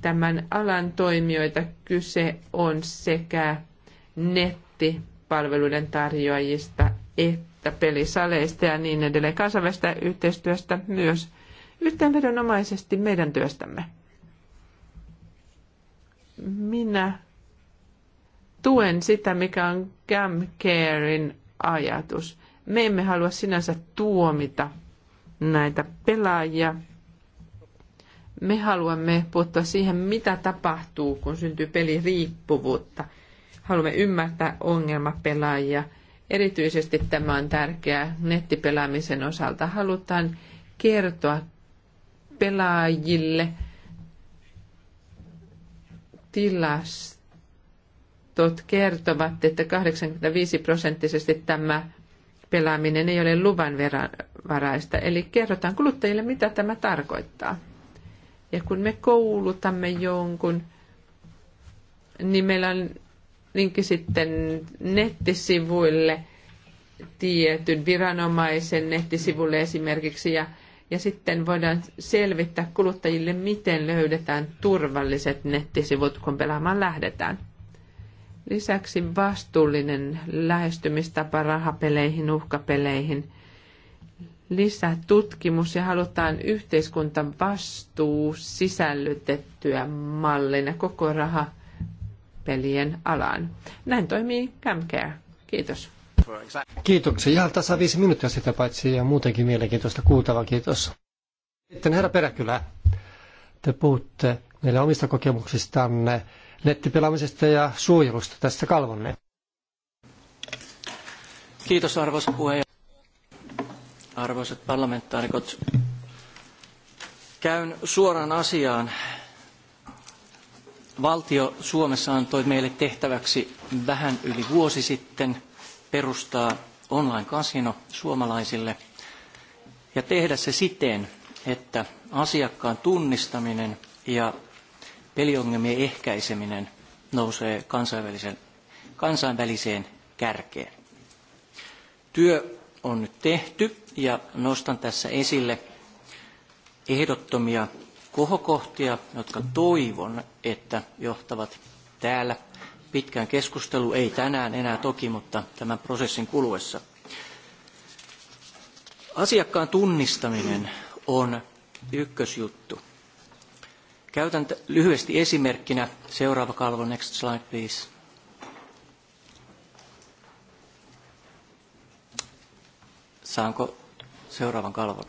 tämän alan toimijoita. Kyse on sekä nettipalveluiden tarjoajista että pelisaleista ja niin edelleen. Kansainvälistä yhteistyöstä myös yhteenvedonomaisesti meidän työstämme. Minä tuen sitä, mikä on Gamcarein ajatus. Me emme halua sinänsä tuomita näitä pelaajia. Me haluamme puuttua siihen, mitä tapahtuu, kun syntyy peliriippuvuutta. Haluamme ymmärtää ongelmapelaajia. Erityisesti tämä on tärkeää nettipelaamisen osalta. Halutaan kertoa pelaajille tilastot kertovat, että 85 prosenttisesti tämä pelaaminen ei ole luvanvaraista, eli kerrotaan kuluttajille, mitä tämä tarkoittaa. Ja kun me koulutamme jonkun, niin meillä on linkki sitten nettisivuille, tietyn viranomaisen nettisivulle esimerkiksi, ja, ja sitten voidaan selvittää kuluttajille, miten löydetään turvalliset nettisivut, kun pelaamaan lähdetään. Lisäksi vastuullinen lähestymistapa rahapeleihin, uhkapeleihin, lisää tutkimus ja halutaan yhteiskuntan vastuu sisällytettyä mallina koko rahapelien alaan. Näin toimii Camcare. Kiitos. Kiitoksia. Ihan tasa viisi minuuttia sitä paitsi ja muutenkin mielenkiintoista kuultavaa. Kiitos. Sitten herra Peräkylä, te puhutte meille omista kokemuksistanne nettipelaamisesta ja suojelusta. Tässä kalvonne. Kiitos arvoisa puheenjohtaja. Arvoisat parlamentaarikot, käyn suoraan asiaan. Valtio Suomessa antoi meille tehtäväksi vähän yli vuosi sitten perustaa online-kasino suomalaisille ja tehdä se siten, että asiakkaan tunnistaminen ja peliongelmien ehkäiseminen nousee kansainväliseen kärkeen. Työ on nyt tehty ja nostan tässä esille ehdottomia kohokohtia, jotka toivon, että johtavat täällä pitkään keskustelu, ei tänään enää toki, mutta tämän prosessin kuluessa. Asiakkaan tunnistaminen on ykkösjuttu. Käytän lyhyesti esimerkkinä seuraava kalvo, next slide please. Saanko seuraavan kalvon?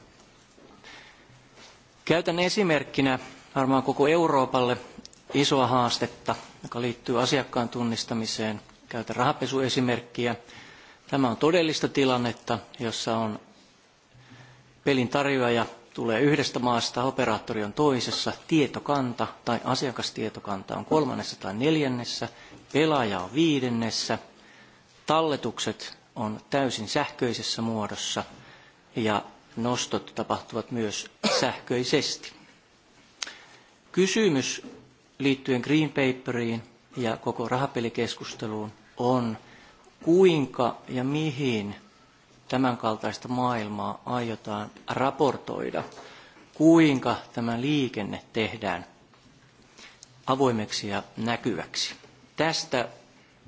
Käytän esimerkkinä varmaan koko Euroopalle isoa haastetta, joka liittyy asiakkaan tunnistamiseen. Käytän rahapesuesimerkkiä. Tämä on todellista tilannetta, jossa on pelin tarjoaja tulee yhdestä maasta, operaattori on toisessa, tietokanta tai asiakastietokanta on kolmannessa tai neljännessä, pelaaja on viidennessä, talletukset on täysin sähköisessä muodossa ja nostot tapahtuvat myös sähköisesti. Kysymys liittyen Green Paperiin ja koko rahapelikeskusteluun on, kuinka ja mihin – tämänkaltaista maailmaa aiotaan raportoida, kuinka tämä liikenne tehdään avoimeksi ja näkyväksi. Tästä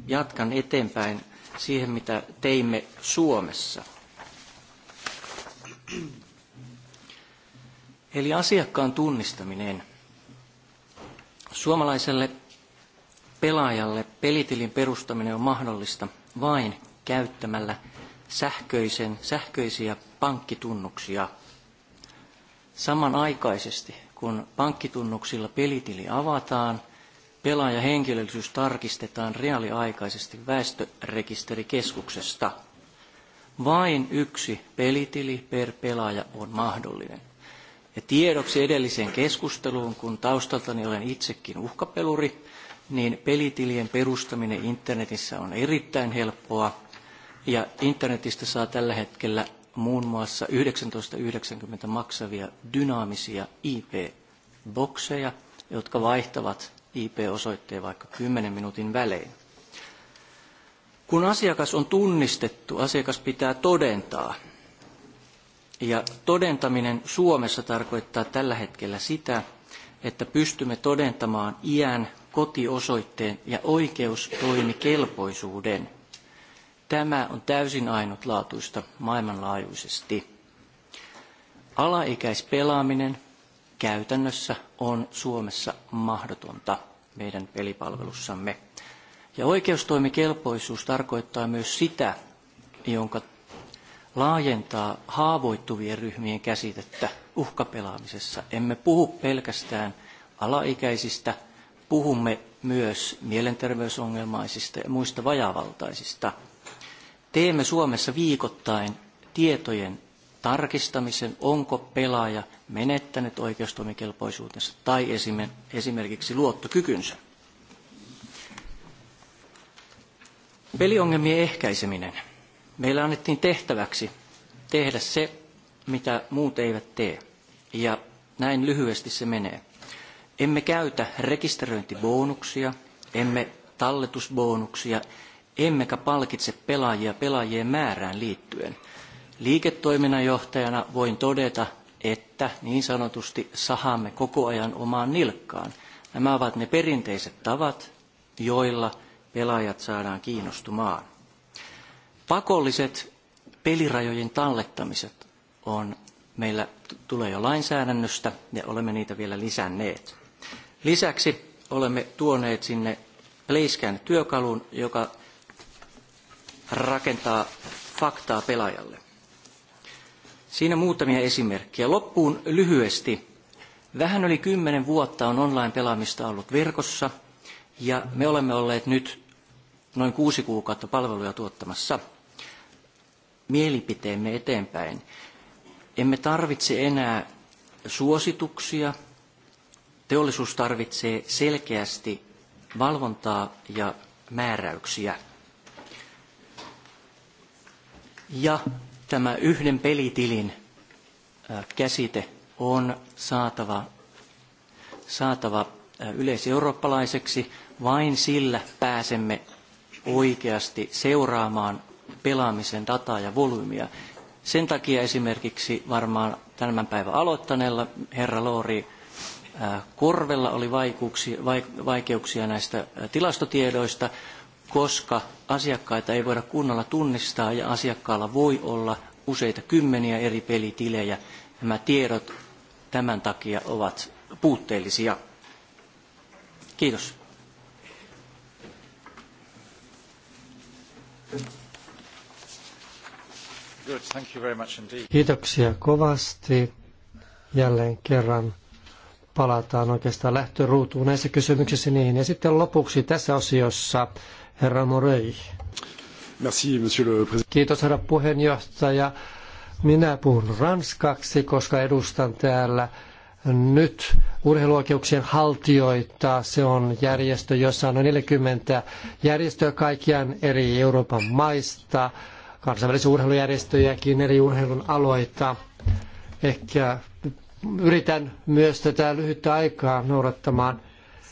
jatkan eteenpäin siihen, mitä teimme Suomessa. Eli asiakkaan tunnistaminen. Suomalaiselle pelaajalle pelitilin perustaminen on mahdollista vain käyttämällä sähköisen, sähköisiä pankkitunnuksia samanaikaisesti, kun pankkitunnuksilla pelitili avataan, pelaaja henkilöllisyys tarkistetaan reaaliaikaisesti väestörekisterikeskuksesta. Vain yksi pelitili per pelaaja on mahdollinen. Ja tiedoksi edelliseen keskusteluun, kun taustaltani olen itsekin uhkapeluri, niin pelitilien perustaminen internetissä on erittäin helppoa ja internetistä saa tällä hetkellä muun muassa 1990 maksavia dynaamisia IP-bokseja, jotka vaihtavat IP-osoitteen vaikka 10 minuutin välein. Kun asiakas on tunnistettu, asiakas pitää todentaa. Ja todentaminen Suomessa tarkoittaa tällä hetkellä sitä, että pystymme todentamaan iän, kotiosoitteen ja oikeustoimikelpoisuuden – Tämä on täysin ainutlaatuista maailmanlaajuisesti. Alaikäispelaaminen käytännössä on Suomessa mahdotonta meidän pelipalvelussamme. Ja oikeustoimikelpoisuus tarkoittaa myös sitä, jonka laajentaa haavoittuvien ryhmien käsitettä uhkapelaamisessa. Emme puhu pelkästään alaikäisistä, puhumme myös mielenterveysongelmaisista ja muista vajavaltaisista – Teemme Suomessa viikoittain tietojen tarkistamisen, onko pelaaja menettänyt oikeustoimikelpoisuutensa tai esimerkiksi luottokykynsä. Peliongelmien ehkäiseminen. Meillä annettiin tehtäväksi tehdä se, mitä muut eivät tee. Ja näin lyhyesti se menee. Emme käytä rekisteröintibonuksia, emme talletusbonuksia, emmekä palkitse pelaajia pelaajien määrään liittyen. Liiketoiminnanjohtajana voin todeta, että niin sanotusti sahamme koko ajan omaan nilkkaan. Nämä ovat ne perinteiset tavat, joilla pelaajat saadaan kiinnostumaan. Pakolliset pelirajojen tallettamiset on meillä tulee jo lainsäädännöstä ja olemme niitä vielä lisänneet. Lisäksi olemme tuoneet sinne Playscan työkalun, joka rakentaa faktaa pelaajalle. Siinä muutamia esimerkkejä. Loppuun lyhyesti. Vähän yli kymmenen vuotta on online-pelaamista ollut verkossa ja me olemme olleet nyt noin kuusi kuukautta palveluja tuottamassa mielipiteemme eteenpäin. Emme tarvitse enää suosituksia. Teollisuus tarvitsee selkeästi valvontaa ja määräyksiä. Ja tämä yhden pelitilin käsite on saatava, saatava yleiseurooppalaiseksi. Vain sillä pääsemme oikeasti seuraamaan pelaamisen dataa ja volyymia. Sen takia esimerkiksi varmaan tämän päivän aloittaneella herra Loori Korvella oli vaikeuksia näistä tilastotiedoista, koska asiakkaita ei voida kunnolla tunnistaa ja asiakkaalla voi olla useita kymmeniä eri pelitilejä. Nämä tiedot tämän takia ovat puutteellisia. Kiitos. Kiitoksia kovasti. Jälleen kerran palataan oikeastaan lähtöruutuun näissä kysymyksissä niihin. Ja sitten lopuksi tässä osiossa herra Morey. Merci, monsieur le président. Kiitos, herra puheenjohtaja. Minä puhun ranskaksi, koska edustan täällä nyt urheiluoikeuksien haltijoita. Se on järjestö, jossa on 40 järjestöä kaikkiaan eri Euroopan maista, kansainvälisiä urheilujärjestöjäkin, eri urheilun aloita. Ehkä yritän myös tätä lyhyttä aikaa noudattamaan.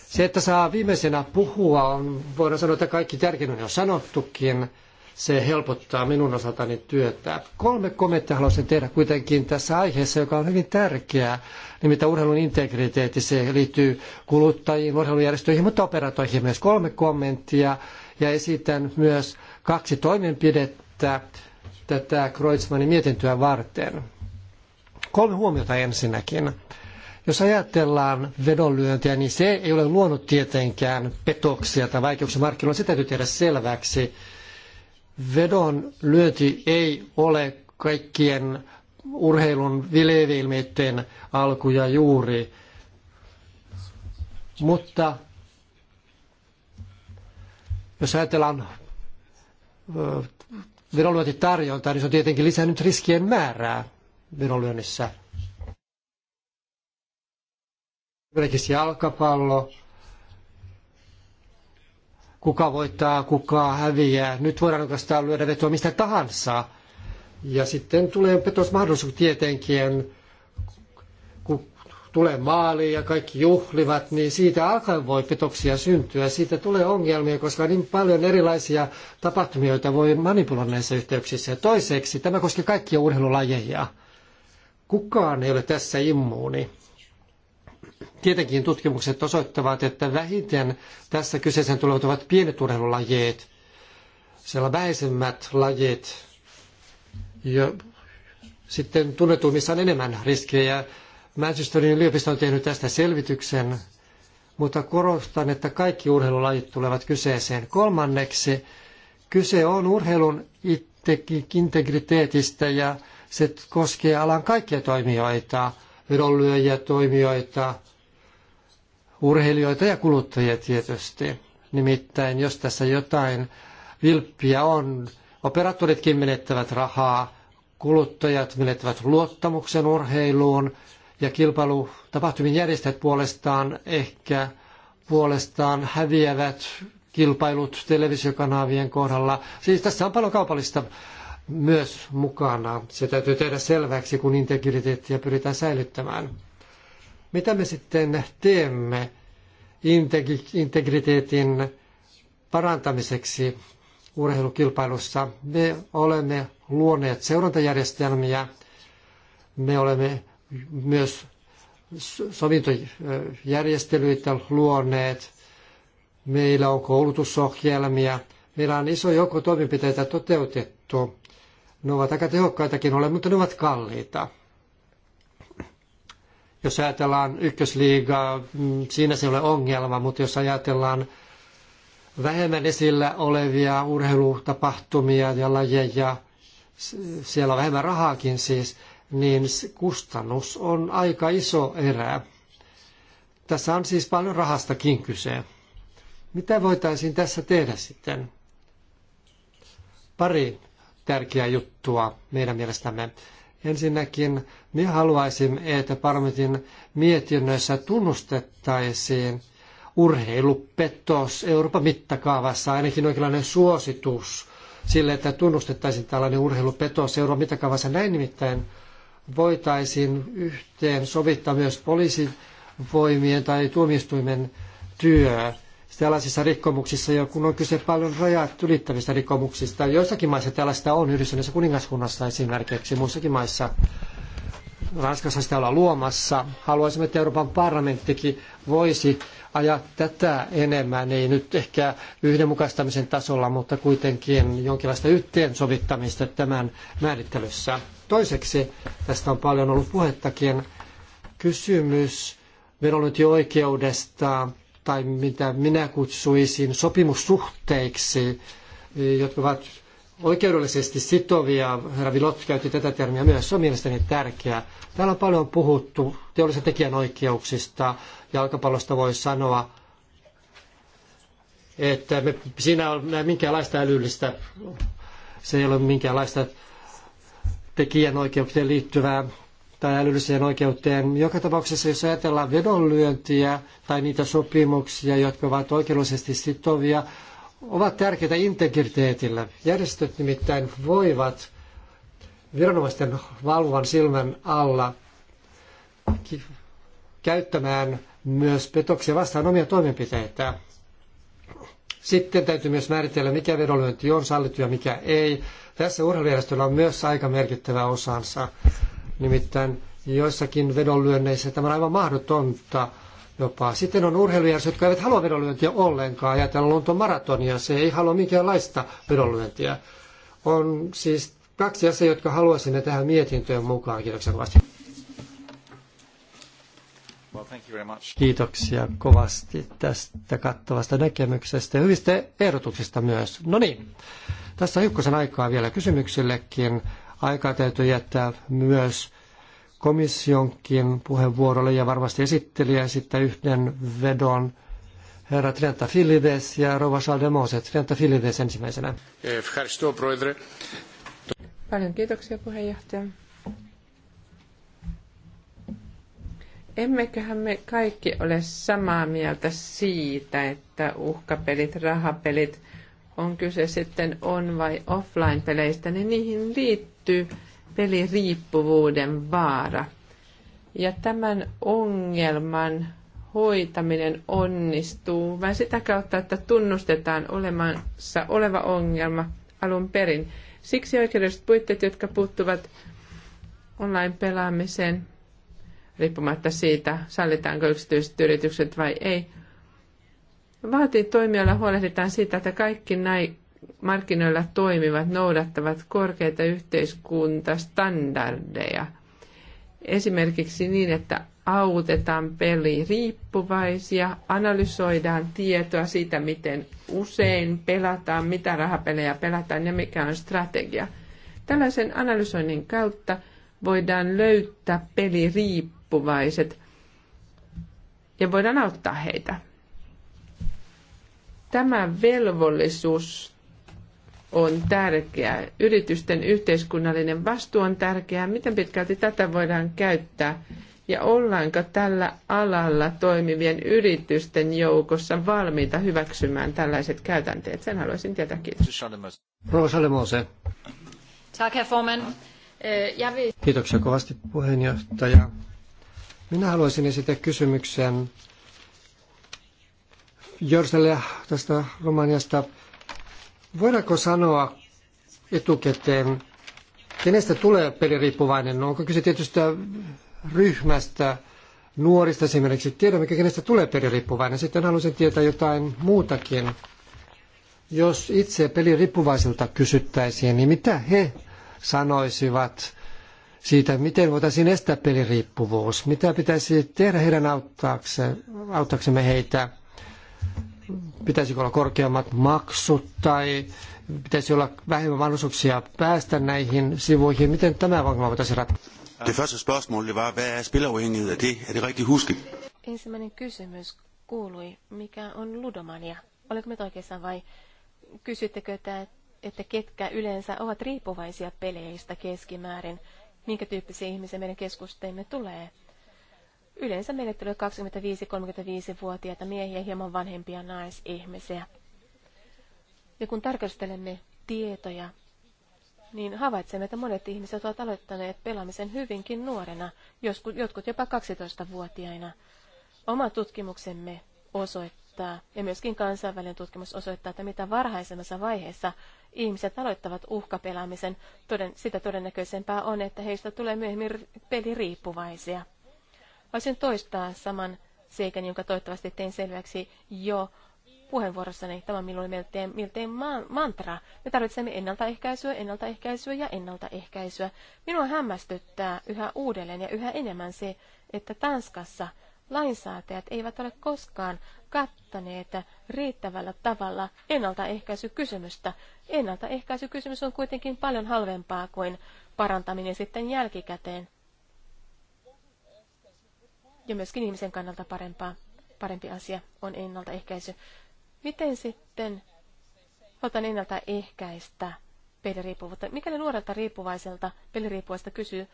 Se, että saa viimeisenä puhua, on, voidaan sanoa, että kaikki tärkein on jo sanottukin. Se helpottaa minun osaltani työtä. Kolme kommenttia haluaisin tehdä kuitenkin tässä aiheessa, joka on hyvin tärkeää, nimittäin urheilun integriteetti. Se liittyy kuluttajiin, urheilujärjestöihin, mutta operatoihin myös kolme kommenttia. Ja esitän myös kaksi toimenpidettä tätä Kreutzmannin mietintöä varten. Kolme huomiota ensinnäkin. Jos ajatellaan vedonlyöntiä, niin se ei ole luonut tietenkään petoksia tai vaikeuksia markkinoilla. Se täytyy tehdä selväksi. Vedonlyönti ei ole kaikkien urheilun vilevilmiitteen alku ja juuri. Mutta jos ajatellaan vedonlyöntitarjontaa, niin se on tietenkin lisännyt riskien määrää vedonlyönnissä. esimerkiksi jalkapallo, kuka voittaa, kuka häviää. Nyt voidaan oikeastaan lyödä vetoa mistä tahansa. Ja sitten tulee petosmahdollisuus tietenkin, kun tulee maali ja kaikki juhlivat, niin siitä alkaen voi petoksia syntyä. Siitä tulee ongelmia, koska niin paljon erilaisia tapahtumia, joita voi manipuloida näissä yhteyksissä. Ja toiseksi, tämä koskee kaikkia urheilulajeja. Kukaan ei ole tässä immuuni. Tietenkin tutkimukset osoittavat, että vähiten tässä kyseisen tulevat ovat pienet urheilulajeet, siellä vähäisemmät lajit, ja sitten tunnetuimmissa on enemmän riskejä. Manchesterin yliopisto on tehnyt tästä selvityksen, mutta korostan, että kaikki urheilulajit tulevat kyseeseen. Kolmanneksi, kyse on urheilun integriteetistä ja se koskee alan kaikkia toimijoita – vedonlyöjiä, toimijoita, urheilijoita ja kuluttajia tietysti. Nimittäin jos tässä jotain vilppiä on, operaattoritkin menettävät rahaa, kuluttajat menettävät luottamuksen urheiluun ja kilpailutapahtumien järjestäjät puolestaan ehkä puolestaan häviävät kilpailut televisiokanavien kohdalla. Siis tässä on paljon kaupallista myös mukana. Se täytyy tehdä selväksi, kun integriteettiä pyritään säilyttämään. Mitä me sitten teemme integriteetin parantamiseksi urheilukilpailussa? Me olemme luoneet seurantajärjestelmiä, me olemme myös sovintojärjestelyitä luoneet, meillä on koulutusohjelmia, meillä on iso joukko toimenpiteitä toteutettu ne ovat aika tehokkaitakin ole, mutta ne ovat kalliita. Jos ajatellaan ykkösliigaa, mm, siinä se ei ole ongelma, mutta jos ajatellaan vähemmän esillä olevia urheilutapahtumia ja lajeja, siellä on vähemmän rahaakin siis, niin kustannus on aika iso erä. Tässä on siis paljon rahastakin kyse. Mitä voitaisiin tässä tehdä sitten? Pari tärkeää juttua meidän mielestämme. Ensinnäkin me haluaisimme, että parlamentin mietinnöissä tunnustettaisiin urheilupetos Euroopan mittakaavassa, ainakin oikeanlainen suositus sille, että tunnustettaisiin tällainen urheilupetos Euroopan mittakaavassa. Näin nimittäin voitaisiin yhteen sovittaa myös poliisivoimien tai tuomistuimen työ sellaisissa rikkomuksissa, ja kun on kyse paljon rajat ylittävistä rikkomuksista. Joissakin maissa tällaista on, Yhdistyneessä kuningaskunnassa esimerkiksi, muissakin maissa. Ranskassa sitä ollaan luomassa. Haluaisimme, että Euroopan parlamenttikin voisi ajaa tätä enemmän, ei nyt ehkä yhdenmukaistamisen tasolla, mutta kuitenkin jonkinlaista yhteensovittamista tämän määrittelyssä. Toiseksi, tästä on paljon ollut puhettakin, kysymys verolyntioikeudesta tai mitä minä kutsuisin sopimussuhteiksi, jotka ovat oikeudellisesti sitovia, herra Vilot käytti tätä termiä myös, se on mielestäni tärkeää. Täällä on paljon puhuttu teollisen tekijänoikeuksista, jalkapallosta voi sanoa, että me, siinä on minkäänlaista älyllistä, se ei ole minkäänlaista tekijänoikeuksien liittyvää tai älylliseen oikeuteen. Joka tapauksessa, jos ajatellaan vedonlyöntiä tai niitä sopimuksia, jotka ovat oikeudellisesti sitovia, ovat tärkeitä integriteetillä. Järjestöt nimittäin voivat viranomaisten valvovan silmän alla käyttämään myös petoksia vastaan omia toimenpiteitä. Sitten täytyy myös määritellä, mikä vedonlyönti on sallittu ja mikä ei. Tässä urheilujärjestöllä on myös aika merkittävä osansa. Nimittäin joissakin vedonlyönneissä tämä on aivan mahdotonta jopa. Sitten on urheilujärjestöjä, jotka eivät halua vedonlyöntiä ollenkaan. Ajatellaan Lontoon maratonia, se ei halua minkäänlaista vedonlyöntiä. On siis kaksi asiaa, jotka haluaisin ne tähän mietintöön mukaan. Kiitoksia kovasti. Kiitoksia kovasti tästä kattavasta näkemyksestä ja hyvistä ehdotuksista myös. No niin, tässä on hiukkasen aikaa vielä kysymyksillekin aikaa täytyy jättää myös komissionkin puheenvuorolle ja varmasti esittelijä sitten yhden vedon herra Trenta Filides ja Rova Saldemoset. Trenta Filides ensimmäisenä. Paljon kiitoksia puheenjohtaja. Emmeköhän me kaikki ole samaa mieltä siitä, että uhkapelit, rahapelit, on kyse sitten on- vai offline-peleistä, niin niihin liittyy nähty peliriippuvuuden vaara. Ja tämän ongelman hoitaminen onnistuu vain sitä kautta, että tunnustetaan olemassa oleva ongelma alun perin. Siksi oikeudelliset puitteet, jotka puuttuvat online-pelaamiseen, riippumatta siitä, sallitaanko yksityiset yritykset vai ei, vaatii toimijoilla huolehditaan siitä, että kaikki näin markkinoilla toimivat noudattavat korkeita yhteiskuntastandardeja. Esimerkiksi niin, että autetaan peli riippuvaisia, analysoidaan tietoa siitä, miten usein pelataan, mitä rahapelejä pelataan ja mikä on strategia. Tällaisen analysoinnin kautta voidaan löytää peliriippuvaiset ja voidaan auttaa heitä. Tämä velvollisuus on tärkeää. Yritysten yhteiskunnallinen vastuu on tärkeää. Miten pitkälti tätä voidaan käyttää? Ja ollaanko tällä alalla toimivien yritysten joukossa valmiita hyväksymään tällaiset käytänteet? Sen haluaisin tietää. Kiitos. Rosa Lemose. Eh, Kiitoksia kovasti puheenjohtaja. Minä haluaisin esittää kysymyksen Jörselle tästä Romaniasta Voidaanko sanoa etukäteen, kenestä tulee peliriippuvainen? No, onko kyse tietystä ryhmästä, nuorista esimerkiksi? Tiedämmekö, kenestä tulee peliriippuvainen? Sitten haluaisin tietää jotain muutakin. Jos itse peliriippuvaisilta kysyttäisiin, niin mitä he sanoisivat siitä, miten voitaisiin estää peliriippuvuus? Mitä pitäisi tehdä heidän auttaaksemme heitä? pitäisikö olla korkeammat maksut tai pitäisi olla vähemmän mahdollisuuksia päästä näihin sivuihin. Miten tämä ongelma voitaisiin ratkaista? Er er er Ensimmäinen kysymys kuului, mikä on ludomania? Oliko me oikeassa vai kysyttekö, että, että ketkä yleensä ovat riippuvaisia peleistä keskimäärin? Minkä tyyppisiä ihmisiä meidän keskusteimme tulee? Yleensä menettely 25-35-vuotiaita miehiä, hieman vanhempia naisihmisiä. Ja kun tarkastelemme tietoja, niin havaitsemme, että monet ihmiset ovat aloittaneet pelaamisen hyvinkin nuorena, joskus, jotkut jopa 12-vuotiaina. Oma tutkimuksemme osoittaa, ja myöskin kansainvälinen tutkimus osoittaa, että mitä varhaisemmassa vaiheessa ihmiset aloittavat uhkapelaamisen, toden, sitä todennäköisempää on, että heistä tulee myöhemmin peliriippuvaisia. Voisin toistaa saman seikan, jonka toivottavasti tein selväksi jo puheenvuorossani. Tämä on minulle miltei, miltei mantra. Me tarvitsemme ennaltaehkäisyä, ennaltaehkäisyä ja ennaltaehkäisyä. Minua hämmästyttää yhä uudelleen ja yhä enemmän se, että Tanskassa lainsäätäjät eivät ole koskaan kattaneet riittävällä tavalla ennaltaehkäisykysymystä. Ennaltaehkäisykysymys on kuitenkin paljon halvempaa kuin parantaminen sitten jälkikäteen ja myöskin ihmisen kannalta parempaa, parempi asia on ennaltaehkäisy. Miten sitten otan ennaltaehkäistä peliriippuvuutta? Mikäli nuorelta riippuvaiselta peliriippuvaista kysyy,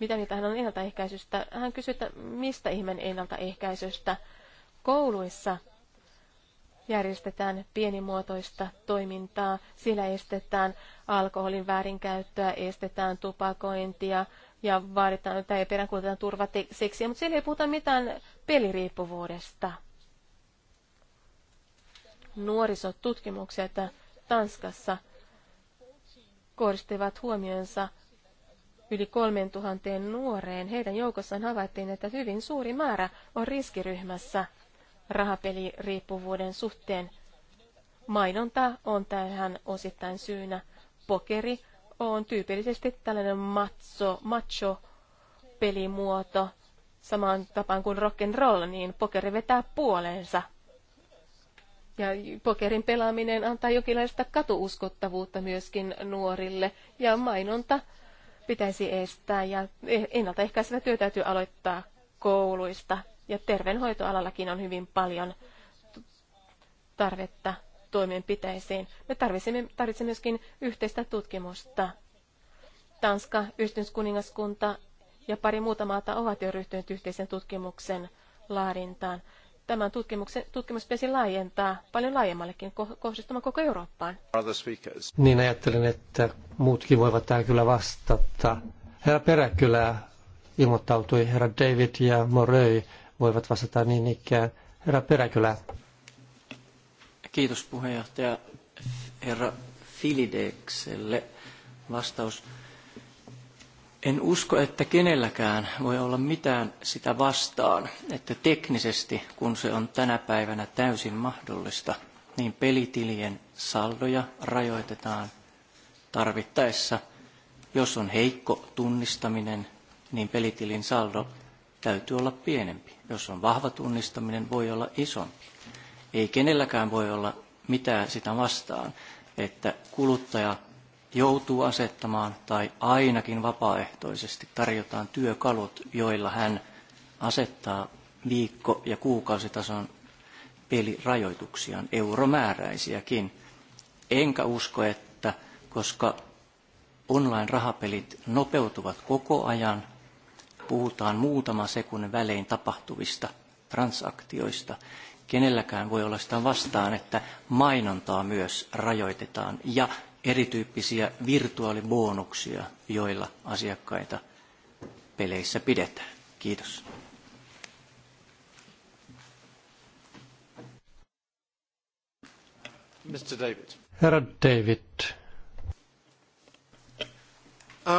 mitä niitä hän on ennaltaehkäisystä, hän kysyy, että mistä ihmen ennaltaehkäisystä kouluissa järjestetään pienimuotoista toimintaa, Siellä estetään alkoholin väärinkäyttöä, estetään tupakointia, ja vaaditaan tai peräänkuulutetaan turvaseksiä, mutta siellä ei puhuta mitään peliriippuvuudesta. Nuorisotutkimukset Tanskassa kohdistivat huomionsa yli 3000 nuoreen. Heidän joukossaan havaittiin, että hyvin suuri määrä on riskiryhmässä rahapeliriippuvuuden suhteen. Mainonta on tähän osittain syynä. Pokeri on tyypillisesti tällainen macho, macho pelimuoto. Samaan tapaan kuin rock and roll, niin pokeri vetää puoleensa. Ja pokerin pelaaminen antaa jonkinlaista katuuskottavuutta myöskin nuorille. Ja mainonta pitäisi estää ja ennaltaehkäisevä työ täytyy aloittaa kouluista. Ja terveydenhoitoalallakin on hyvin paljon tarvetta toimenpiteisiin. Me tarvitsemme, tarvitsemme myöskin yhteistä tutkimusta. Tanska, yhteiskuningaskunta ja pari muuta maata ovat jo ryhtyneet yhteisen tutkimuksen laadintaan. Tämän tutkimuksen, tutkimus pitäisi laajentaa paljon laajemmallekin kohdistumaan koko Eurooppaan. Niin ajattelin, että muutkin voivat tähän kyllä vastata. Herra Peräkylä ilmoittautui, herra David ja Moröy voivat vastata niin ikään. Herra Peräkylä. Kiitos puheenjohtaja herra Filidekselle vastaus. En usko, että kenelläkään voi olla mitään sitä vastaan, että teknisesti, kun se on tänä päivänä täysin mahdollista, niin pelitilien saldoja rajoitetaan tarvittaessa. Jos on heikko tunnistaminen, niin pelitilin saldo täytyy olla pienempi. Jos on vahva tunnistaminen, voi olla isompi ei kenelläkään voi olla mitään sitä vastaan, että kuluttaja joutuu asettamaan tai ainakin vapaaehtoisesti tarjotaan työkalut, joilla hän asettaa viikko- ja kuukausitason pelirajoituksiaan, euromääräisiäkin. Enkä usko, että koska online-rahapelit nopeutuvat koko ajan, puhutaan muutama sekunnin välein tapahtuvista transaktioista, kenelläkään voi olla sitä vastaan, että mainontaa myös rajoitetaan ja erityyppisiä virtuaalibonuksia, joilla asiakkaita peleissä pidetään. Kiitos. Mr. David. Herra David.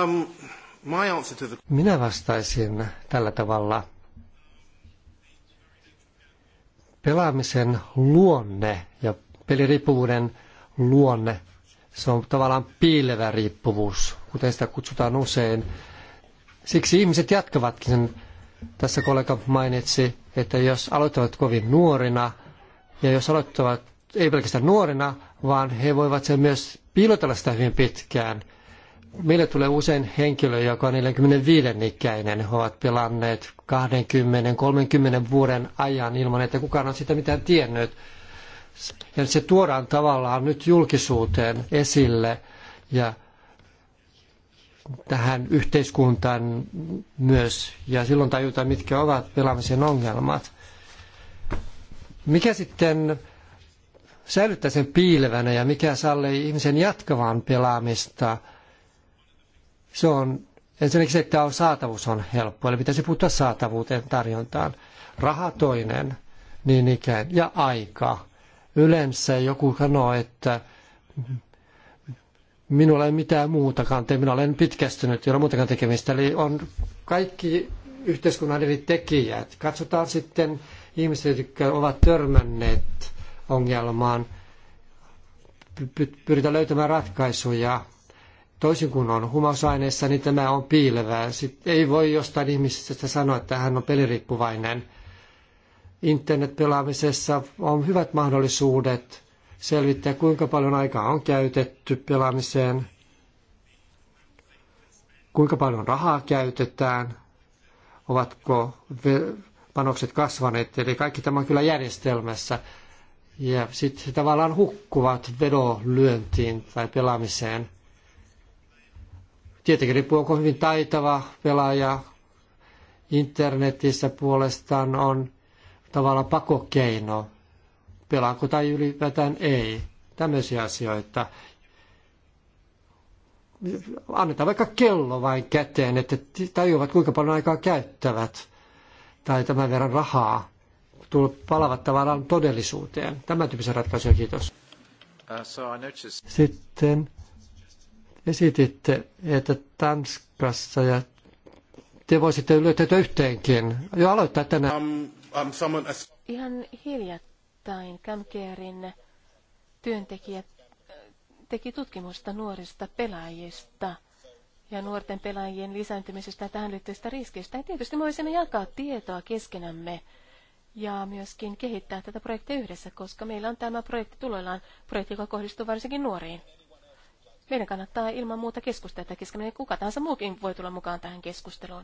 Um, my answer to the... Minä vastaisin tällä tavalla – pelaamisen luonne ja peliriippuvuuden luonne, se on tavallaan piilevä riippuvuus, kuten sitä kutsutaan usein. Siksi ihmiset jatkavatkin sen. Tässä kollega mainitsi, että jos aloittavat kovin nuorina, ja jos aloittavat ei pelkästään nuorina, vaan he voivat sen myös piilotella sitä hyvin pitkään – Meille tulee usein henkilö, joka on 45 ikäinen, He ovat pelanneet 20-30 vuoden ajan ilman, että kukaan on sitä mitään tiennyt. Ja se tuodaan tavallaan nyt julkisuuteen esille ja tähän yhteiskuntaan myös. Ja silloin tajutaan, mitkä ovat pelaamisen ongelmat. Mikä sitten säilyttää sen piilevänä ja mikä sallii ihmisen jatkavan pelaamista – se on ensinnäkin se, että on saatavuus on helppo, eli pitäisi puuttua saatavuuteen tarjontaan. Raha toinen, niin ikään, ja aika. Yleensä joku sanoo, että minulla ei mitään muutakaan tee, minä olen pitkästynyt, ei ole muutakaan tekemistä. Eli on kaikki yhteiskunnan eri tekijät. Katsotaan sitten ihmiset, jotka ovat törmänneet ongelmaan, pyritään löytämään ratkaisuja toisin kuin on humausaineissa, niin tämä on piilevää. Sitten ei voi jostain ihmisestä sanoa, että hän on peliriippuvainen. Internetpelaamisessa on hyvät mahdollisuudet selvittää, kuinka paljon aikaa on käytetty pelaamiseen, kuinka paljon rahaa käytetään, ovatko panokset kasvaneet. Eli kaikki tämä on kyllä järjestelmässä. Ja sitten tavallaan hukkuvat vedolyöntiin tai pelaamiseen – Tietenkin riippuu, onko hyvin taitava pelaaja. Internetissä puolestaan on tavallaan pakokeino. Pelaako tai ylipäätään ei. Tämmöisiä asioita. Annetaan vaikka kello vain käteen, että tajuvat kuinka paljon aikaa käyttävät tai tämän verran rahaa palavat tavallaan todellisuuteen. Tämän tyyppisen ratkaisuja, kiitos. Uh, Sitten esititte, että Tanskassa ja te voisitte löytää yhteenkin. Jo aloittaa tänään. Um, um, someone... Ihan hiljattain Kamkeerin työntekijä äh, teki tutkimusta nuorista pelaajista ja nuorten pelaajien lisääntymisestä ja tähän liittyvistä riskeistä. Ja tietysti me voisimme jakaa tietoa keskenämme ja myöskin kehittää tätä projektia yhdessä, koska meillä on tämä projekti tuloillaan, projekti, joka kohdistuu varsinkin nuoriin. Meidän kannattaa ilman muuta keskustella tätä keskenään. Kuka tahansa muukin voi tulla mukaan tähän keskusteluun.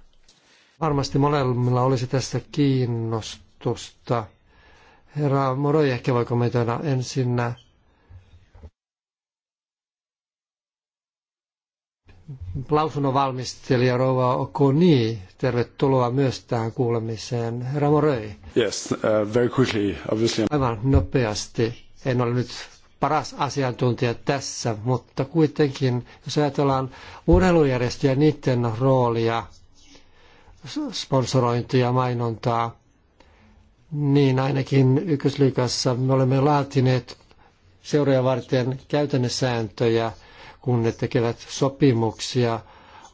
Varmasti molemmilla olisi tässä kiinnostusta. Herra Moroi, ehkä voi kommentoida ensinnä. Äh, Lausunnon valmistelija Rova Okoni, tervetuloa myös tähän kuulemiseen. Herra Moroi. Yes, uh, very quickly, obviously. Aivan nopeasti. En ole nyt paras asiantuntija tässä, mutta kuitenkin, jos ajatellaan urheilujärjestöjä, niiden roolia, sponsorointia, mainontaa, niin ainakin ykkösliikassa me olemme laatineet seuroja varten sääntöjä, kun ne tekevät sopimuksia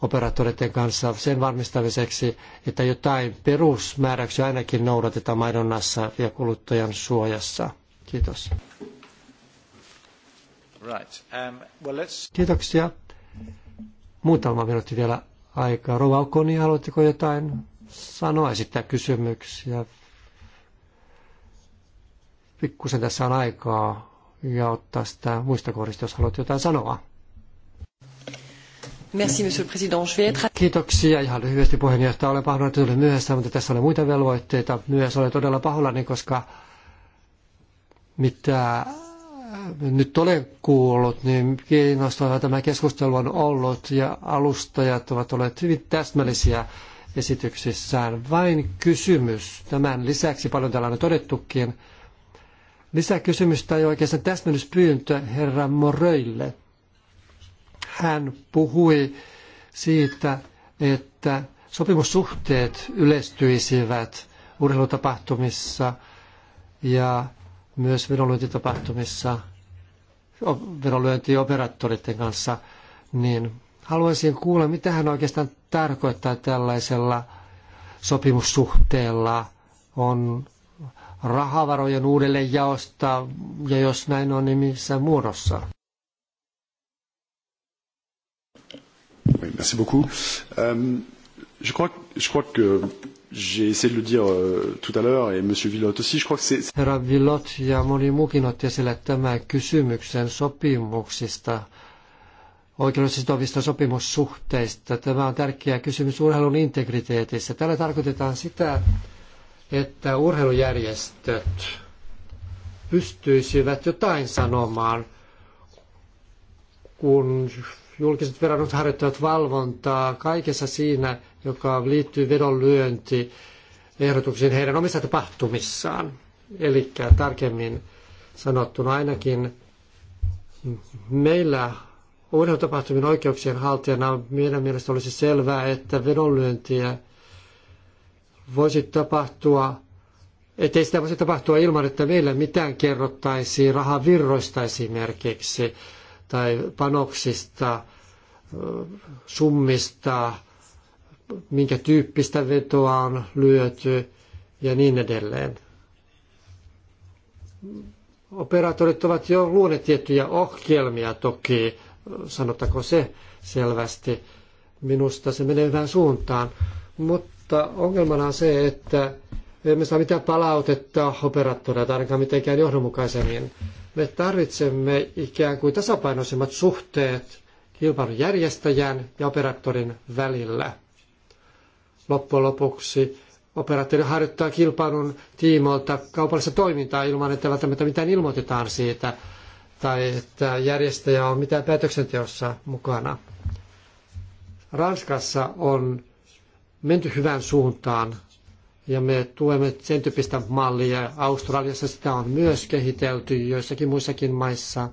operaattoreiden kanssa sen varmistamiseksi, että jotain perusmääräyksiä ainakin noudatetaan mainonnassa ja kuluttajan suojassa. Kiitos. Right. Um, well, let's... Kiitoksia. Muutama minuutti vielä aikaa. Rova Okoni, haluatteko jotain sanoa, esittää kysymyksiä? Pikkusen tässä on aikaa ja ottaa sitä muista kohdista, jos haluat jotain sanoa. Merci, monsieur le président. Je vais être... Kiitoksia ihan lyhyesti puheenjohtaja. Olen pahoillani, että tulin myöhässä, mutta tässä oli muita velvoitteita. Myös olen todella pahoillani, koska mitä nyt olen kuullut, niin kiinnostavaa tämä keskustelu on ollut ja alustajat ovat olleet hyvin täsmällisiä esityksissään. Vain kysymys, tämän lisäksi paljon täällä on todettukin, lisäkysymys tai oikeastaan täsmällyspyyntö herra Moröille. Hän puhui siitä, että sopimussuhteet yleistyisivät urheilutapahtumissa ja myös vedonlyöntitapahtumissa vedonlyöntioperaattoreiden kanssa, niin haluaisin kuulla, mitä hän oikeastaan tarkoittaa tällaisella sopimussuhteella. On rahavarojen uudelleenjaosta ja jos näin on, niin missä muodossa? Oui, merci beaucoup. Euh, je crois, je crois que J'ai essayé de le dire euh, tout à l'heure et Monsieur Villot aussi, je crois que c'est... Herra Villot ja moni muukin otti esille tämän kysymyksen sopimuksista, oikeudellisesti sopimussuhteista. Tämä on tärkeä kysymys urheilun integriteetissä. Tällä tarkoitetaan sitä, että urheilujärjestöt pystyisivät jotain sanomaan, kun julkiset viranomaiset harjoittavat valvontaa kaikessa siinä, joka liittyy vedonlyönti ehdotuksiin heidän omissa tapahtumissaan. Eli tarkemmin sanottuna ainakin meillä urheilutapahtumien oikeuksien haltijana meidän mielestä olisi selvää, että vedonlyöntiä voisi tapahtua, ettei sitä voisi tapahtua ilman, että meillä mitään kerrottaisiin rahavirroista esimerkiksi tai panoksista, summista, minkä tyyppistä vetoa on lyöty ja niin edelleen. Operaattorit ovat jo luoneet tiettyjä ohjelmia toki, sanotaanko se selvästi. Minusta se menee hyvään suuntaan, mutta ongelmana on se, että emme saa mitään palautetta operaattoreita ainakaan mitenkään johdonmukaisemmin. Me tarvitsemme ikään kuin tasapainoisemmat suhteet kilpailun järjestäjän ja operaattorin välillä. Loppujen lopuksi operaattori harjoittaa kilpailun tiimoilta kaupallista toimintaa ilman, että välttämättä mitään ilmoitetaan siitä tai että järjestäjä on mitään päätöksenteossa mukana. Ranskassa on menty hyvään suuntaan ja me tuemme sen tyyppistä mallia. Australiassa sitä on myös kehitelty joissakin muissakin maissa.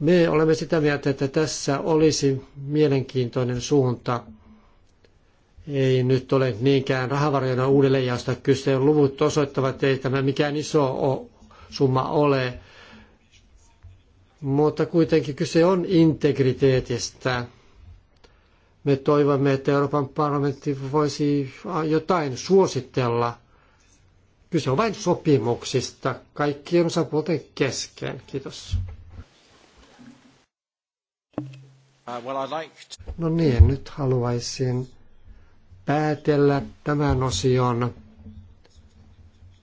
Me olemme sitä mieltä, että tässä olisi mielenkiintoinen suunta. Ei nyt ole niinkään rahavarjoina uudelleenjaosta kyse. Luvut osoittavat, että ei tämä mikään iso summa ole. Mutta kuitenkin kyse on integriteetistä me toivomme, että Euroopan parlamentti voisi jotain suositella. Kyse on vain sopimuksista kaikkien osapuolten kesken. Kiitos. Uh, no niin, nyt haluaisin päätellä tämän osion.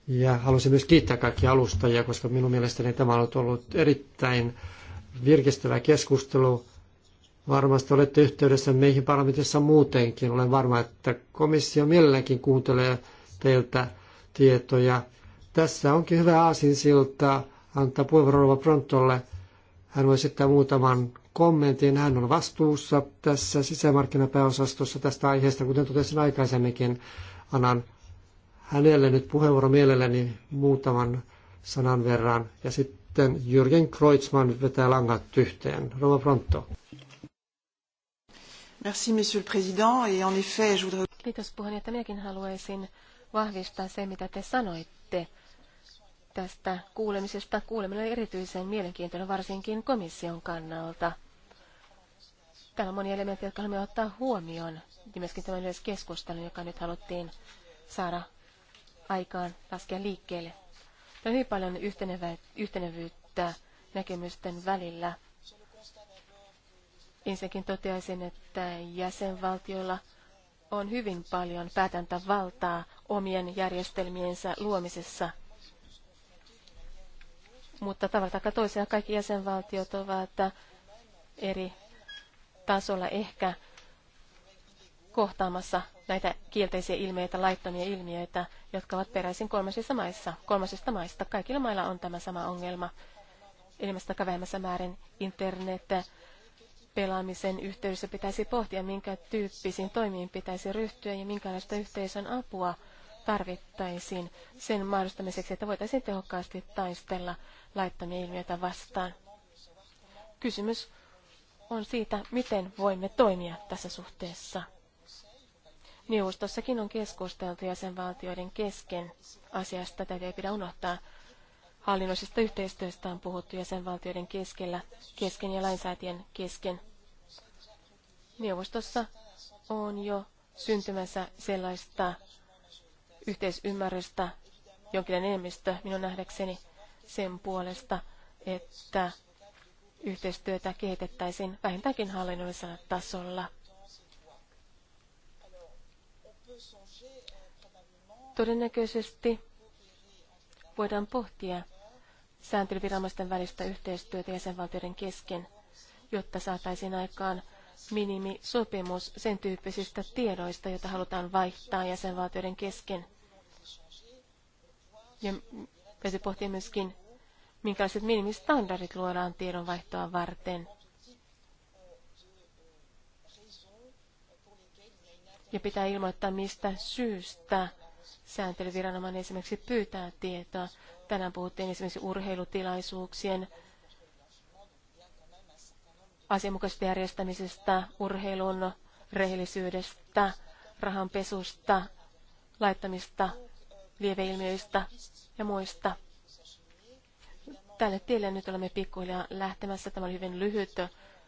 Ja haluaisin myös kiittää kaikkia alustajia, koska minun mielestäni tämä on ollut erittäin virkistävä keskustelu. Varmasti olette yhteydessä meihin parlamentissa muutenkin. Olen varma, että komissio mielelläänkin kuuntelee teiltä tietoja. Tässä onkin hyvä aasinsilta antaa puheenvuoro Prontolle. Hän voi esittää muutaman kommentin. Hän on vastuussa tässä sisämarkkinapääosastossa tästä aiheesta, kuten totesin aikaisemminkin. Annan hänelle nyt puheenvuoro mielelläni muutaman sanan verran. Ja sitten Jürgen Kreutzmann vetää langat yhteen. Rova Pronto. Merci, monsieur le président. Et en effet, je voudrais... Kiitos puheenjohtaja. Minäkin haluaisin vahvistaa se, mitä te sanoitte tästä kuulemisesta. Kuuleminen oli erityisen mielenkiintoinen varsinkin komission kannalta. Täällä on monia elementtejä, jotka haluamme ottaa huomioon. Ja myöskin tämän yleiskeskustelun, joka nyt haluttiin saada aikaan laskea liikkeelle. Tämä on hyvin paljon yhtenevyyttä näkemysten välillä Ensinnäkin toteaisin, että jäsenvaltioilla on hyvin paljon päätäntävaltaa omien järjestelmiensä luomisessa. Mutta tavallaan tai toisella kaikki jäsenvaltiot ovat eri tasolla ehkä kohtaamassa näitä kielteisiä ilmiöitä, laittomia ilmiöitä, jotka ovat peräisin kolmasista maissa. Kolmasista maista kaikilla mailla on tämä sama ongelma. Enemmästä tai vähemmässä määrin internet pelaamisen yhteydessä pitäisi pohtia, minkä tyyppisiin toimiin pitäisi ryhtyä ja minkälaista yhteisön apua tarvittaisiin sen mahdollistamiseksi, että voitaisiin tehokkaasti taistella laittamia ilmiöitä vastaan. Kysymys on siitä, miten voimme toimia tässä suhteessa. Neuvostossakin on keskusteltu jäsenvaltioiden kesken asiasta, tätä ei pidä unohtaa hallinnollisesta yhteistyöstä on puhuttu jäsenvaltioiden keskellä, kesken ja lainsäätien kesken. Neuvostossa on jo syntymässä sellaista yhteisymmärrystä, jonkinlainen enemmistö minun nähdäkseni sen puolesta, että yhteistyötä kehitettäisiin vähintäänkin hallinnollisella tasolla. Todennäköisesti voidaan pohtia, sääntelyviranomaisten välistä yhteistyötä jäsenvaltioiden kesken, jotta saataisiin aikaan minimisopimus sen tyyppisistä tiedoista, joita halutaan vaihtaa jäsenvaltioiden kesken. Ja täytyy pohtia myöskin, minkälaiset minimistandardit luodaan tiedonvaihtoa varten. Ja pitää ilmoittaa, mistä syystä sääntelyviranomainen esimerkiksi pyytää tietoa. Tänään puhuttiin esimerkiksi urheilutilaisuuksien asianmukaisesta järjestämisestä, urheilun rehellisyydestä, rahanpesusta, laittamista, lieveilmiöistä ja muista. Tälle tielle nyt olemme pikkuhiljaa lähtemässä. Tämä oli hyvin lyhyt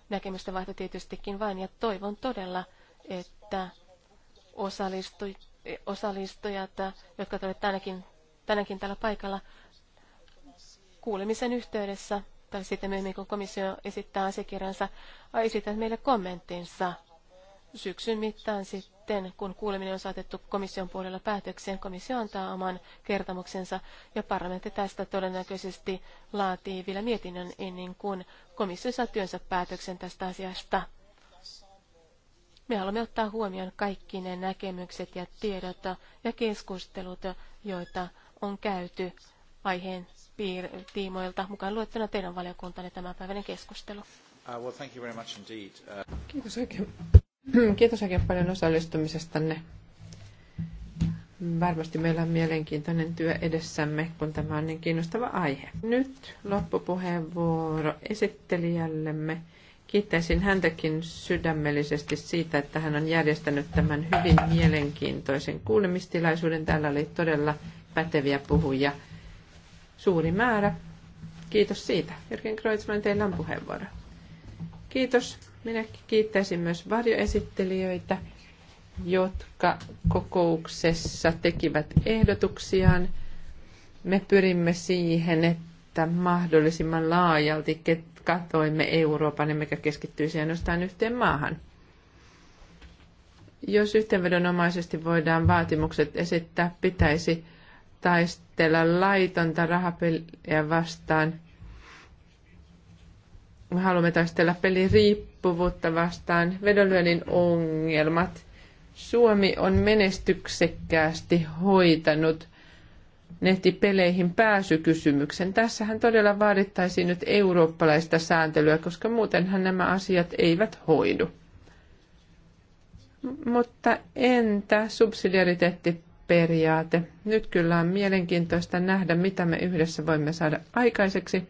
näkemystä vaihto tietystikin vain, ja toivon todella, että osallistuitte osallistujat, jotka olivat tänäkin, tänäkin täällä paikalla kuulemisen yhteydessä, tai sitten myöhemmin kun komissio esittää asiakirjansa, esittävät meille kommenttinsa syksyn mittaan sitten, kun kuuleminen on saatettu komission puolella päätökseen, komissio antaa oman kertomuksensa ja parlamentti tästä todennäköisesti laatii vielä mietinnön ennen kuin komissio saa työnsä päätöksen tästä asiasta. Me haluamme ottaa huomioon kaikki ne näkemykset ja tiedot ja keskustelut, joita on käyty aiheen piir- tiimoilta, mukaan luettuna teidän valiokuntanne tämänpäiväinen keskustelu. Uh, well, thank you very much indeed. Uh... Kiitos, oikein. Kiitos oikein paljon osallistumisestanne. Varmasti meillä on mielenkiintoinen työ edessämme, kun tämä on niin kiinnostava aihe. Nyt loppupuheenvuoro esittelijällemme. Kiittäisin häntäkin sydämellisesti siitä, että hän on järjestänyt tämän hyvin mielenkiintoisen kuulemistilaisuuden. Täällä oli todella päteviä puhujia. Suuri määrä. Kiitos siitä. Jörgen Kreutzmann, teillä on puheenvuoro. Kiitos. Minä kiittäisin myös varjoesittelijöitä, jotka kokouksessa tekivät ehdotuksiaan. Me pyrimme siihen, että mahdollisimman laajalti katoimme Euroopan, emmekä keskittyisi ainoastaan yhteen maahan. Jos yhteenvedonomaisesti voidaan vaatimukset esittää, pitäisi taistella laitonta rahapeliä vastaan. Me haluamme taistella peliriippuvuutta vastaan, vedonlyönnin ongelmat. Suomi on menestyksekkäästi hoitanut – nettipeleihin pääsykysymyksen. Tässähän todella vaadittaisiin nyt eurooppalaista sääntelyä, koska muutenhan nämä asiat eivät hoidu. Mutta entä subsidiariteettiperiaate? Nyt kyllä on mielenkiintoista nähdä, mitä me yhdessä voimme saada aikaiseksi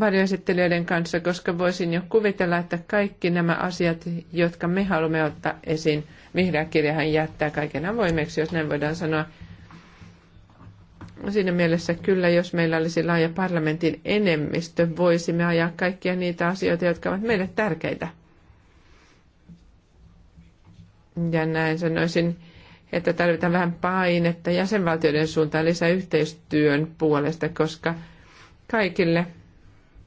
varjoesittelijöiden kanssa, koska voisin jo kuvitella, että kaikki nämä asiat, jotka me haluamme ottaa esiin, vihreä kirjahan jättää kaiken avoimeksi, jos näin voidaan sanoa. Siinä mielessä kyllä, jos meillä olisi laaja parlamentin enemmistö, voisimme ajaa kaikkia niitä asioita, jotka ovat meille tärkeitä. Ja näin sanoisin, että tarvitaan vähän painetta jäsenvaltioiden suuntaan lisäyhteistyön yhteistyön puolesta, koska kaikille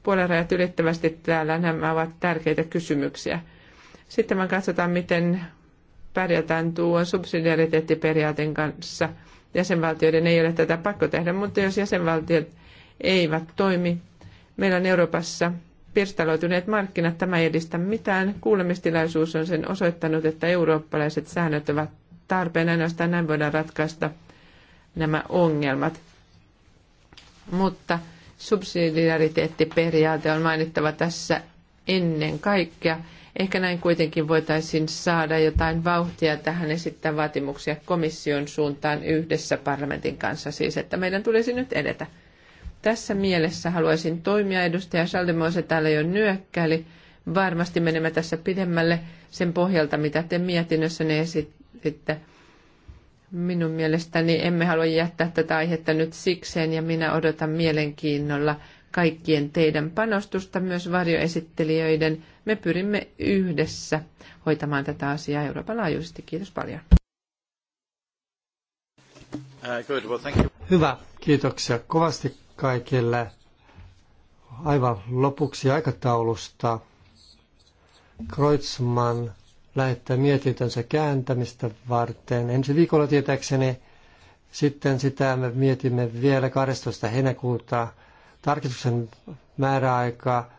puolenrajat ylittävästi täällä nämä ovat tärkeitä kysymyksiä. Sitten me katsotaan, miten pärjätään tuon subsidiariteettiperiaatin kanssa. Jäsenvaltioiden ei ole tätä pakko tehdä, mutta jos jäsenvaltiot eivät toimi, meillä on Euroopassa pirstaloituneet markkinat, tämä ei edistä mitään. Kuulemistilaisuus on sen osoittanut, että eurooppalaiset säännöt ovat tarpeen, ainoastaan näin voidaan ratkaista nämä ongelmat. Mutta Subsidiariteettiperiaate on mainittava tässä ennen kaikkea. Ehkä näin kuitenkin voitaisiin saada jotain vauhtia tähän esittää vaatimuksia komission suuntaan yhdessä parlamentin kanssa, siis että meidän tulisi nyt edetä. Tässä mielessä haluaisin toimia, edustaja Saldemose täällä jo nyökkäili. Varmasti menemme tässä pidemmälle sen pohjalta, mitä te ne esititte. Minun mielestäni emme halua jättää tätä aihetta nyt sikseen ja minä odotan mielenkiinnolla kaikkien teidän panostusta, myös varjoesittelijöiden. Me pyrimme yhdessä hoitamaan tätä asiaa Euroopan laajuisesti. Kiitos paljon. Uh, Hyvä, kiitoksia kovasti kaikille. Aivan lopuksi aikataulusta. Kreutzmann lähettää mietintönsä kääntämistä varten ensi viikolla tietääkseni. Sitten sitä me mietimme vielä 12. heinäkuuta tarkistuksen määräaikaa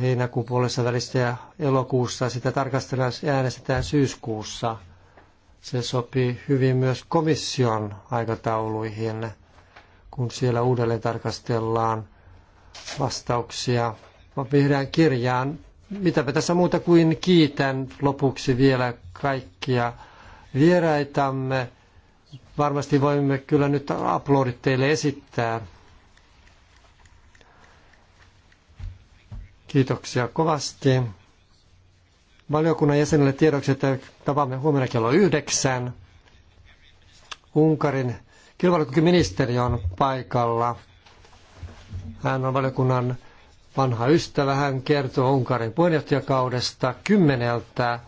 heinäkuun puolessa välistä ja elokuussa. Sitä tarkastellaan ja äänestetään syyskuussa. Se sopii hyvin myös komission aikatauluihin, kun siellä uudelleen tarkastellaan vastauksia vihreän kirjaan mitäpä tässä muuta kuin kiitän lopuksi vielä kaikkia vieraitamme. Varmasti voimme kyllä nyt uploadit teille esittää. Kiitoksia kovasti. Valiokunnan jäsenille tiedoksi, että tapaamme huomenna kello yhdeksän. Unkarin kilpailukykyministeri on paikalla. Hän on valiokunnan Vanha ystävä hän kertoo Unkarin puheenjohtajakaudesta kymmeneltä.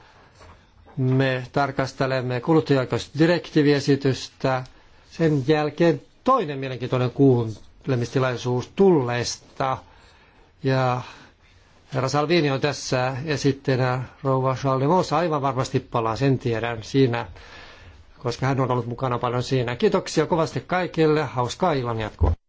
Me tarkastelemme kuluttajaoikeusdirektiiviesitystä. Sen jälkeen toinen mielenkiintoinen kuulemistilaisuus tulleista. Ja Herra Salvini on tässä esitteenä rouva Charles aivan varmasti palaa, sen tiedän siinä, koska hän on ollut mukana paljon siinä. Kiitoksia kovasti kaikille, hauskaa illan jatkoa.